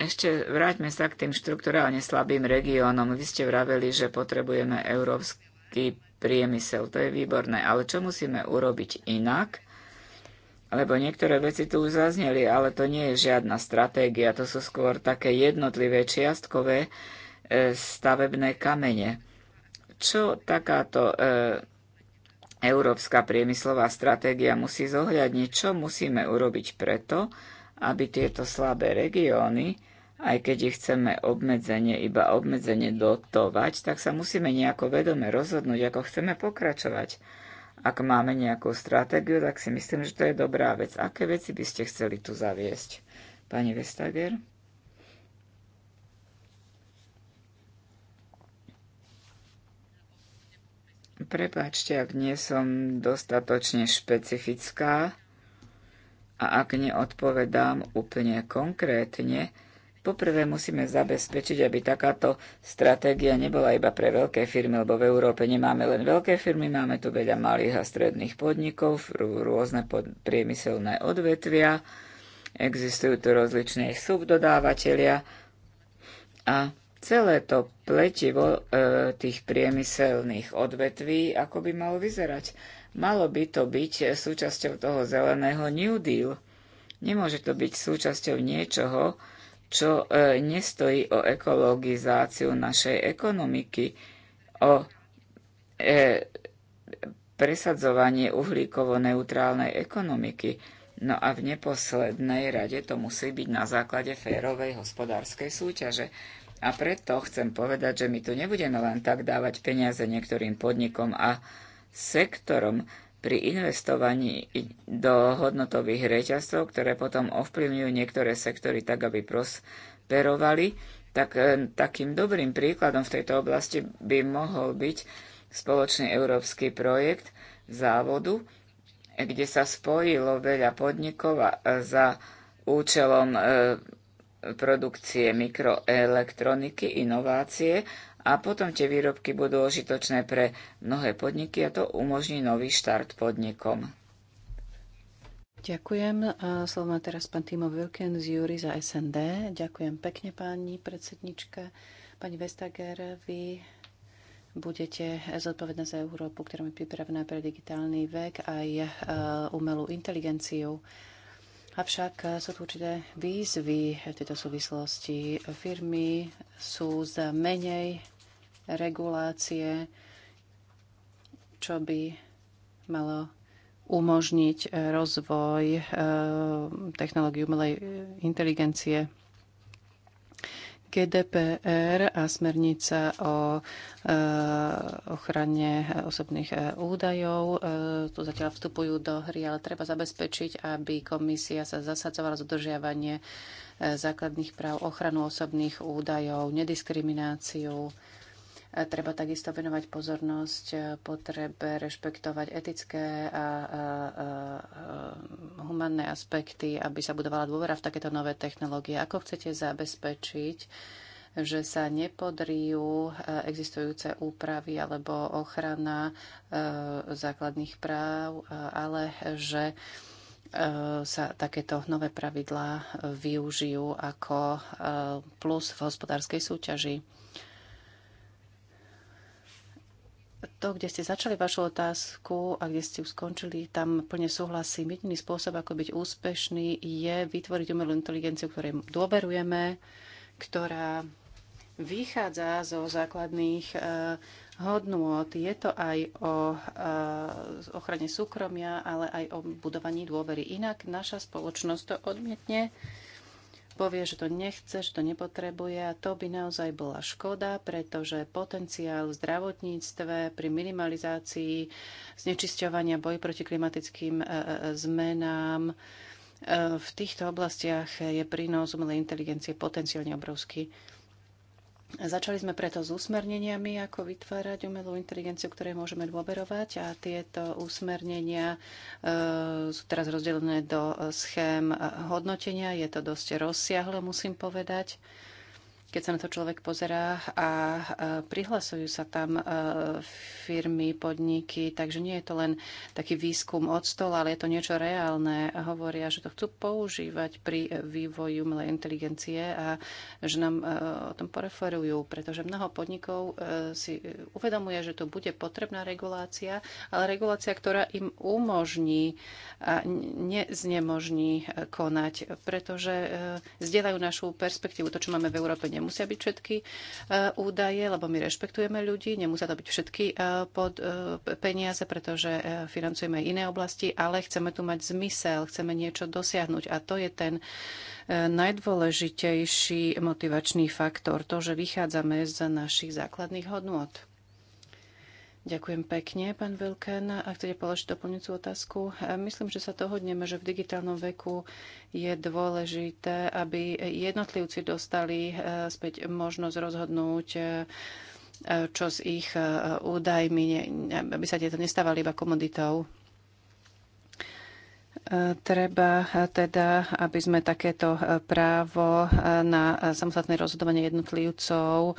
[SPEAKER 2] Ešte vráťme sa k tým štrukturálne slabým regiónom. Vy ste vraveli, že potrebujeme európsky priemysel. To je výborné, ale čo musíme urobiť inak? Lebo niektoré veci tu už zazneli, ale to nie je žiadna stratégia, to sú skôr také jednotlivé čiastkové e, stavebné kamene čo takáto e, európska priemyslová stratégia musí zohľadniť, čo musíme urobiť preto, aby tieto slabé regióny, aj keď ich chceme obmedzenie, iba obmedzenie dotovať, tak sa musíme nejako vedome rozhodnúť, ako chceme pokračovať. Ak máme nejakú stratégiu, tak si myslím, že to je dobrá vec. Aké veci by ste chceli tu zaviesť, pani Vestager? Prepačte, ak nie som dostatočne špecifická a ak neodpovedám úplne konkrétne, Poprvé musíme zabezpečiť, aby takáto stratégia nebola iba pre veľké firmy, lebo v Európe nemáme len veľké firmy, máme tu veľa malých a stredných podnikov, rôzne pod, priemyselné odvetvia, existujú tu rozličné subdodávateľia a celé to pletivo e, tých priemyselných odvetví, ako by malo vyzerať. Malo by to byť súčasťou toho zeleného New Deal. Nemôže to byť súčasťou niečoho, čo e, nestojí o ekologizáciu našej ekonomiky, o e, presadzovanie uhlíkovo-neutrálnej ekonomiky. No a v neposlednej rade to musí byť na základe férovej hospodárskej súťaže. A preto chcem povedať, že my tu nebudeme len tak dávať peniaze niektorým podnikom a sektorom pri investovaní do hodnotových reťazcov, ktoré potom ovplyvňujú niektoré sektory tak, aby prosperovali. Tak, e, takým dobrým príkladom v tejto oblasti by mohol byť spoločný európsky projekt závodu, kde sa spojilo veľa podnikov a e, za účelom e, produkcie mikroelektroniky, inovácie a potom tie výrobky budú užitočné pre mnohé podniky a to umožní nový štart podnikom.
[SPEAKER 1] Ďakujem. Slovo má teraz pán Timo Wilken z Júri za SND. Ďakujem pekne pani predsednička. Pani Vestager, vy budete zodpovedná za Európu, ktorá je pripravená pre digitálny vek aj e, umelú inteligenciu. Avšak eh, sú tu určité výzvy v eh, tejto súvislosti. Firmy sú za menej regulácie, čo by malo umožniť eh, rozvoj technológií umelej inteligencie. GDPR a smernica o eh, ochrane osobných eh, údajov. Eh, tu zatiaľ vstupujú do hry, ale treba zabezpečiť, aby komisia sa zasadzovala dodržiavanie základných práv, ochranu osobných údajov, nediskrimináciu Treba takisto venovať pozornosť eh, potrebe rešpektovať etické a humanné aspekty, aby sa budovala dôvera v takéto nové technológie. Ako chcete zabezpečiť, že sa nepodrijú eh, existujúce úpravy alebo ochrana eh, základných práv, ale že sa takéto nové pravidlá využijú ako plus v hospodárskej súťaži. to, kde ste začali vašu otázku a kde ste ju skončili, tam plne súhlasím. Jediný spôsob, ako byť úspešný, je vytvoriť umelú inteligenciu, ktorej dôverujeme, ktorá vychádza zo základných uh, hodnôt. Je to aj o uh, ochrane súkromia, ale aj o budovaní dôvery. Inak naša spoločnosť to odmietne povie, že to nechce, že to nepotrebuje a to by naozaj bola škoda, pretože potenciál v zdravotníctve pri minimalizácii znečisťovania boj proti klimatickým e, e, zmenám e, v týchto oblastiach je prínos umelej inteligencie potenciálne obrovský. Začali sme preto s úsmerneniami, ako vytvárať umelú inteligenciu, ktoré môžeme dôverovať a tieto úsmernenia e, sú teraz rozdelené do schém hodnotenia. Je to dosť rozsiahle, musím povedať. E, keď sa na to človek pozerá a prihlasujú sa tam e, firmy, podniky, takže nie je to len taký výskum od stola, ale je to niečo reálne. Hovoria, že to chcú používať pri vývoji umelej inteligencie a že nám e, o tom poreferujú, pretože mnoho podnikov e, si uvedomuje, že to bude potrebná regulácia, ale regulácia, ktorá im umožní a neznemožní konať, pretože zdieľajú našu perspektívu, to, čo máme v Európe, nemusia byť všetky e, údaje, lebo my rešpektujeme ľudí, nemusia to byť všetky e, pod e, peniaze, pretože financujeme aj iné oblasti, ale chceme tu mať zmysel, chceme niečo dosiahnuť a to je ten najdôležitejší motivačný faktor, to, že vychádzame z našich základných hodnôt. Ďakujem pekne, pán Vilken. A chcete položiť doplňujúcu otázku, e, myslím, že sa hodneme, že v digitálnom veku je dôležité, aby jednotlivci dostali e, späť možnosť rozhodnúť, e, čo s ich údajmi, aby sa tieto nestávali iba komoditou. Treba teda, aby sme takéto právo na samostatné rozhodovanie jednotlivcov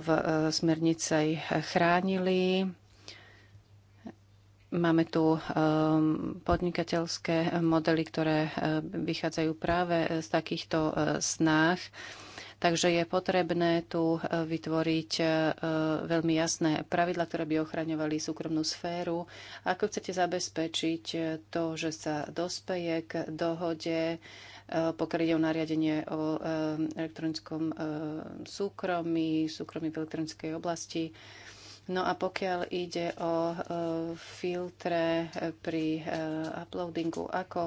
[SPEAKER 1] v e, smernice chránili. Máme tu e, podnikateľské modely, ktoré e, vychádzajú práve z takýchto snách. Takže je potrebné tu vytvoriť veľmi jasné pravidla, ktoré by ochraňovali súkromnú sféru. Ako chcete zabezpečiť to, že sa dospeje k dohode Eh, pokiaľ ide o nariadenie o eh, elektronickom eh, súkromí, súkromí v elektronickej oblasti. No a pokiaľ ide o filtre pri uploadingu, ako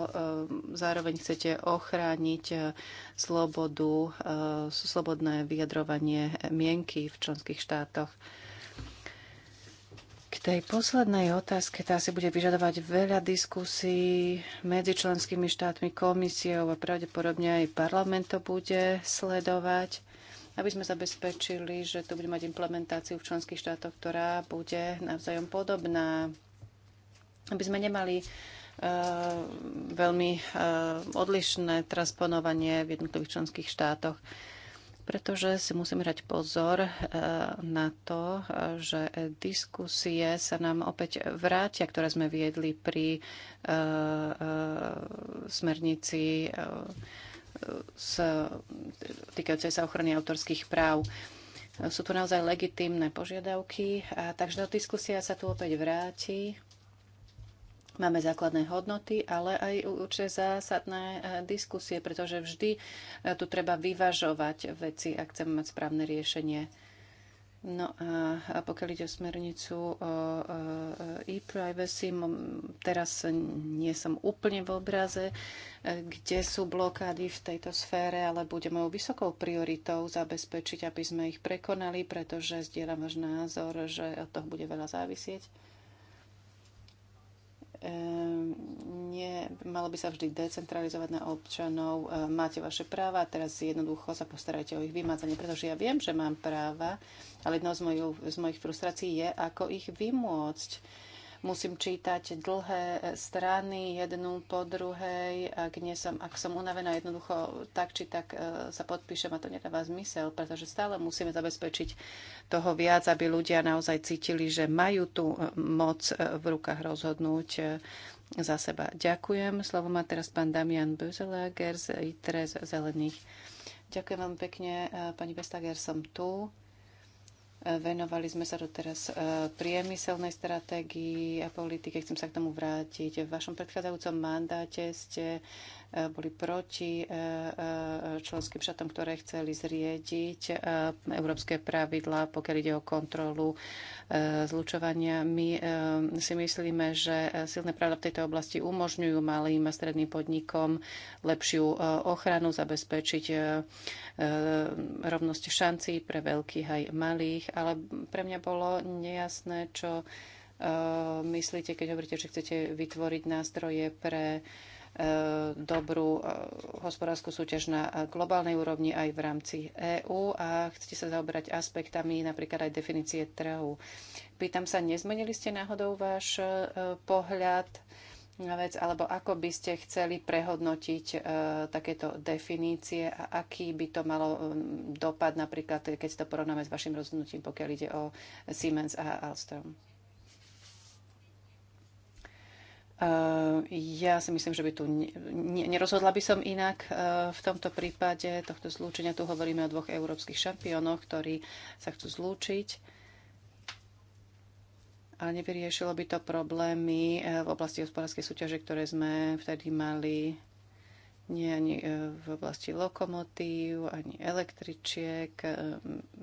[SPEAKER 1] zároveň chcete ochrániť slobodu, slobodné vyjadrovanie mienky v členských štátoch. K tej poslednej otázke, tá si bude vyžadovať veľa diskusí medzi členskými štátmi, komisiou a pravdepodobne aj parlament to bude sledovať, aby sme zabezpečili, že to bude mať implementáciu v členských štátoch, ktorá bude navzájom podobná. Aby sme nemali uh, veľmi uh, odlišné transponovanie v jednotlivých členských štátoch. Uh, pretože si musíme dať pozor eh, na to, že diskusie sa nám opäť vrátia, ktoré sme viedli pri eh, eh, smernici týkajúcej sa ochrany autorských práv. Sú tu naozaj legitímne požiadavky, a takže do diskusia sa tu opäť vráti Máme základné hodnoty, ale aj určite zásadné e, diskusie, pretože vždy e, tu treba vyvažovať veci, ak chceme mať správne riešenie. No a pokiaľ ide o smernicu e, e-privacy, teraz nie som úplne v obraze, kde sú blokády v tejto sfére, ale bude mojou vysokou prioritou zabezpečiť, aby sme ich prekonali, pretože zdieľam váš názor, že od toho bude veľa závisieť. Ehm, nie, malo by sa vždy decentralizovať na občanov. Ehm, máte vaše práva, teraz jednoducho sa postarajte o ich vymazanie, pretože ja viem, že mám práva, ale jednou z, mojich, z mojich frustrácií je, ako ich vymôcť musím čítať dlhé strany jednu po druhej. Ak, nie som, ak som unavená, jednoducho tak či tak e, sa podpíšem a to nedáva zmysel, pretože stále musíme zabezpečiť toho viac, aby ľudia naozaj cítili, že majú tú e, moc e, v rukách rozhodnúť za seba. Ďakujem. Slovo má teraz pán Damian Böselager z ITRE z Zelených. Ďakujem veľmi pekne. Pani Vestager, som tu. Venovali sme sa doteraz e, priemyselnej stratégii a politike. Chcem sa k tomu vrátiť. V vašom predchádzajúcom mandáte ste E, boli proti e, e, členským štátom, ktoré chceli zriediť európske pravidlá, pokiaľ ide o kontrolu zlučovania. My si myslíme, že silné pravidlá v tejto oblasti umožňujú malým a stredným podnikom lepšiu ochranu, zabezpečiť rovnosť šancí pre veľkých aj malých, ale pre mňa bolo nejasné, čo myslíte, keď hovoríte, že chcete vytvoriť nástroje pre E, dobrú e, hospodárskú súťaž na globálnej úrovni aj v rámci EÚ a chcete sa zaoberať aspektami napríklad aj definície trhu. Pýtam sa, nezmenili ste náhodou váš e, pohľad na vec, alebo ako by ste chceli prehodnotiť e, takéto definície a aký by to malo dopad napríklad, keď to porovnáme s vašim rozhodnutím, pokiaľ ide o Siemens a Alstrom. Ja si myslím, že by tu nerozhodla by som inak e, v tomto prípade tohto zlúčenia. Tu hovoríme o dvoch európskych šampiónoch, ktorí sa chcú zlúčiť. A nevyriešilo by to problémy e, v oblasti hospodárskej súťaže, ktoré sme vtedy mali nie ani e, v oblasti lokomotív, ani električiek,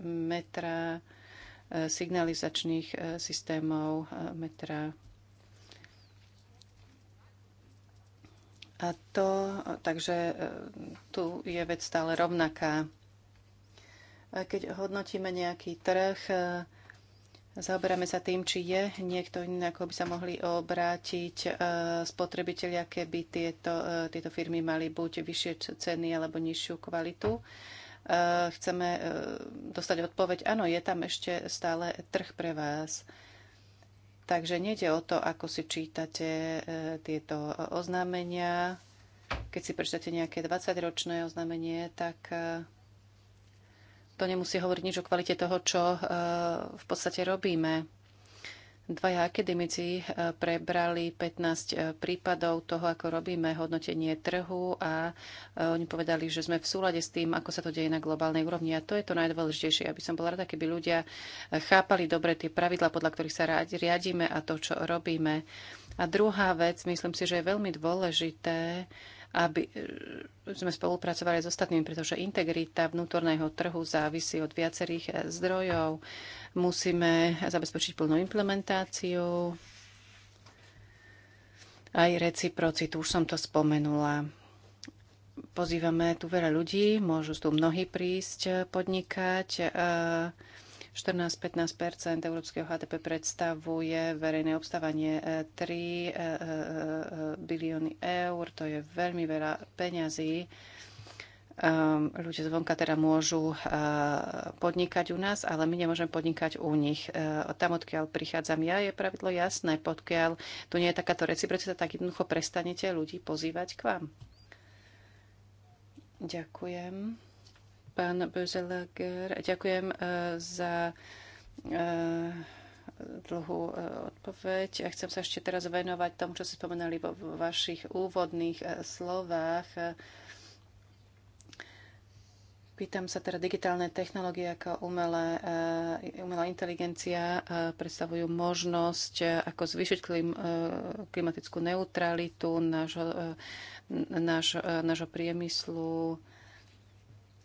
[SPEAKER 1] metra, signalizačných systémov metra A to, takže e, tu je vec stále rovnaká. Keď hodnotíme nejaký trh, e, zaoberáme sa tým, či je niekto iný, ako by sa mohli obrátiť e, spotrebitelia, keby tieto, tieto firmy mali buď vyššie ceny alebo nižšiu kvalitu. Chceme dostať odpoveď, áno, je tam ešte stále trh pre vás Takže nejde o to, ako si čítate e, tieto oznámenia. Keď si prečítate nejaké 20-ročné oznámenie, tak e, to nemusí hovoriť nič o kvalite toho, čo e, v podstate robíme. Dvaja akademici eh, prebrali 15 eh, prípadov toho, ako robíme hodnotenie trhu a eh, oni povedali, že sme v súlade s tým, ako sa to deje na globálnej úrovni. A to je to najdôležitejšie. Aby som bola rada, keby ľudia chápali dobre tie pravidla, podľa ktorých sa riadíme a to, čo robíme. A druhá vec, myslím si, že je veľmi dôležité, aby e, sme spolupracovali s ostatnými, pretože integrita vnútorného trhu závisí od viacerých e, zdrojov. Musíme zabezpečiť plnú implementáciu, aj reciprocitu, už som to spomenula. Pozývame tu veľa ľudí, môžu tu mnohí prísť e, podnikať. 14-15 európskeho HDP predstavuje verejné obstávanie 3 e, e, e, bilióny eur. To je veľmi veľa peňazí. Ehm, ľudia zvonka teda môžu podnikať u nás, ale my nemôžeme podnikať u nich. Tam, odkiaľ prichádzam ja, je pravidlo jasné. Podkiaľ tu nie je takáto reciprocita, tak jednoducho prestanete ľudí pozývať k vám. Ďakujem pán Bözelager. Ďakujem e, za e, dlhú e, odpoveď. Ja chcem sa ešte teraz venovať tomu, čo ste spomenali vo vašich úvodných slovách. Pýtam sa teda, digitálne technológie ako umelé, umelá inteligencia predstavujú možnosť, ako zvýšiť klim, klimatickú neutralitu nášho, náš, nášho priemyslu,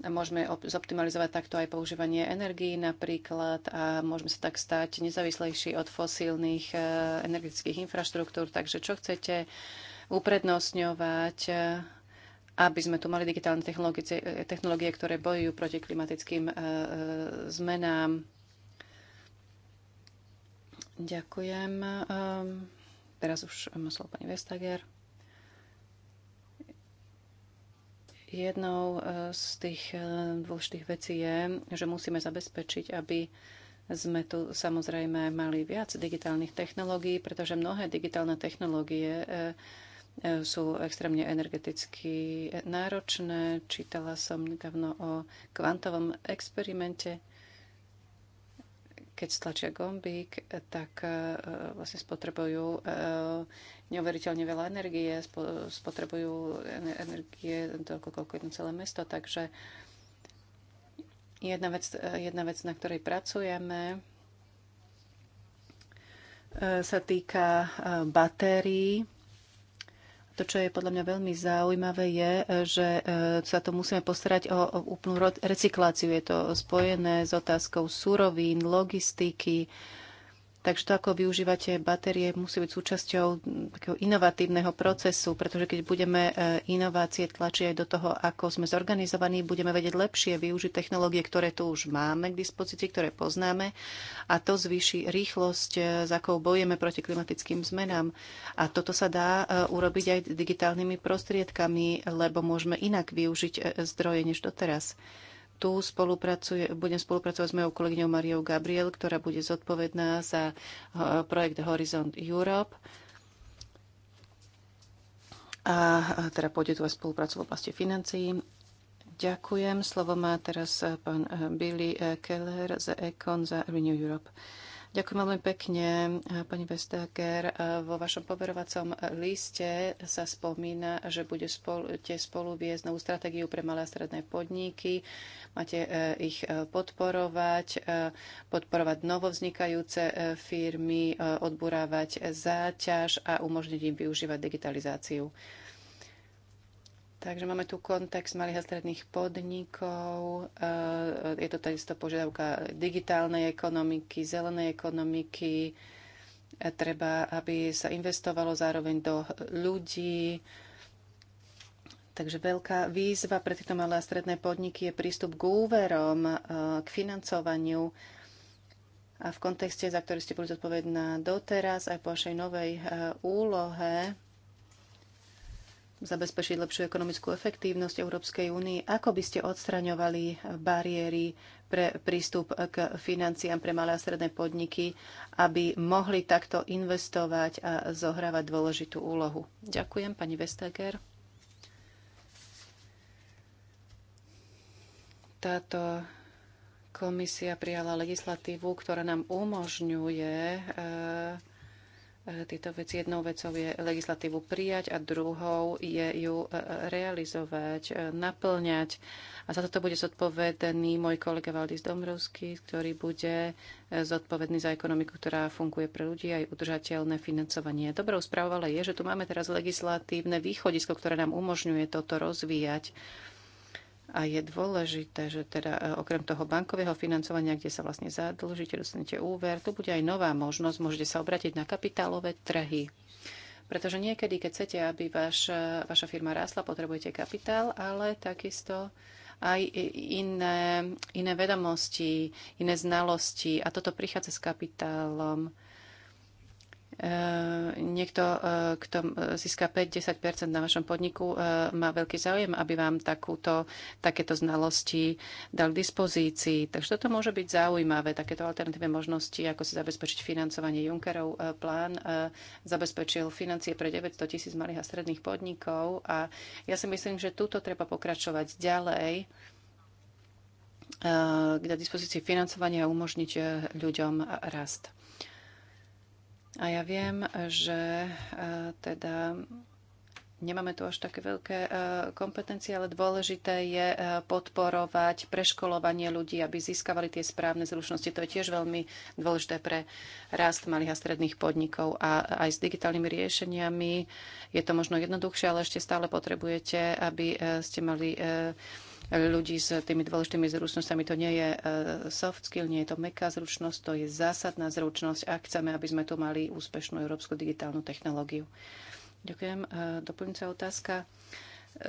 [SPEAKER 1] Môžeme zoptimalizovať takto aj používanie energií napríklad a môžeme sa tak stať nezávislejší od fosílnych e, energetických infraštruktúr. Takže čo chcete uprednostňovať, e, aby sme tu mali digitálne technológie, e, technológie ktoré bojujú proti klimatickým zmenám. Ďakujem. Ehm, teraz už má slovo pani Vestager. Jednou eh, z tých eh, dôležitých vecí je, že musíme zabezpečiť, aby sme tu samozrejme mali viac digitálnych technológií, pretože mnohé digitálne technológie eh, sú extrémne energeticky náročné. Čítala som nedávno o kvantovom experimente, keď stlačia gombík, tak e, vlastne spotrebujú e, neuveriteľne veľa energie, spotrebujú energie toľko, koľko jedno celé mesto. Takže jedna vec, e, jedna vec na ktorej pracujeme, sa týka batérií to, čo je podľa mňa veľmi zaujímavé, je, že e, sa to musíme postarať o, úplnú recykláciu. Je to spojené s otázkou surovín, logistiky, Takže to, ako využívate batérie, musí byť súčasťou takého inovatívneho procesu, pretože keď budeme e, inovácie tlačiť aj do toho, ako sme zorganizovaní, budeme vedieť lepšie využiť technológie, ktoré tu už máme k dispozícii, ktoré poznáme a to zvýši rýchlosť, e, za akou bojujeme proti klimatickým zmenám. A toto sa dá e, urobiť aj digitálnymi prostriedkami, lebo môžeme inak využiť zdroje než doteraz tu spolupracuje, budem spolupracovať s mojou kolegyňou Mariou Gabriel, ktorá bude zodpovedná za eh, projekt Horizon Europe. A teda pôjde tu aj spoluprácu v oblasti financií. Ďakujem. Slovo má teraz eh, pán eh, Billy Keller z Econ za Renew Europe. Ďakujem veľmi pekne, eh, pani Vestager. Eh, vo vašom poverovacom liste sa spomína, že budete spolu, viesť novú stratégiu pre malé a stredné podniky. Máte eh, ich podporovať, podporovať novovznikajúce firmy, odburávať záťaž a umožniť im využívať digitalizáciu. Takže máme tu kontext malých a stredných podnikov, e, je to takisto požiadavka digitálnej ekonomiky, zelenej ekonomiky, e, treba, aby sa investovalo zároveň do ľudí. Takže veľká výzva pre tieto malé a stredné podniky je prístup k úverom, e, k financovaniu a v kontexte, za ktorý ste boli zodpovedná doteraz, aj po vašej novej úlohe, zabezpečiť lepšiu ekonomickú efektívnosť Európskej únie? Ako by ste odstraňovali bariéry pre prístup k financiám pre malé a stredné podniky, aby mohli takto investovať a zohrávať dôležitú úlohu? Ďakujem, pani Vestager. Táto komisia prijala legislatívu, ktorá nám umožňuje eh, E, tieto veci. Jednou vecou je legislatívu prijať a druhou je ju e, realizovať, e, naplňať. A za toto bude zodpovedný môj kolega Valdis Domrovský, ktorý bude zodpovedný za ekonomiku, ktorá funguje pre ľudí aj udržateľné financovanie. Dobrou správou ale je, že tu máme teraz legislatívne východisko, ktoré nám umožňuje toto rozvíjať. A je dôležité, že teda e, okrem toho bankového financovania, kde sa vlastne zadlžíte, dostanete úver, tu bude aj nová možnosť, môžete sa obratiť na kapitálové trhy. Pretože niekedy, keď chcete, aby vaš, e, vaša firma rásla, potrebujete kapitál, ale takisto aj iné, iné vedomosti, iné znalosti. A toto prichádza s kapitálom. Eh, niekto, eh, kto eh, získa 5-10 na vašom podniku, má veľký záujem, aby vám takúto, takéto znalosti dal k dispozícii. Takže toto môže byť zaujímavé, takéto alternatívne možnosti, ako si zabezpečiť financovanie. Junckerov plán zabezpečil financie pre 900 tisíc malých a stredných podnikov a ja si myslím, že túto treba pokračovať ďalej k dispozícii financovania a umožniť ľuďom rast. A ja viem, že e, teda nemáme tu až také veľké e, kompetencie, ale dôležité je e, podporovať preškolovanie ľudí, aby získavali tie správne zručnosti. To je tiež veľmi dôležité pre rast malých a stredných podnikov. A aj s digitálnymi riešeniami je to možno jednoduchšie, ale ešte stále potrebujete, aby ste mali ľudí s tými dôležitými zručnosťami. To nie je e, soft skill, nie je to meká zručnosť, to je zásadná zručnosť, ak chceme, aby sme tu mali úspešnú európsku digitálnu technológiu. Ďakujem. E, doplňujúca otázka.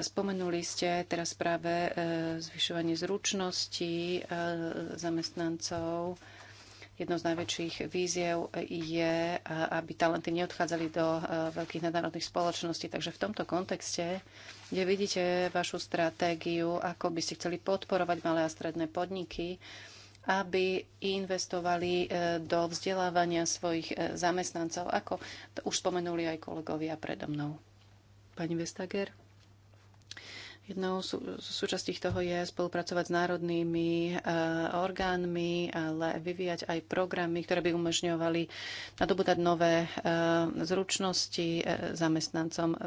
[SPEAKER 1] Spomenuli ste teraz práve e, zvyšovanie zručností zamestnancov. Jednou z najväčších víziev je, aby talenty neodchádzali do veľkých nadnárodných spoločností. Takže v tomto kontexte kde vidíte vašu stratégiu, ako by ste chceli podporovať malé a stredné podniky, aby investovali e, do vzdelávania svojich e, zamestnancov, ako to už spomenuli aj kolegovia predo mnou. Pani Vestager. Jednou z súčasť toho je spolupracovať s národnými eh, orgánmi, ale vyvíjať aj programy, ktoré by umožňovali nadobúdať nové eh, zručnosti eh, zamestnancom.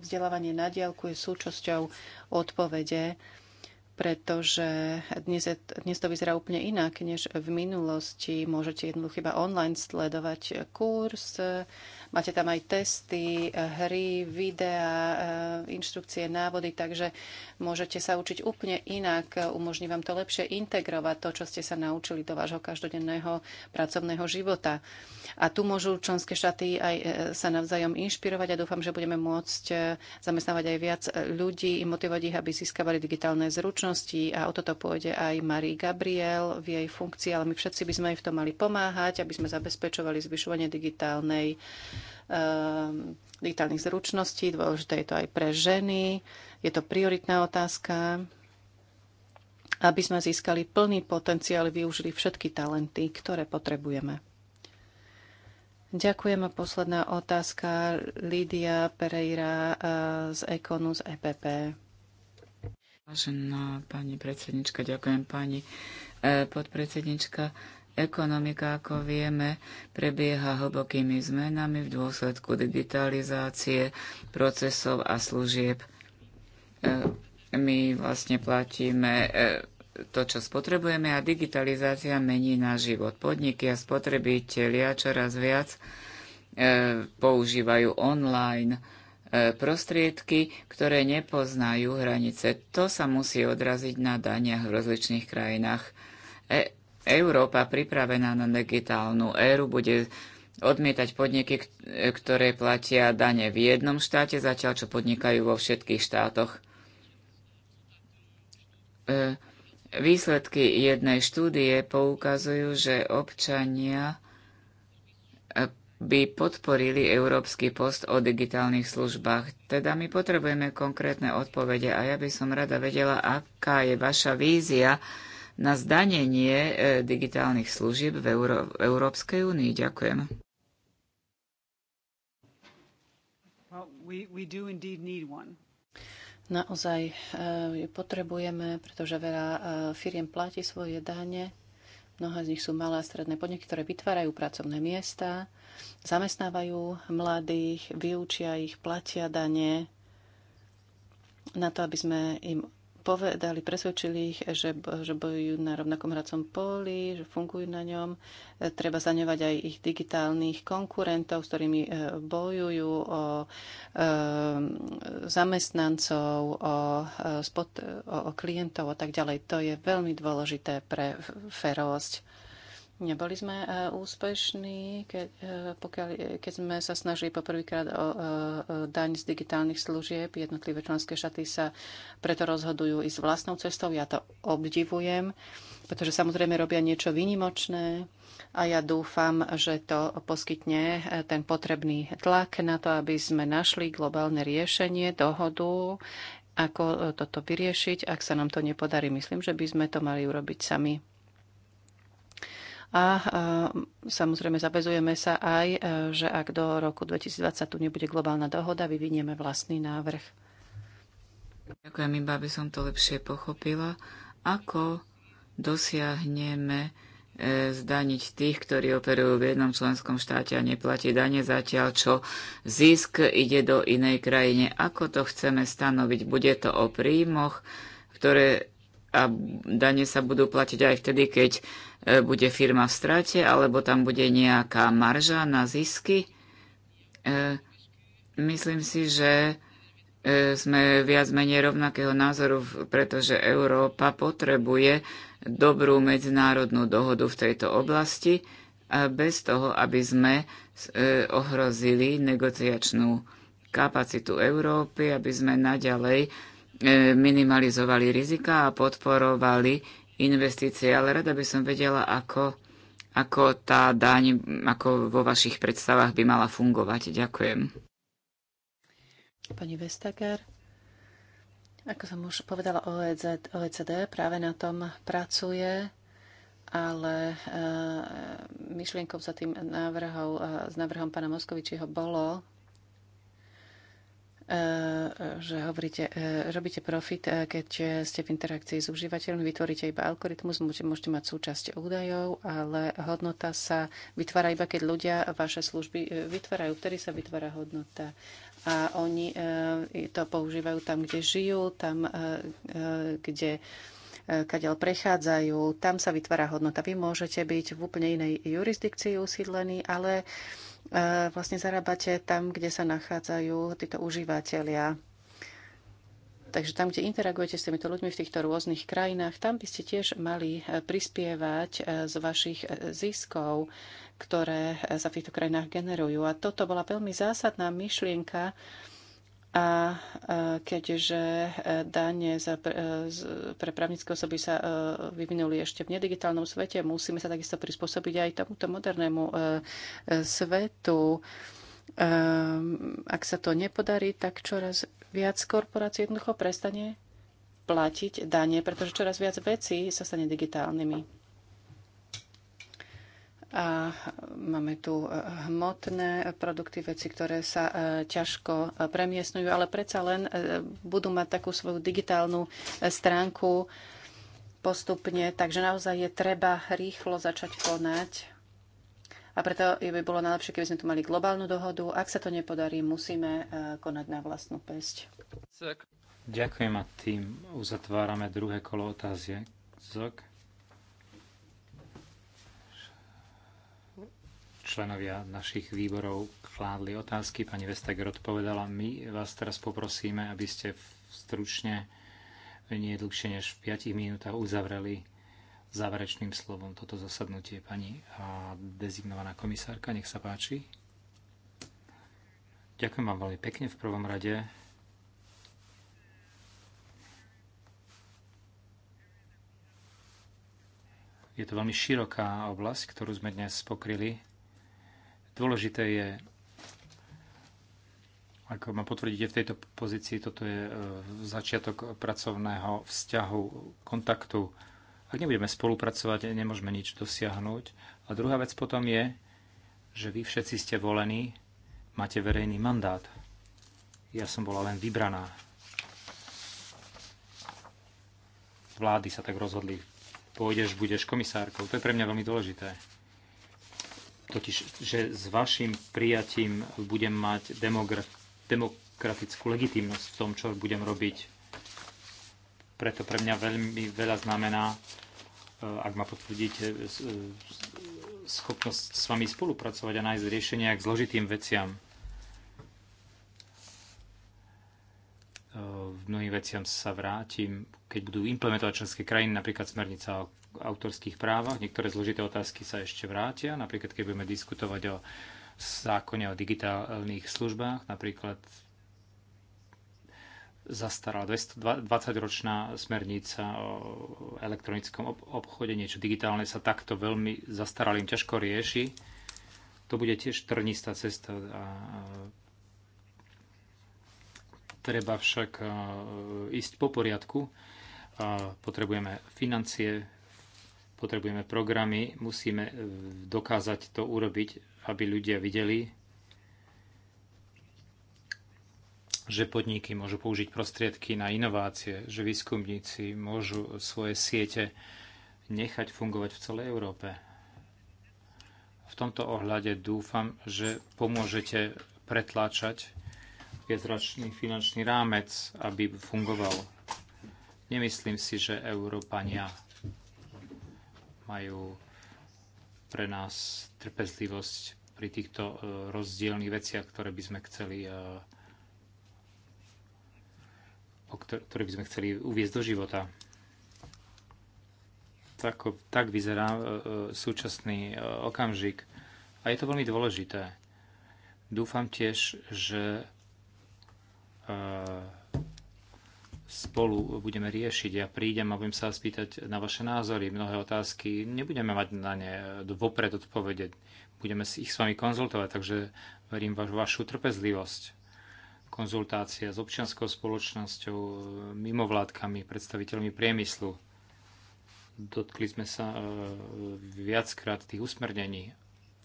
[SPEAKER 1] Vzdelávanie na diálku je súčasťou odpovede, pretože dnes, je, dnes to vyzerá úplne inak, než v minulosti. Môžete jednoducho iba online sledovať kurz, Máte tam aj testy, eh, hry, videá, eh, inštrukcie, návody, takže môžete sa učiť úplne inak. Eh, umožní vám to lepšie integrovať to, čo ste sa naučili do vášho každodenného pracovného života. A tu môžu členské štáty aj sa navzájom inšpirovať a dúfam, že budeme môcť zamestnávať aj viac ľudí, motivovať ich, aby získavali digitálne zručnosti a o toto pôjde aj Marie Gabriel v jej funkcii, ale my všetci by sme aj v tom mali pomáhať, aby sme zabezpečovali zvyšovanie digitálnej Ehm, digitálnych zručností, dôležité je to aj pre ženy. Je to prioritná otázka, aby sme získali plný potenciál, využili všetky talenty, ktoré potrebujeme. Ďakujem a posledná otázka Lídia Pereira eh, z Ekonu z EPP. Vážená
[SPEAKER 2] pani predsednička, ďakujem pani eh, podpredsednička. Ekonomika, ako vieme, prebieha hlbokými zmenami v dôsledku digitalizácie procesov a služieb. E, my vlastne platíme e, to, čo spotrebujeme a digitalizácia mení náš život. Podniky a spotrebitelia čoraz viac e, používajú online prostriedky, ktoré nepoznajú hranice. To sa musí odraziť na daniach v rozličných krajinách. Európa pripravená na digitálnu éru bude odmietať podniky, ktoré platia dane v jednom štáte, zatiaľ čo podnikajú vo všetkých štátoch. E, výsledky jednej štúdie poukazujú, že občania e, by podporili európsky post o digitálnych službách. Teda my potrebujeme konkrétne odpovede a ja by som rada vedela, aká je vaša vízia na zdanenie e, digitálnych služieb v, Európskej únii. Ďakujem.
[SPEAKER 1] Naozaj e, ju potrebujeme, pretože veľa e, firiem platí svoje dane. Mnohé z nich sú malé a stredné podniky, ktoré vytvárajú pracovné miesta, zamestnávajú mladých, vyučia ich, platia dane na to, aby sme im povedali, presvedčili ich, že, že bojujú na rovnakom hracom poli, že fungujú na ňom. E, treba zaňovať aj ich digitálnych konkurentov, s ktorými e, bojujú o e, zamestnancov, o, spot, o klientov a tak ďalej. To je veľmi dôležité pre ferovosť. Neboli sme e, úspešní, keď, e, pokiaľ, e, keď sme sa snažili poprvýkrát o daň z digitálnych služieb. Jednotlivé členské šaty sa preto rozhodujú ísť vlastnou cestou. Ja to obdivujem, pretože samozrejme robia niečo výnimočné a ja dúfam, že to poskytne ten potrebný tlak na to, aby sme našli globálne riešenie, dohodu, ako toto vyriešiť. Ak sa nám to nepodarí, myslím, že by sme to mali urobiť sami. A e, samozrejme zavezujeme sa aj, e, že ak do roku 2020 tu nebude globálna dohoda, vyvinieme vlastný návrh.
[SPEAKER 2] Ďakujem, iba aby som to lepšie pochopila. Ako dosiahneme e, zdaniť tých, ktorí operujú v jednom členskom štáte a neplatí dane, zatiaľ čo zisk ide do inej krajine. Ako to chceme stanoviť? Bude to o príjmoch, ktoré a dane sa budú platiť aj vtedy, keď e, bude firma v strate, alebo tam bude nejaká marža na zisky. E, myslím si, že e, sme viac menej rovnakého názoru, pretože Európa potrebuje dobrú medzinárodnú dohodu v tejto oblasti, bez toho, aby sme ohrozili negociačnú kapacitu Európy, aby sme naďalej E, minimalizovali rizika a podporovali investície. Ale rada by som vedela, ako, ako tá daň, ako vo vašich predstavách by mala fungovať. Ďakujem.
[SPEAKER 1] Pani Vestager. Ako som už povedala, OECD e práve na tom pracuje, ale e, myšlienkou za tým návrhom, s návrhom pána Moskovičiho bolo Eh, že hovoríte, eh, robíte profit, eh, keď ste v interakcii s užívateľmi, vytvoríte iba algoritmus, môžete mať súčasť údajov, ale hodnota sa vytvára iba, keď ľudia vaše služby vytvárajú, vtedy sa vytvára hodnota. A oni to používajú tam, kde žijú, tam, kde kadeľ prechádzajú, tam sa vytvára hodnota. Vy môžete byť v úplne inej jurisdikcii usídlení, ale uh, vlastne zarábate tam, kde sa nachádzajú títo užívateľia. Takže tam, kde interagujete s týmito ľuďmi v týchto rôznych krajinách, tam by ste tiež mali e, prispievať e, z vašich e, ziskov, ktoré sa v týchto krajinách generujú. A toto bola veľmi zásadná myšlienka, a keďže e, dane za pre, e, pre právnické osoby sa e, vyvinuli ešte v nedigitálnom svete, musíme sa takisto prispôsobiť aj tomuto modernému svetu. Ehm, ak sa to nepodarí, tak čoraz viac korporácií jednoducho prestane platiť dane, pretože čoraz viac vecí sa stane digitálnymi. A máme tu e, hmotné produkty, veci, ktoré sa e, ťažko e, premiestňujú, ale predsa len budú mať takú svoju digitálnu stránku postupne, takže naozaj je treba rýchlo začať konať. A preto by bolo najlepšie, keby sme tu mali globálnu dohodu. Ak sa to nepodarí, musíme konať na vlastnú pesť.
[SPEAKER 3] Ďakujem a tým uzatvárame druhé kolo otáziek. Zok. členovia našich výborov kládli otázky. Pani Vestager odpovedala, my vás teraz poprosíme, aby ste stručne, nie dlhšie než v 5 minútach, uzavreli záverečným slovom toto zasadnutie. Pani dezignovaná komisárka, nech sa páči. Ďakujem vám veľmi pekne v prvom rade. Je to veľmi široká oblasť, ktorú sme dnes pokryli. Dôležité je, ako ma potvrdíte v tejto pozícii, toto je e, začiatok pracovného vzťahu, kontaktu. Ak nebudeme spolupracovať, nemôžeme nič dosiahnuť. A druhá vec potom je, že vy všetci ste volení, máte verejný mandát. Ja som bola len vybraná. Vlády sa tak rozhodli. Pôjdeš, budeš komisárkou. To je pre mňa veľmi dôležité totiž, že s vašim prijatím budem mať demokratickú legitimnosť v tom, čo budem robiť. Preto pre mňa veľmi veľa znamená, e, ak ma potvrdíte, e, e, schopnosť s vami spolupracovať a nájsť riešenia k zložitým veciam. v mnohým veciam sa vrátim, keď budú implementovať členské krajiny, napríklad smernica o autorských právach. Niektoré zložité otázky sa ešte vrátia, napríklad keď budeme diskutovať o zákone o digitálnych službách, napríklad zastarala 20-ročná smernica o elektronickom obchode, niečo digitálne sa takto veľmi zastaralým ťažko rieši. To bude tiež trnistá cesta a Treba však e, ísť po poriadku. E, potrebujeme financie, potrebujeme programy, musíme e, dokázať to urobiť, aby ľudia videli, že podniky môžu použiť prostriedky na inovácie, že výskumníci môžu svoje siete nechať fungovať v celej Európe. V tomto ohľade dúfam, že pomôžete pretláčať viezračný finančný rámec, aby fungoval. Nemyslím si, že Európania majú pre nás trpezlivosť pri týchto e, rozdielných veciach, ktoré by sme chceli e, ktoré by sme chceli uviezť do života. Tak, tak vyzerá e, súčasný okamžik. A je to veľmi dôležité. Dúfam tiež, že E, spolu budeme riešiť. Ja prídem a budem sa spýtať na vaše názory. Mnohé otázky nebudeme mať na ne vopred odpovedať. Budeme si ich s vami konzultovať, takže verím vaš, vašu trpezlivosť. Konzultácia s občianskou spoločnosťou, e, mimovládkami, predstaviteľmi priemyslu. Dotkli sme sa e, viackrát tých usmernení.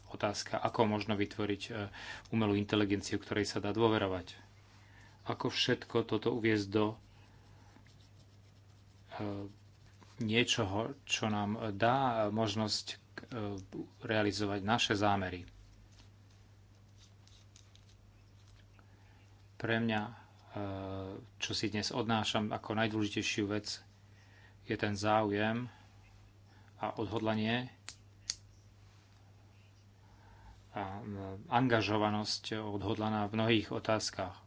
[SPEAKER 3] Otázka, ako možno vytvoriť umelú inteligenciu, ktorej sa dá dôverovať ako všetko toto uviezť do eh, niečoho, čo nám dá možnosť eh, realizovať naše zámery. Pre mňa, eh, čo si dnes odnášam ako najdôležitejšiu vec, je ten záujem a odhodlanie a angažovanosť odhodlaná v mnohých otázkach.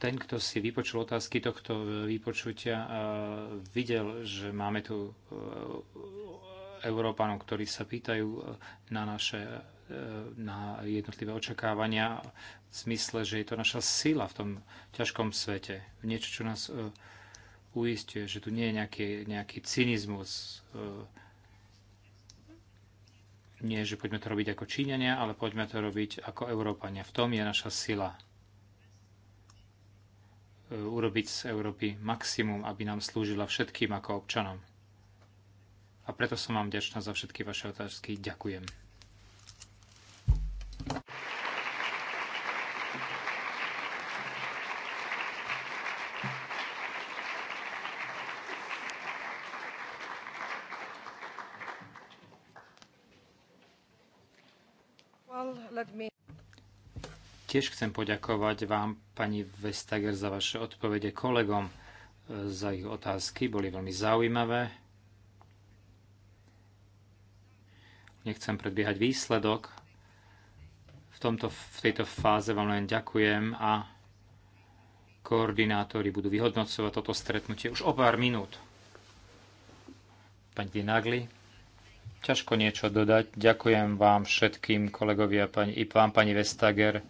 [SPEAKER 3] Ten, kto si vypočul otázky tohto vypočutia, videl, že máme tu e, Európanov, ktorí sa pýtajú e, na naše e, na jednotlivé očakávania v zmysle, že je to naša sila v tom ťažkom svete. Niečo, čo nás uistuje, že tu nie je nejaký, nejaký cynizmus. Nie, že poďme to robiť ako Číňania, ale poďme to robiť ako Európania. V tom je naša sila. Eh, urobiť z Európy maximum, aby nám slúžila všetkým ako občanom. A preto som vám vďačná za všetky vaše otázky. Ďakujem. Tiež chcem poďakovať vám, pani Vestager, za vaše odpovede kolegom, e, za ich otázky, boli veľmi zaujímavé. Nechcem predbiehať výsledok. V, tomto, v tejto fáze vám len ďakujem a koordinátori budú vyhodnocovať toto stretnutie už o pár minút. Pani Dinagli. Ťažko niečo dodať. Ďakujem vám všetkým kolegovia, pani, i vám, pani Vestager.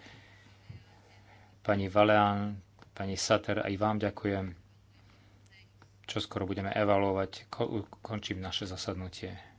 [SPEAKER 3] Pani Valean, pani Sater, aj vám ďakujem. Čo skoro budeme evaluovať. Končím naše zasadnutie.